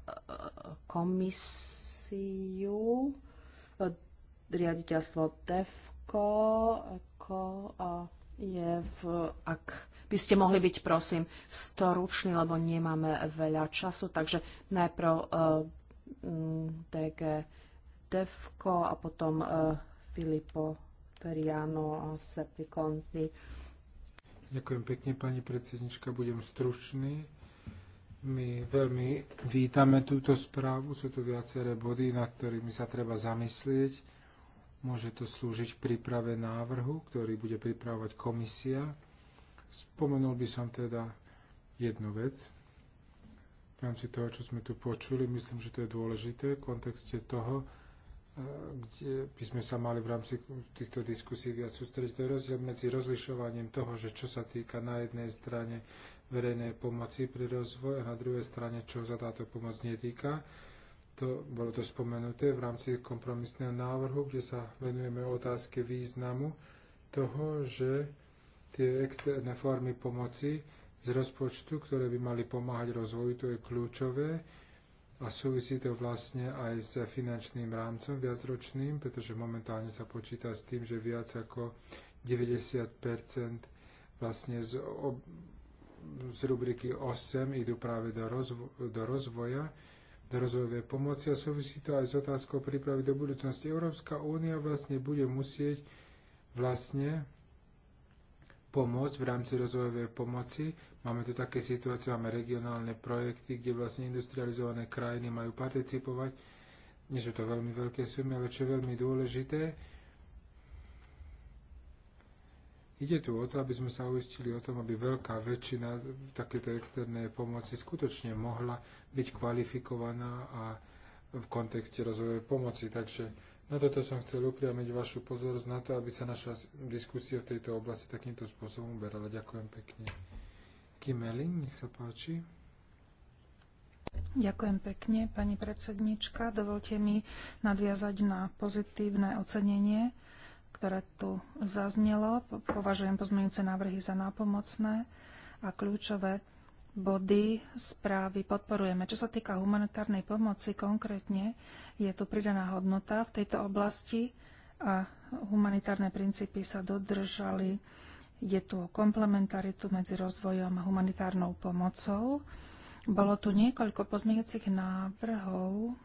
komisiu, e, riaditeľstvo TEFKO, ako je v, ak by ste mohli byť, prosím, storuční, lebo nemáme veľa času. Takže najprv DG mm, Devko a potom e, Filipo Feriano a Conti. Ďakujem pekne, pani predsednička, budem stručný. My veľmi vítame túto správu, sú tu viaceré body, nad ktorými sa treba zamyslieť. Môže to slúžiť k príprave návrhu, ktorý bude pripravovať komisia. Spomenul by som teda jednu vec, v rámci toho, čo sme tu počuli. Myslím, že to je dôležité v kontexte toho, e, kde by sme sa mali v rámci týchto diskusí viac sústrediť. To je rozdiel medzi rozlišovaním toho, že čo sa týka na jednej strane verejnej pomoci pri rozvoj a na druhej strane, čo sa táto pomoc netýka. To bolo to spomenuté v rámci kompromisného návrhu, kde sa venujeme otázke významu toho, že tie externé formy pomoci z rozpočtu, ktoré by mali pomáhať rozvoju, to je kľúčové a súvisí to vlastne aj s finančným rámcom viacročným, pretože momentálne sa počíta s tým, že viac ako 90 vlastne z, ob, z rubriky 8 idú práve do, rozvo, do rozvoja, do rozvojovej pomoci a súvisí to aj s otázkou prípravy do budúcnosti. Európska únia vlastne bude musieť vlastne pomoc v rámci rozvojovej pomoci. Máme tu také situácie, máme regionálne projekty, kde vlastne industrializované krajiny majú participovať. Nie sú to veľmi veľké sumy, ale čo je veľmi dôležité, ide tu o to, aby sme sa uistili o tom, aby veľká väčšina takéto externej pomoci skutočne mohla byť kvalifikovaná a v kontexte rozvojovej pomoci. Takže na toto som chcel upriamiť vašu pozornosť na to, aby sa naša diskusia v tejto oblasti takýmto spôsobom berala. Ďakujem pekne. Kimelin, nech sa páči. Ďakujem pekne, pani predsednička. Dovolte mi nadviazať na pozitívne ocenenie, ktoré tu zaznelo. Považujem pozmeňujúce návrhy za nápomocné a kľúčové body správy podporujeme. Čo sa týka humanitárnej pomoci konkrétne, je tu pridaná hodnota v tejto oblasti a humanitárne princípy sa dodržali. Je tu komplementaritu medzi rozvojom a humanitárnou pomocou. Bolo tu niekoľko pozmeňujúcich návrhov,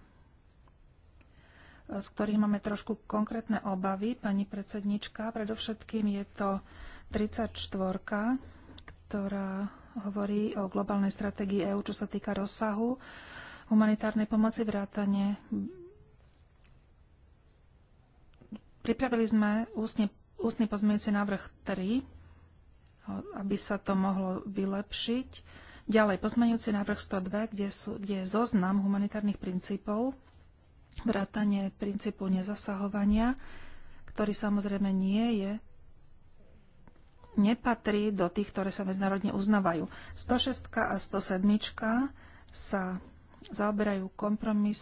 z ktorých máme trošku konkrétne obavy, pani predsednička. Predovšetkým je to 34, ktorá hovorí o globálnej stratégii EÚ, čo sa týka rozsahu humanitárnej pomoci vrátane. Pripravili sme ústne, ústny pozmeňujúci návrh 3, aby sa to mohlo vylepšiť. Ďalej, pozmeňujúci návrh 102, kde, sú, kde je zoznam humanitárnych princípov, vrátanie princípu nezasahovania, ktorý samozrejme nie je nepatrí do tých, ktoré sa medzinárodne uznávajú. 106 a 107 sa zaoberajú kompromis,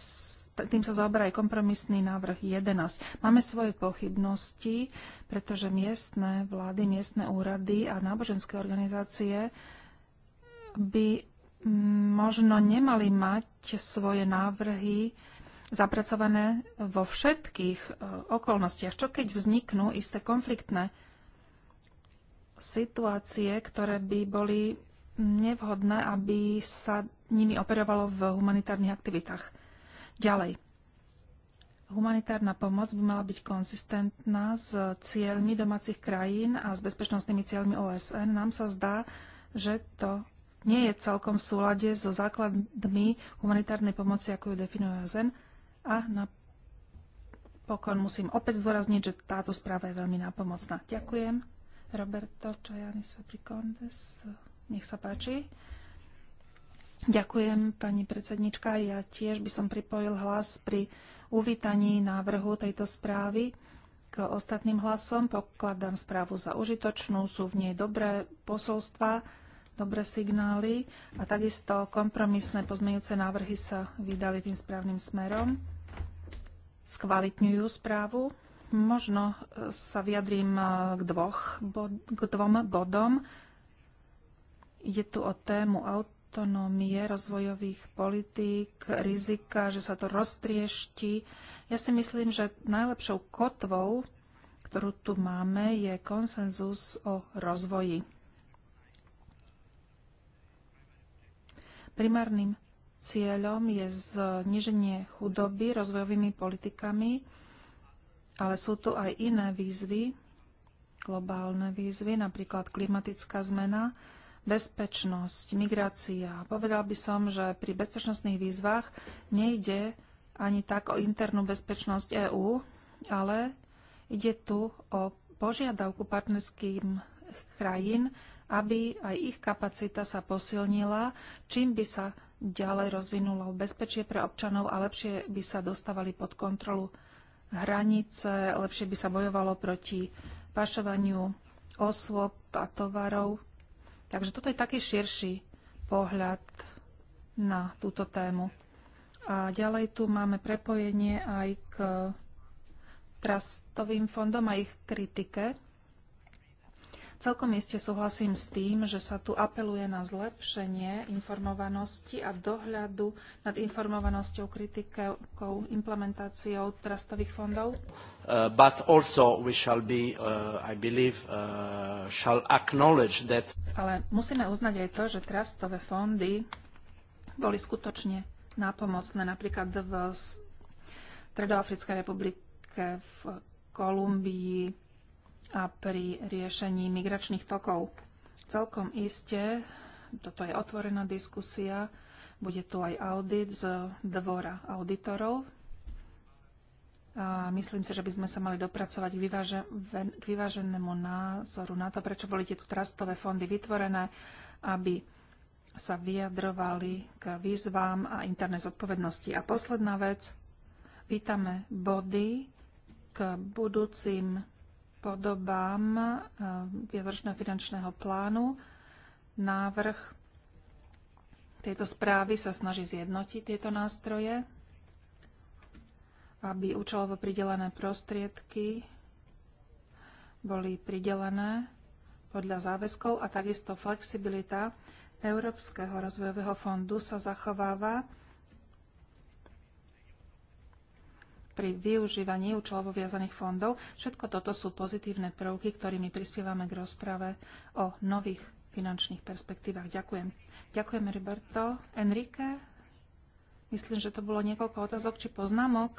tým sa zaoberá aj kompromisný návrh 11. Máme svoje pochybnosti, pretože miestne vlády, miestne úrady a náboženské organizácie by mm, možno nemali mať svoje návrhy zapracované vo všetkých e, okolnostiach. Čo keď vzniknú isté konfliktné situácie, ktoré by boli nevhodné, aby sa nimi operovalo v humanitárnych aktivitách. Ďalej. Humanitárna pomoc by mala byť konzistentná s cieľmi domácich krajín a s bezpečnostnými cieľmi OSN. Nám sa zdá, že to nie je celkom v súlade so základmi humanitárnej pomoci, ako ju definuje OSN. A napokon musím opäť zdôrazniť, že táto správa je veľmi nápomocná. Ďakujem. Roberto Čajanis Aprikondes. Nech sa páči. Ďakujem, pani predsednička. Ja tiež by som pripojil hlas pri uvítaní návrhu tejto správy. K ostatným hlasom pokladám správu za užitočnú. Sú v nej dobré posolstva, dobré signály a takisto kompromisné pozmeňujúce návrhy sa vydali tým správnym smerom. Skvalitňujú správu. Možno e, sa vyjadrím e, k, dvoch, k dvom bodom. Je tu o tému autonómie rozvojových politík, rizika, že sa to roztriešti. Ja si myslím, že najlepšou kotvou, ktorú tu máme, je konsenzus o rozvoji. Primárnym cieľom je zniženie chudoby rozvojovými politikami ale sú tu aj iné výzvy, globálne výzvy, napríklad klimatická zmena, bezpečnosť, migrácia. Povedal by som, že pri bezpečnostných výzvach nejde ani tak o internú bezpečnosť EÚ, ale ide tu o požiadavku partnerským krajín, aby aj ich kapacita sa posilnila, čím by sa ďalej rozvinulo bezpečie pre občanov a lepšie by sa dostávali pod kontrolu hranice, lepšie by sa bojovalo proti pašovaniu osôb a tovarov. Takže toto je taký širší pohľad na túto tému. A ďalej tu máme prepojenie aj k trastovým fondom a ich kritike. Celkom iste súhlasím s tým, že sa tu apeluje na zlepšenie informovanosti a dohľadu nad informovanosťou, kritikou, implementáciou trastových fondov. Uh, but also we shall be, uh, I believe, uh, shall acknowledge that... Ale musíme uznať aj to, že trastové fondy boli skutočne nápomocné napríklad v Stredoafrickej republike, v Kolumbii, a pri riešení migračných tokov. Celkom iste, toto je otvorená diskusia, bude tu aj audit z dvora auditorov. A myslím si, že by sme sa mali dopracovať k, vyváže, k vyváženému názoru na to, prečo boli tieto trastové fondy vytvorené, aby sa vyjadrovali k výzvám a interné zodpovednosti. A posledná vec, vítame body k budúcim podobám eh, viacročného finančného plánu. Návrh tejto správy sa snaží zjednotiť tieto nástroje, aby účelovo pridelené prostriedky boli pridelené podľa záväzkov a takisto flexibilita Európskeho rozvojového fondu sa zachováva pri využívaní účelovo viazaných fondov. Všetko toto sú pozitívne prvky, ktorými prispievame k rozprave o nových finančných perspektívach. Ďakujem. Ďakujem, Roberto. Enrique, myslím, že to bolo niekoľko otázok či poznámok,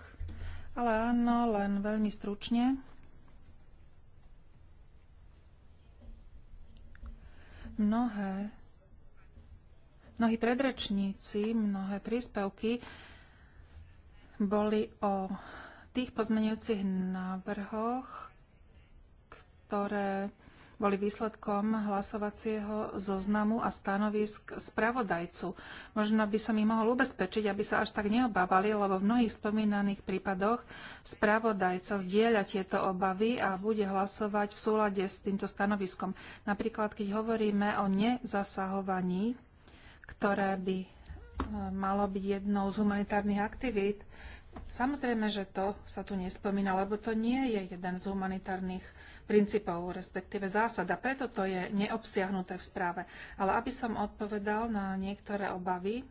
ale áno, len veľmi stručne. Mnohé mnohí predrečníci, mnohé príspevky boli o tých pozmeňujúcich návrhoch, ktoré boli výsledkom hlasovacieho zoznamu a stanovisk spravodajcu. Možno by som ich mohol ubezpečiť, aby sa až tak neobávali, lebo v mnohých spomínaných prípadoch spravodajca zdieľa tieto obavy a bude hlasovať v súlade s týmto stanoviskom. Napríklad, keď hovoríme o nezasahovaní, ktoré by malo byť jednou z humanitárnych aktivít. Samozrejme, že to sa tu nespomína, lebo to nie je jeden z humanitárnych princípov, respektíve zásada. Preto to je neobsiahnuté v správe. Ale aby som odpovedal na niektoré obavy,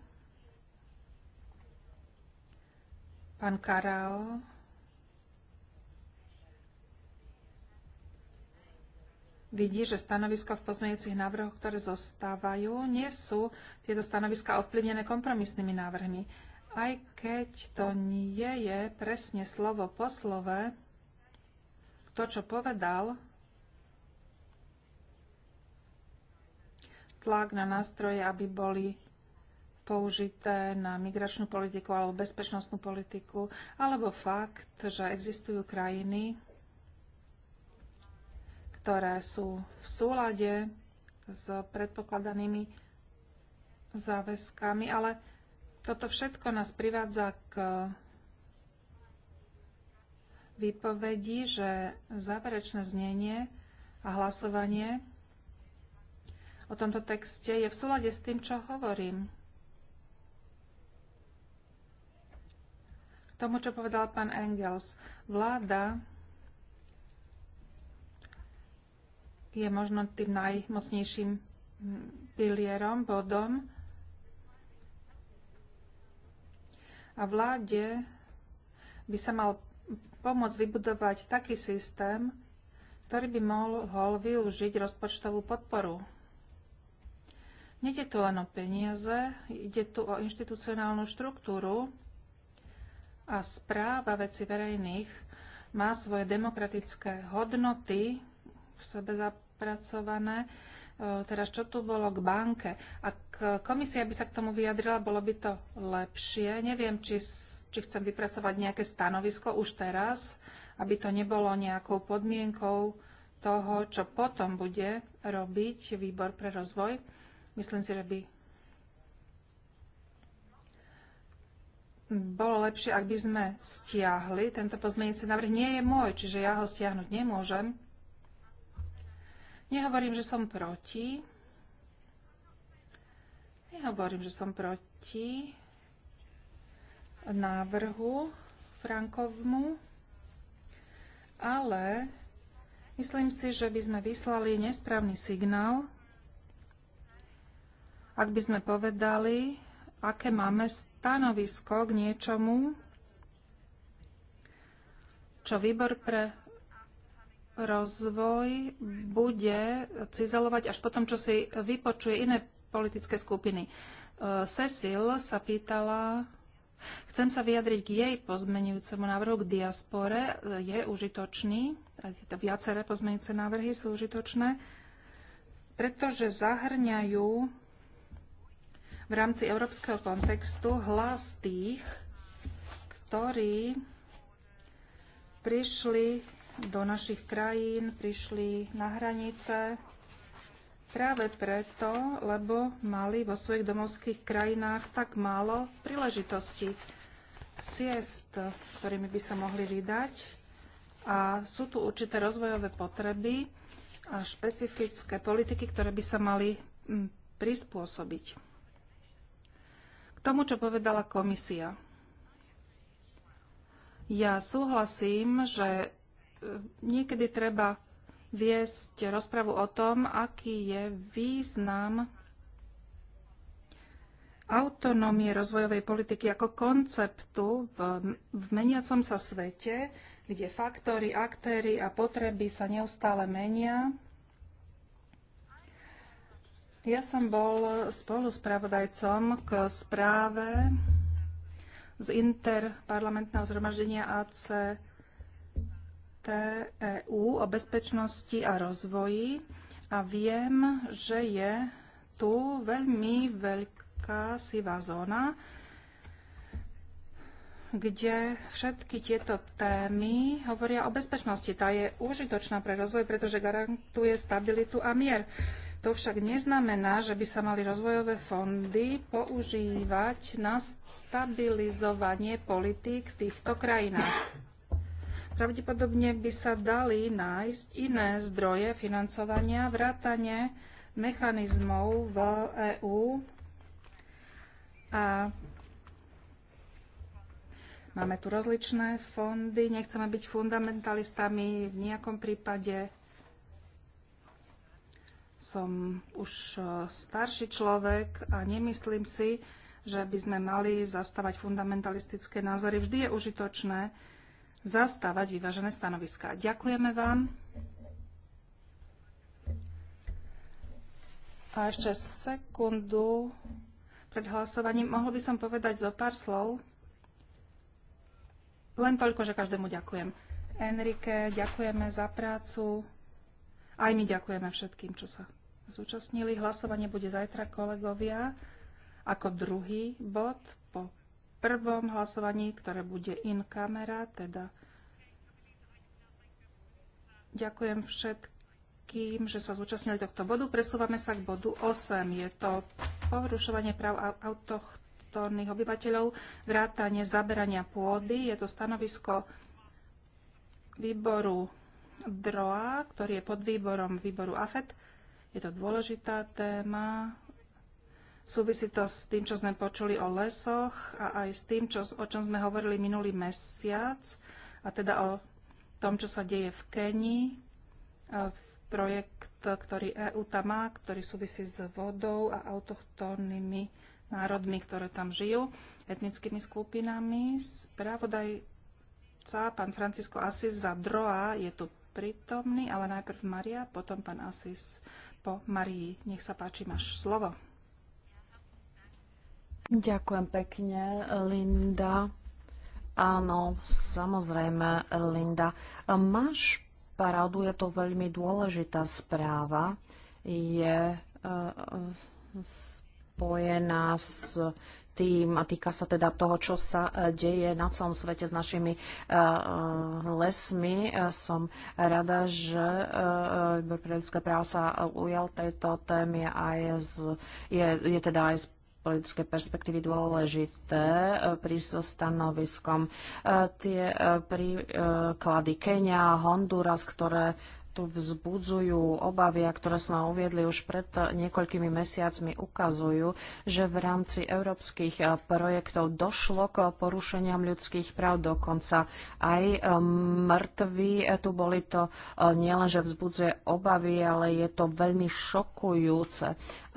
pán Karel vidí, že stanovisko v pozmejúcich návrhoch, ktoré zostávajú, nie sú tieto stanoviska ovplyvnené kompromisnými návrhmi. Aj keď to nie je presne slovo po slove, to, čo povedal, tlak na nástroje, aby boli použité na migračnú politiku alebo bezpečnostnú politiku, alebo fakt, že existujú krajiny, ktoré sú v súlade s predpokladanými záväzkami, ale toto všetko nás privádza k výpovedi, že záverečné znenie a hlasovanie o tomto texte je v súlade s tým, čo hovorím. K tomu, čo povedal pán Engels, vláda je možno tým najmocnejším mm, pilierom, bodom. A vláde by sa mal pomôcť vybudovať taký systém, ktorý by mohol využiť rozpočtovú podporu. Nede tu len o peniaze, ide tu o inštitucionálnu štruktúru a správa veci verejných má svoje demokratické hodnoty v sebe zapracované. E, teraz čo tu bolo k banke? Ak komisia by sa k tomu vyjadrila, bolo by to lepšie. Neviem, či, či chcem vypracovať nejaké stanovisko už teraz, aby to nebolo nejakou podmienkou toho, čo potom bude robiť výbor pre rozvoj. Myslím si, že by bolo lepšie, ak by sme stiahli. Tento pozmeňujúci návrh nie je môj, čiže ja ho stiahnuť nemôžem. Nehovorím, že som proti. Nehovorím, že som proti návrhu Frankovmu, ale myslím si, že by sme vyslali nesprávny signál, ak by sme povedali, aké máme stanovisko k niečomu, čo výbor pre rozvoj bude cizelovať až potom, čo si vypočuje iné politické skupiny. E, Cecil sa pýtala, chcem sa vyjadriť k jej pozmenujúcemu návrhu k diaspore, je užitočný, viaceré pozmenujúce návrhy sú užitočné, pretože zahrňajú v rámci európskeho kontextu hlas tých, ktorí prišli do našich krajín, prišli na hranice práve preto, lebo mali vo svojich domovských krajinách tak málo príležitostí ciest, ktorými by sa mohli vydať. A sú tu určité rozvojové potreby a špecifické politiky, ktoré by sa mali mm, prispôsobiť. K tomu, čo povedala komisia. Ja súhlasím, že niekedy treba viesť rozpravu o tom, aký je význam autonómie rozvojovej politiky ako konceptu v, v meniacom sa svete, kde faktory, aktéry a potreby sa neustále menia. Ja som bol spoluspravodajcom k správe z interparlamentného zhromaždenia AC. T EU o bezpečnosti a rozvoji a viem, že je tu veľmi veľká sivá zóna, kde všetky tieto témy hovoria o bezpečnosti. Tá je užitočná pre rozvoj, pretože garantuje stabilitu a mier. To však neznamená, že by sa mali rozvojové fondy používať na stabilizovanie politík v týchto krajinách. Pravdepodobne by sa dali nájsť iné zdroje financovania, vrátane mechanizmov v EÚ a máme tu rozličné fondy, nechceme byť fundamentalistami v nejakom prípade. Som už e, starší človek a nemyslím si, že by sme mali zastávať fundamentalistické názory. Vždy je užitočné zastávať vyvážené stanoviská. Ďakujeme vám. A ešte sekundu pred hlasovaním. Mohol by som povedať zo pár slov? Len toľko, že každému ďakujem. Enrike, ďakujeme za prácu. Aj my ďakujeme všetkým, čo sa zúčastnili. Hlasovanie bude zajtra, kolegovia, ako druhý bod prvom hlasovaní, ktoré bude in kamera, teda ďakujem všetkým, že sa zúčastnili tohto bodu. Presúvame sa k bodu 8. Je to porušovanie práv autochtónnych obyvateľov, vrátanie zaberania pôdy. Je to stanovisko výboru DROA, ktorý je pod výborom výboru AFET. Je to dôležitá téma, Súvisí to s tým, čo sme počuli o lesoch a aj s tým, čo, o čom sme hovorili minulý mesiac, a teda o tom, čo sa deje v Kenii, e, projekt, ktorý EU tam má, ktorý súvisí s vodou a autochtónnymi národmi, ktoré tam žijú, etnickými skupinami. Spravodajca, pán Francisco Asis za Droa, je tu prítomný, ale najprv Maria, potom pán Asis po Marii. Nech sa páči, máš slovo. Ďakujem pekne, Linda. Áno, samozrejme, Linda. Máš pravdu, je to veľmi dôležitá správa. Je e, spojená s tým a týka sa teda toho, čo sa e, deje na celom svete s našimi e, lesmi. Som rada, že výbor pre ľudské práva sa ujal tejto témy a je, z, je, je teda aj politické perspektívy dôležité e, prísť so stanoviskom. E, tie e, príklady Kenia, Honduras, ktoré tu vzbudzujú obavy a ktoré sme uviedli už pred niekoľkými mesiacmi, ukazujú, že v rámci európskych eh, projektov došlo k porušeniam ľudských práv dokonca aj eh, mŕtvi. Eh, tu boli to nielenže vzbudzuje obavy, ale je to veľmi šokujúce.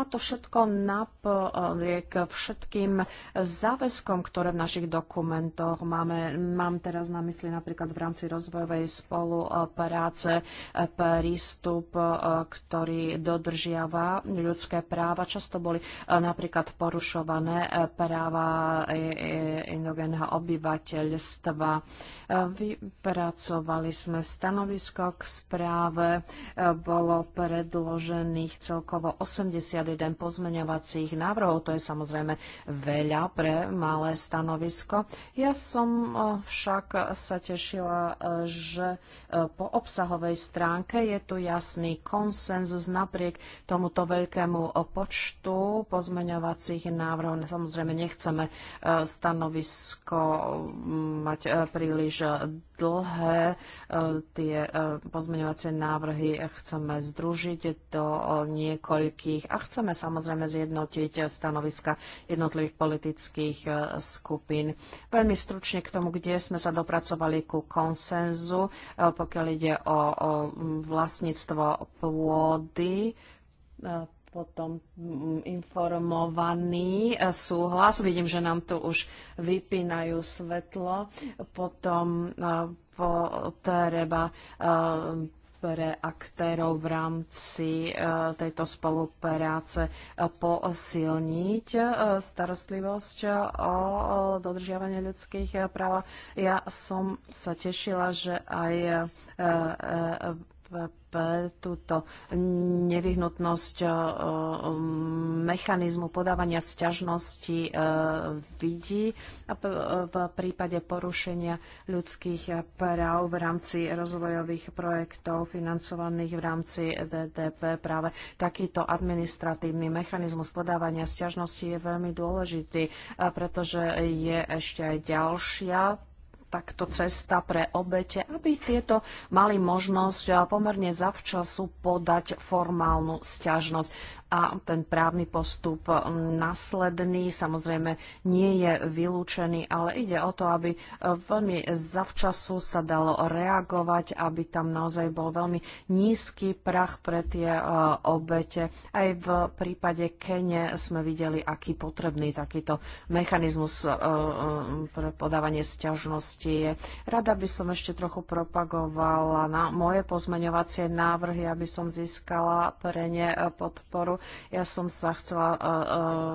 A to všetko napriek všetkým záväzkom, ktoré v našich dokumentoch máme. Mám teraz na mysli napríklad v rámci rozvojovej spolupráce prístup, e, ktorý dodržiava ľudské práva. Často boli e, napríklad porušované e, práva indogénneho obyvateľstva. Vypracovali sme stanovisko k správe. Bolo predložených celkovo 81 pozmeňovacích návrhov. To je samozrejme veľa pre malé stanovisko. Ja som však sa tešila, že po obsahovej stránke stránke je tu jasný konsenzus napriek tomuto veľkému počtu pozmeňovacích návrhov. Samozrejme, nechceme eh, stanovisko mm, mať eh, príliš dlhé. E, tie e, pozmeňovacie návrhy chceme združiť do e, niekoľkých a chceme samozrejme zjednotiť stanoviska jednotlivých politických skupín. Veľmi stručne k tomu, kde sme sa dopracovali ku konsenzu, pokiaľ ide o vlastníctvo pôdy, potom mm, informovaný e, súhlas. Vidím, že nám tu už vypínajú svetlo. Potom e, potreba e, pre aktérov v rámci tejto spolupráce posilniť starostlivosť o dodržiavanie ľudských práv. Ja som sa tešila, že aj túto nevyhnutnosť e, mechanizmu podávania sťažnosti e, vidí a v prípade porušenia ľudských práv v rámci rozvojových projektov financovaných v rámci DDP práve takýto administratívny mechanizmus podávania sťažnosti je veľmi dôležitý, pretože je ešte aj ďalšia takto cesta pre obete, aby tieto mali možnosť pomerne zavčasu podať formálnu sťažnosť a ten právny postup následný samozrejme nie je vylúčený, ale ide o to, aby veľmi zavčasu sa dalo reagovať, aby tam naozaj bol veľmi nízky prach pre tie e, obete. Aj v prípade Kene sme videli, aký potrebný takýto mechanizmus e, e, pre podávanie sťažnosti je. Rada by som ešte trochu propagovala na moje pozmeňovacie návrhy, aby som získala pre ne podporu ja som sa chcela e, e,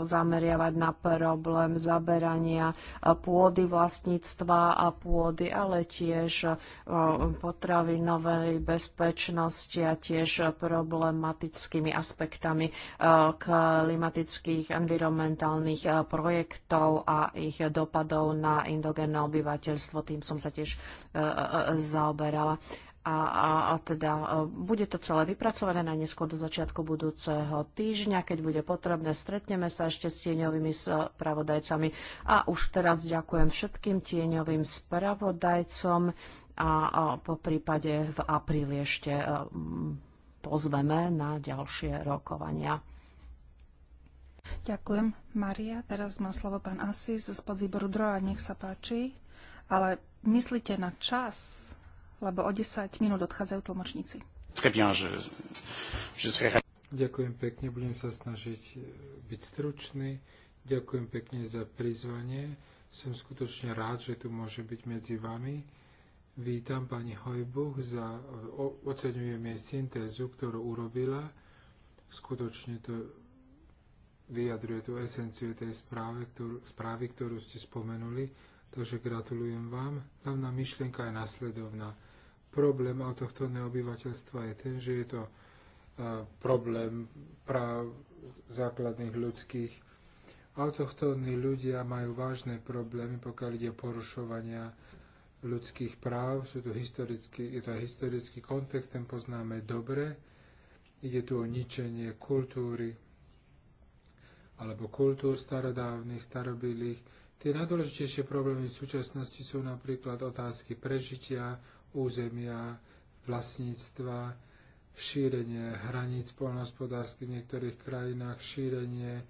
zameriavať na problém zaberania e, pôdy vlastníctva a pôdy, ale tiež potravinovej bezpečnosti a tiež problematickými aspektami klimatických environmentálnych projektov a ich dopadov na indogénne obyvateľstvo. Tým som sa tiež zaoberala a, a, a teda e, bude to celé vypracované na do začiatku budúceho týždňa. Keď bude potrebné, stretneme sa ešte s tieňovými spravodajcami. A už teraz ďakujem všetkým tieňovým spravodajcom a, a po prípade v apríli ešte e, pozveme na ďalšie rokovania. Ďakujem, Maria. Teraz má slovo pán Asis z podvýboru Droa. Nech sa páči. Ale myslíte na čas lebo o 10 minút odchádzajú tlmočníci. Ďakujem pekne, budem sa snažiť byť stručný. Ďakujem pekne za prizvanie. Som skutočne rád, že tu môže byť medzi vami. Vítam pani Hojbuch, za, o, oceňujem jej syntézu, ktorú urobila. Skutočne to vyjadruje tú esenciu tej správy, ktorú, správy, ktorú ste spomenuli. Takže gratulujem vám. Hlavná myšlienka je nasledovná. Problém autochtónneho obyvateľstva je ten, že je to problém práv základných ľudských. Autochtónni ľudia majú vážne problémy, pokiaľ ide o porušovania ľudských práv. Sú to historický, je to historický kontext, ten poznáme dobre. Ide tu o ničenie kultúry alebo kultúr starodávnych, starobilých. Tie najdôležitejšie problémy v súčasnosti sú napríklad otázky prežitia, územia, vlastníctva, šírenie hraníc poľnohospodárskych v niektorých krajinách, šírenie e,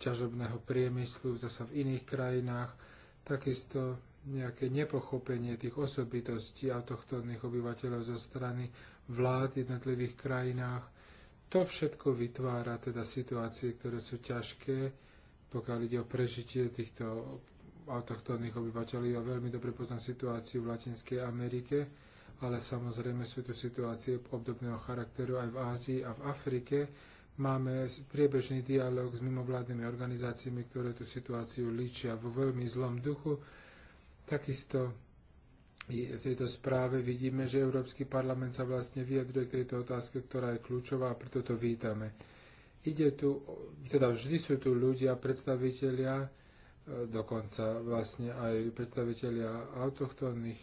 ťažobného priemyslu zase v iných krajinách, takisto nejaké nepochopenie tých osobitostí autochtónnych obyvateľov zo strany vlád v jednotlivých krajinách. To všetko vytvára teda situácie, ktoré sú ťažké, pokiaľ ide o prežitie týchto autochtónnych obyvateľov. Ja veľmi dobre poznám situáciu v Latinskej Amerike, ale samozrejme sú tu situácie obdobného charakteru aj v Ázii a v Afrike. Máme priebežný dialog s mimovládnymi organizáciami, ktoré tú situáciu líčia vo veľmi zlom duchu. Takisto v tejto správe vidíme, že Európsky parlament sa vlastne vyjadruje k tejto otázke, ktorá je kľúčová a preto to vítame. Ide tu, teda vždy sú tu ľudia, predstavitelia, dokonca vlastne aj predstavitelia autochtónnych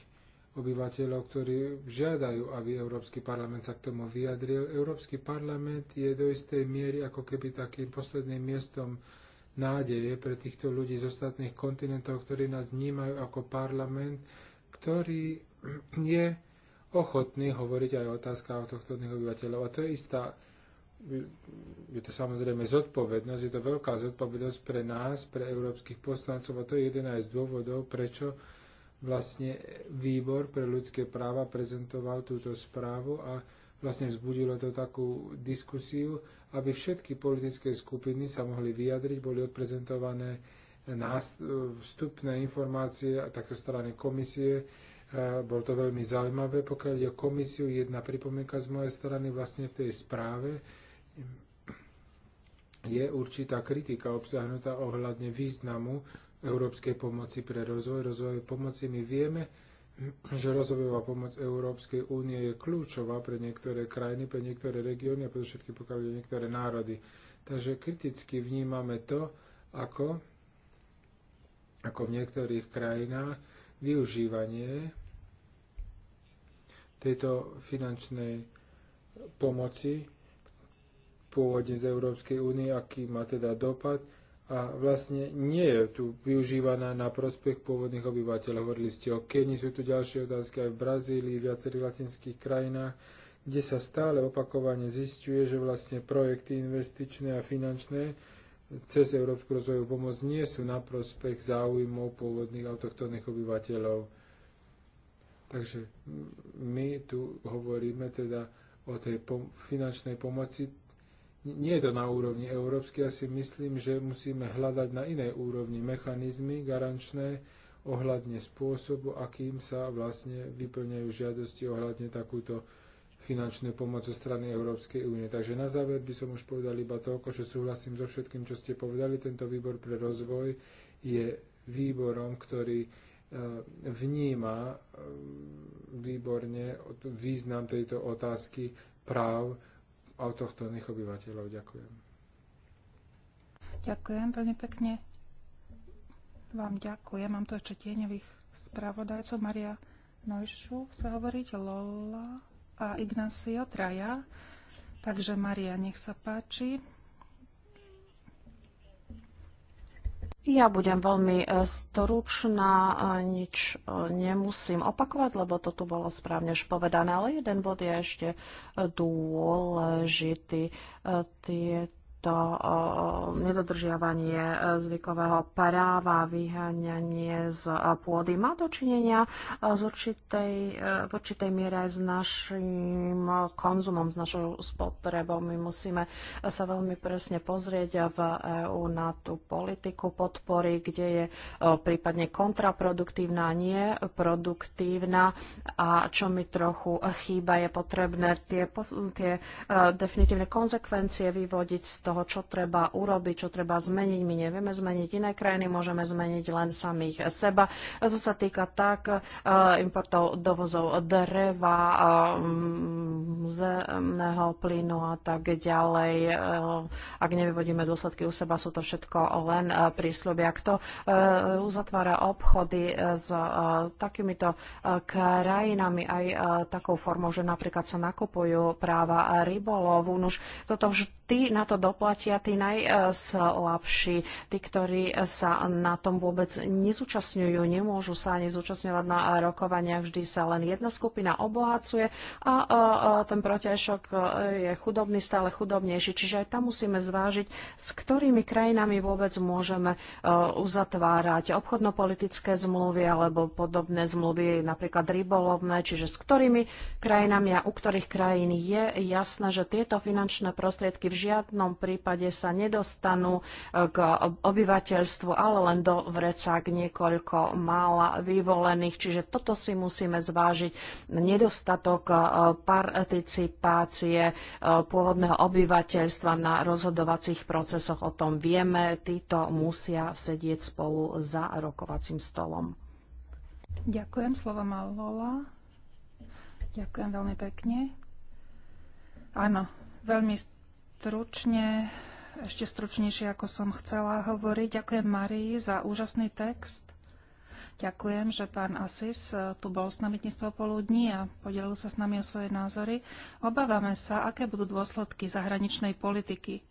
obyvateľov, ktorí žiadajú, aby Európsky parlament sa k tomu vyjadril. Európsky parlament je do istej miery ako keby takým posledným miestom nádeje pre týchto ľudí z ostatných kontinentov, ktorí nás vnímajú ako parlament, ktorý je ochotný hovoriť aj o otázkach autochtónnych obyvateľov. A to je istá je to samozrejme zodpovednosť, je to veľká zodpovednosť pre nás, pre európskych poslancov a to je jeden aj z dôvodov, prečo vlastne výbor pre ľudské práva prezentoval túto správu a vlastne vzbudilo to takú diskusiu, aby všetky politické skupiny sa mohli vyjadriť, boli odprezentované vstupné informácie a takto strany komisie. E, bolo to veľmi zaujímavé, pokiaľ je komisiu jedna pripomienka z mojej strany vlastne v tej správe, je určitá kritika obsahnutá ohľadne významu európskej pomoci pre rozvoj, rozvoj pomoci. My vieme, že rozvojová pomoc Európskej únie je kľúčová pre niektoré krajiny, pre niektoré regióny a všetky pokiaľ je niektoré národy. Takže kriticky vnímame to, ako, ako v niektorých krajinách využívanie tejto finančnej pomoci pôvodne z Európskej únie, aký má teda dopad a vlastne nie je tu využívaná na prospech pôvodných obyvateľov. Hovorili ste o Keni sú tu ďalšie otázky aj v Brazílii, v viacerých latinských krajinách, kde sa stále opakovane zistuje, že vlastne projekty investičné a finančné cez Európsku rozvojovú pomoc nie sú na prospech záujmov pôvodných autochtónnych obyvateľov. Takže my tu hovoríme teda o tej finančnej pomoci nie je to na úrovni európskej, ja si myslím, že musíme hľadať na inej úrovni mechanizmy garančné ohľadne spôsobu, akým sa vlastne vyplňajú žiadosti ohľadne takúto finančnú pomoc zo strany Európskej únie. Takže na záver by som už povedal iba toľko, že súhlasím so všetkým, čo ste povedali. Tento výbor pre rozvoj je výborom, ktorý e, vníma e, výborne význam tejto otázky práv autochtónnych obyvateľov. Ďakujem. Ďakujem veľmi pekne. Vám ďakujem. Mám tu ešte tieňových spravodajcov. Maria Nojšu chce hovoriť, Lola a Ignacio Traja. Takže Maria, nech sa páči. Ja budem veľmi e, stručná, e, nič e, nemusím opakovať, lebo to tu bolo správne už povedané, ale jeden bod je ešte dôležitý. Tieto to nedodržiavanie e, zvykového práva, vyháňanie z e, pôdy má dočinenia e, z určitej, v určitej miere aj s našim konzumom, s našou spotrebou. My musíme sa veľmi presne pozrieť v EÚ na tú politiku podpory, kde je prípadne kontraproduktívna nie produktívna. A čo mi trochu chýba, je potrebné tie, tie definitívne konsekvencie vyvodiť z toho, toho, čo treba urobiť, čo treba zmeniť. My nevieme zmeniť iné krajiny, môžeme zmeniť len samých seba. To sa týka tak e, importov, dovozov dreva, e, zemného plynu a tak ďalej. E, ak nevyvodíme dôsledky u seba, sú to všetko len prísľuby. Ak to uzatvára obchody s takýmito krajinami aj takou formou, že napríklad sa nakupujú práva rybolovu, toto vždy na to dopad platia tí najslabší, tí, ktorí sa na tom vôbec nezúčastňujú, nemôžu sa ani zúčastňovať na rokovaniach. Vždy sa len jedna skupina obohacuje a ten protiažok je chudobný, stále chudobnejší. Čiže aj tam musíme zvážiť, s ktorými krajinami vôbec môžeme e, uzatvárať obchodnopolitické zmluvy alebo podobné zmluvy, napríklad rybolovné, čiže s ktorými krajinami a u ktorých krajín je jasné, že tieto finančné prostriedky v žiadnom prí- prípade sa nedostanú e, k obyvateľstvu, ale len do vrecák niekoľko mála vyvolených. Čiže toto si musíme zvážiť. Nedostatok e, participácie e, pôvodného obyvateľstva na rozhodovacích procesoch o tom vieme. Títo musia sedieť spolu za rokovacím stolom. Ďakujem, slovo má Lola. Ďakujem veľmi pekne. Áno, veľmi stručne, ešte stručnejšie, ako som chcela hovoriť. Ďakujem Marii za úžasný text. Ďakujem, že pán Asis eh, tu bol s nami dnes popoludní a podelil sa s nami o svoje názory. Obávame sa, aké budú dôsledky zahraničnej politiky.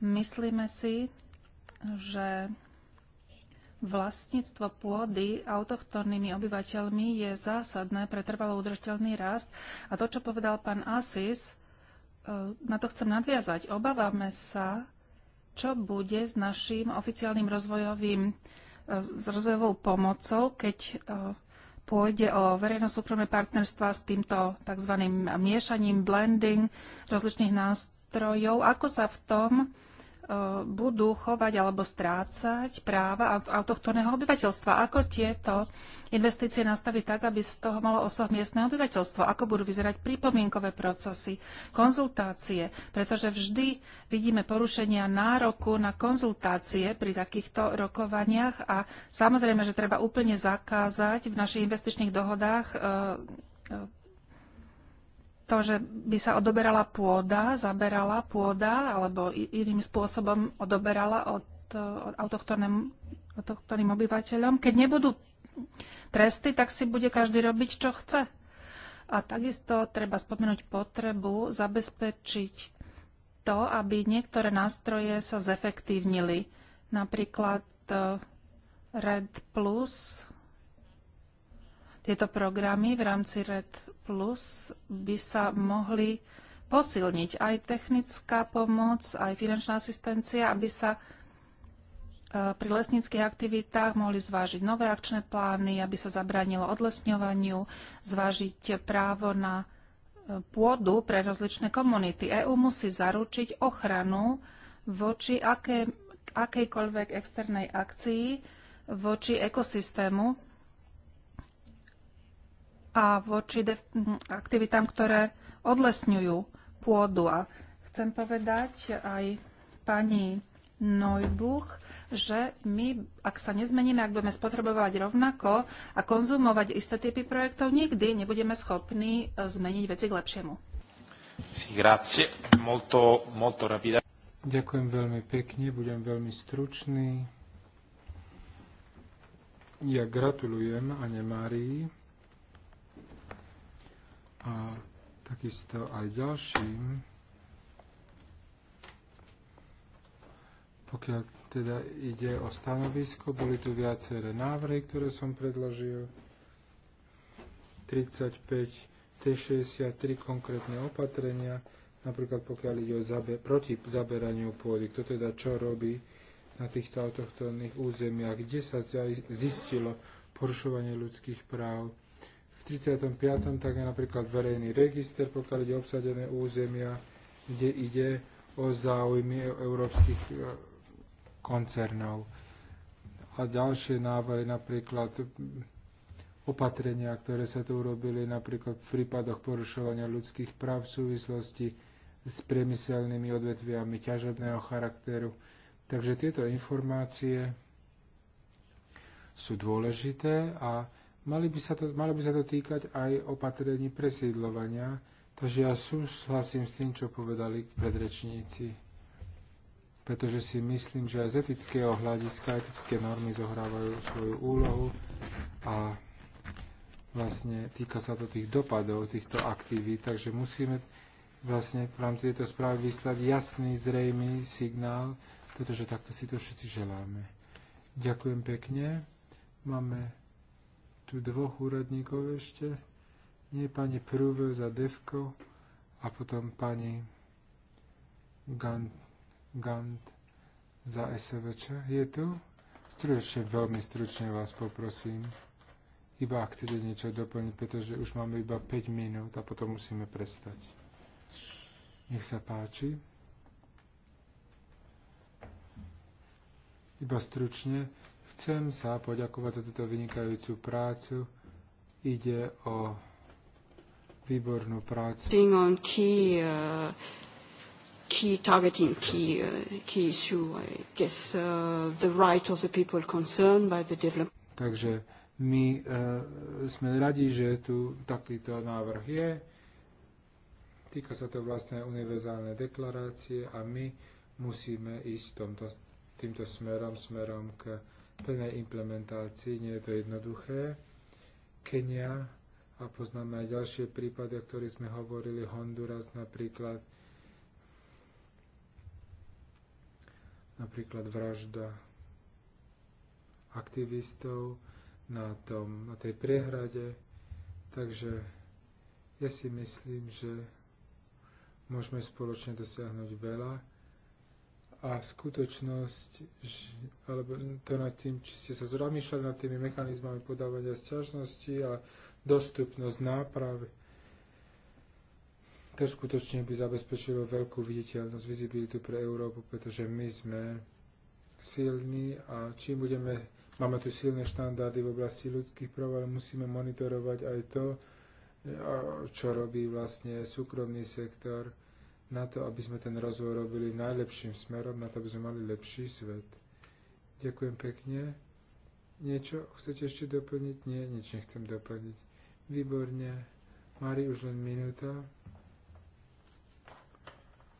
Myslíme si, že vlastníctvo pôdy autochtónnymi obyvateľmi je zásadné pre trvalo udržateľný rast a to, čo povedal pán Asis, E, na to chcem nadviazať. Obávame sa, čo bude s našim oficiálnym rozvojovým, e, s rozvojovou pomocou, keď e, pôjde o verejno-súkromné partnerstva s týmto tzv. miešaním, blending rozličných nástrojov. Ako sa v tom Eh, budú chovať alebo strácať práva autochtónneho obyvateľstva. Ako tieto investície nastaviť tak, aby z toho malo osoh miestne obyvateľstvo? Ako budú vyzerať pripomienkové procesy, konzultácie? Pretože vždy vidíme porušenia nároku na konzultácie pri takýchto rokovaniach a samozrejme, že treba úplne zakázať v našich investičných dohodách eh, eh, to, že by sa odoberala pôda, zaberala pôda alebo iným spôsobom odoberala od, od autochtónnym obyvateľom. Keď nebudú tresty, tak si bude každý robiť, čo chce. A takisto treba spomenúť potrebu zabezpečiť to, aby niektoré nástroje sa zefektívnili. Napríklad e, RED Plus, tieto programy v rámci RED plus by sa mohli posilniť aj technická pomoc, aj finančná asistencia, aby sa e, pri lesníckých aktivitách mohli zvážiť nové akčné plány, aby sa zabránilo odlesňovaniu, zvážiť právo na e, pôdu pre rozličné komunity. EÚ musí zaručiť ochranu voči aké, akejkoľvek externej akcii, voči ekosystému, a voči aktivitám, ktoré odlesňujú pôdu. A chcem povedať aj pani Neubuch, že my, ak sa nezmeníme, ak budeme spotrebovať rovnako a konzumovať isté typy projektov, nikdy nebudeme schopní e, zmeniť veci k lepšiemu. Ďakujem veľmi pekne, budem veľmi stručný. Ja gratulujem Ane Márii a takisto aj ďalším, pokiaľ teda ide o stanovisko, boli tu viaceré návrhy, ktoré som predložil. 35, T63 konkrétne opatrenia, napríklad pokiaľ ide o zabe- proti zaberaniu pôdy. Kto teda čo robí na týchto autochtónnych územiach, kde sa zistilo porušovanie ľudských práv, 35. tak je napríklad verejný register, pokiaľ ide obsadené územia, kde ide o záujmy e- európskych e, koncernov. A ďalšie návrhy, napríklad opatrenia, ktoré sa tu urobili, napríklad v prípadoch porušovania ľudských práv v súvislosti s priemyselnými odvetviami ťažobného charakteru. Takže tieto informácie sú dôležité a Mali by sa to, malo by sa to týkať aj opatrení presídlovania, takže ja súhlasím s tým, čo povedali predrečníci, pretože si myslím, že aj z etického hľadiska etické normy zohrávajú svoju úlohu a vlastne týka sa to tých dopadov, týchto aktivít, takže musíme vlastne v rámci tejto správy vyslať jasný, zrejmý signál, pretože takto si to všetci želáme. Ďakujem pekne. Máme tu dvoch úradníkov ešte. Nie pani Prúve za Devko a potom pani Gant, Gant za SVČ. Je tu? Stručne, veľmi stručne vás poprosím. Iba ak chcete niečo doplniť, pretože už máme iba 5 minút a potom musíme prestať. Nech sa páči. Iba stručne Chcem sa poďakovať za túto vynikajúcu prácu. Ide o výbornú prácu. Uh, key, targeting key, uh, key issue, I guess, uh, the right of the people concerned by the development. Takže my uh, sme radi, že tu takýto návrh je. Týka sa to vlastne univerzálne deklarácie a my musíme ísť tomto, týmto smerom, smerom k plnej implementácii. Nie je to jednoduché. Kenia a poznáme aj ďalšie prípady, o ktorých sme hovorili, Honduras napríklad, napríklad vražda aktivistov na, tom, na tej priehrade. Takže ja si myslím, že môžeme spoločne dosiahnuť veľa a skutočnosť, alebo to nad tým, či ste sa zamýšľali nad tými mechanizmami podávania sťažnosti a dostupnosť nápravy. To skutočne by zabezpečilo veľkú viditeľnosť, vizibilitu pre Európu, pretože my sme silní a čím budeme, máme tu silné štandardy v oblasti ľudských práv, ale musíme monitorovať aj to, čo robí vlastne súkromný sektor, na to, aby sme ten rozvoj robili najlepším smerom, na to, aby sme mali lepší svet. Ďakujem pekne. Niečo chcete ešte doplniť? Nie, nič nechcem doplniť. Výborne. Mari, už len minúta.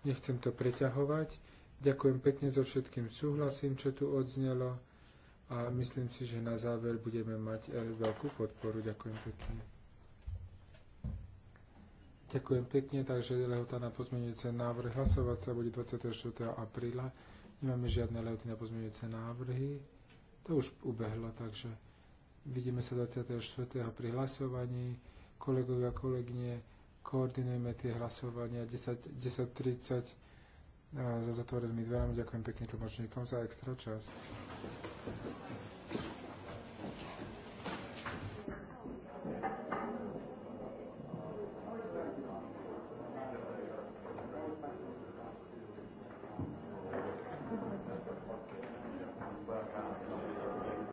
Nechcem to preťahovať. Ďakujem pekne so všetkým súhlasím, čo tu odznelo a myslím si, že na záver budeme mať eh, veľkú podporu. Ďakujem pekne. Ďakujem pekne, takže lehota na pozmeňujúce návrh hlasovať sa bude 24. apríla. Nemáme žiadne lehoty na pozmeňujúce návrhy. To už ubehlo, takže vidíme sa 24. pri hlasovaní. Kolegovia, kolegyne, koordinujeme tie hlasovania 10.30 10 za zatvorenými dverami. Ďakujem pekne tlmočníkom za extra čas.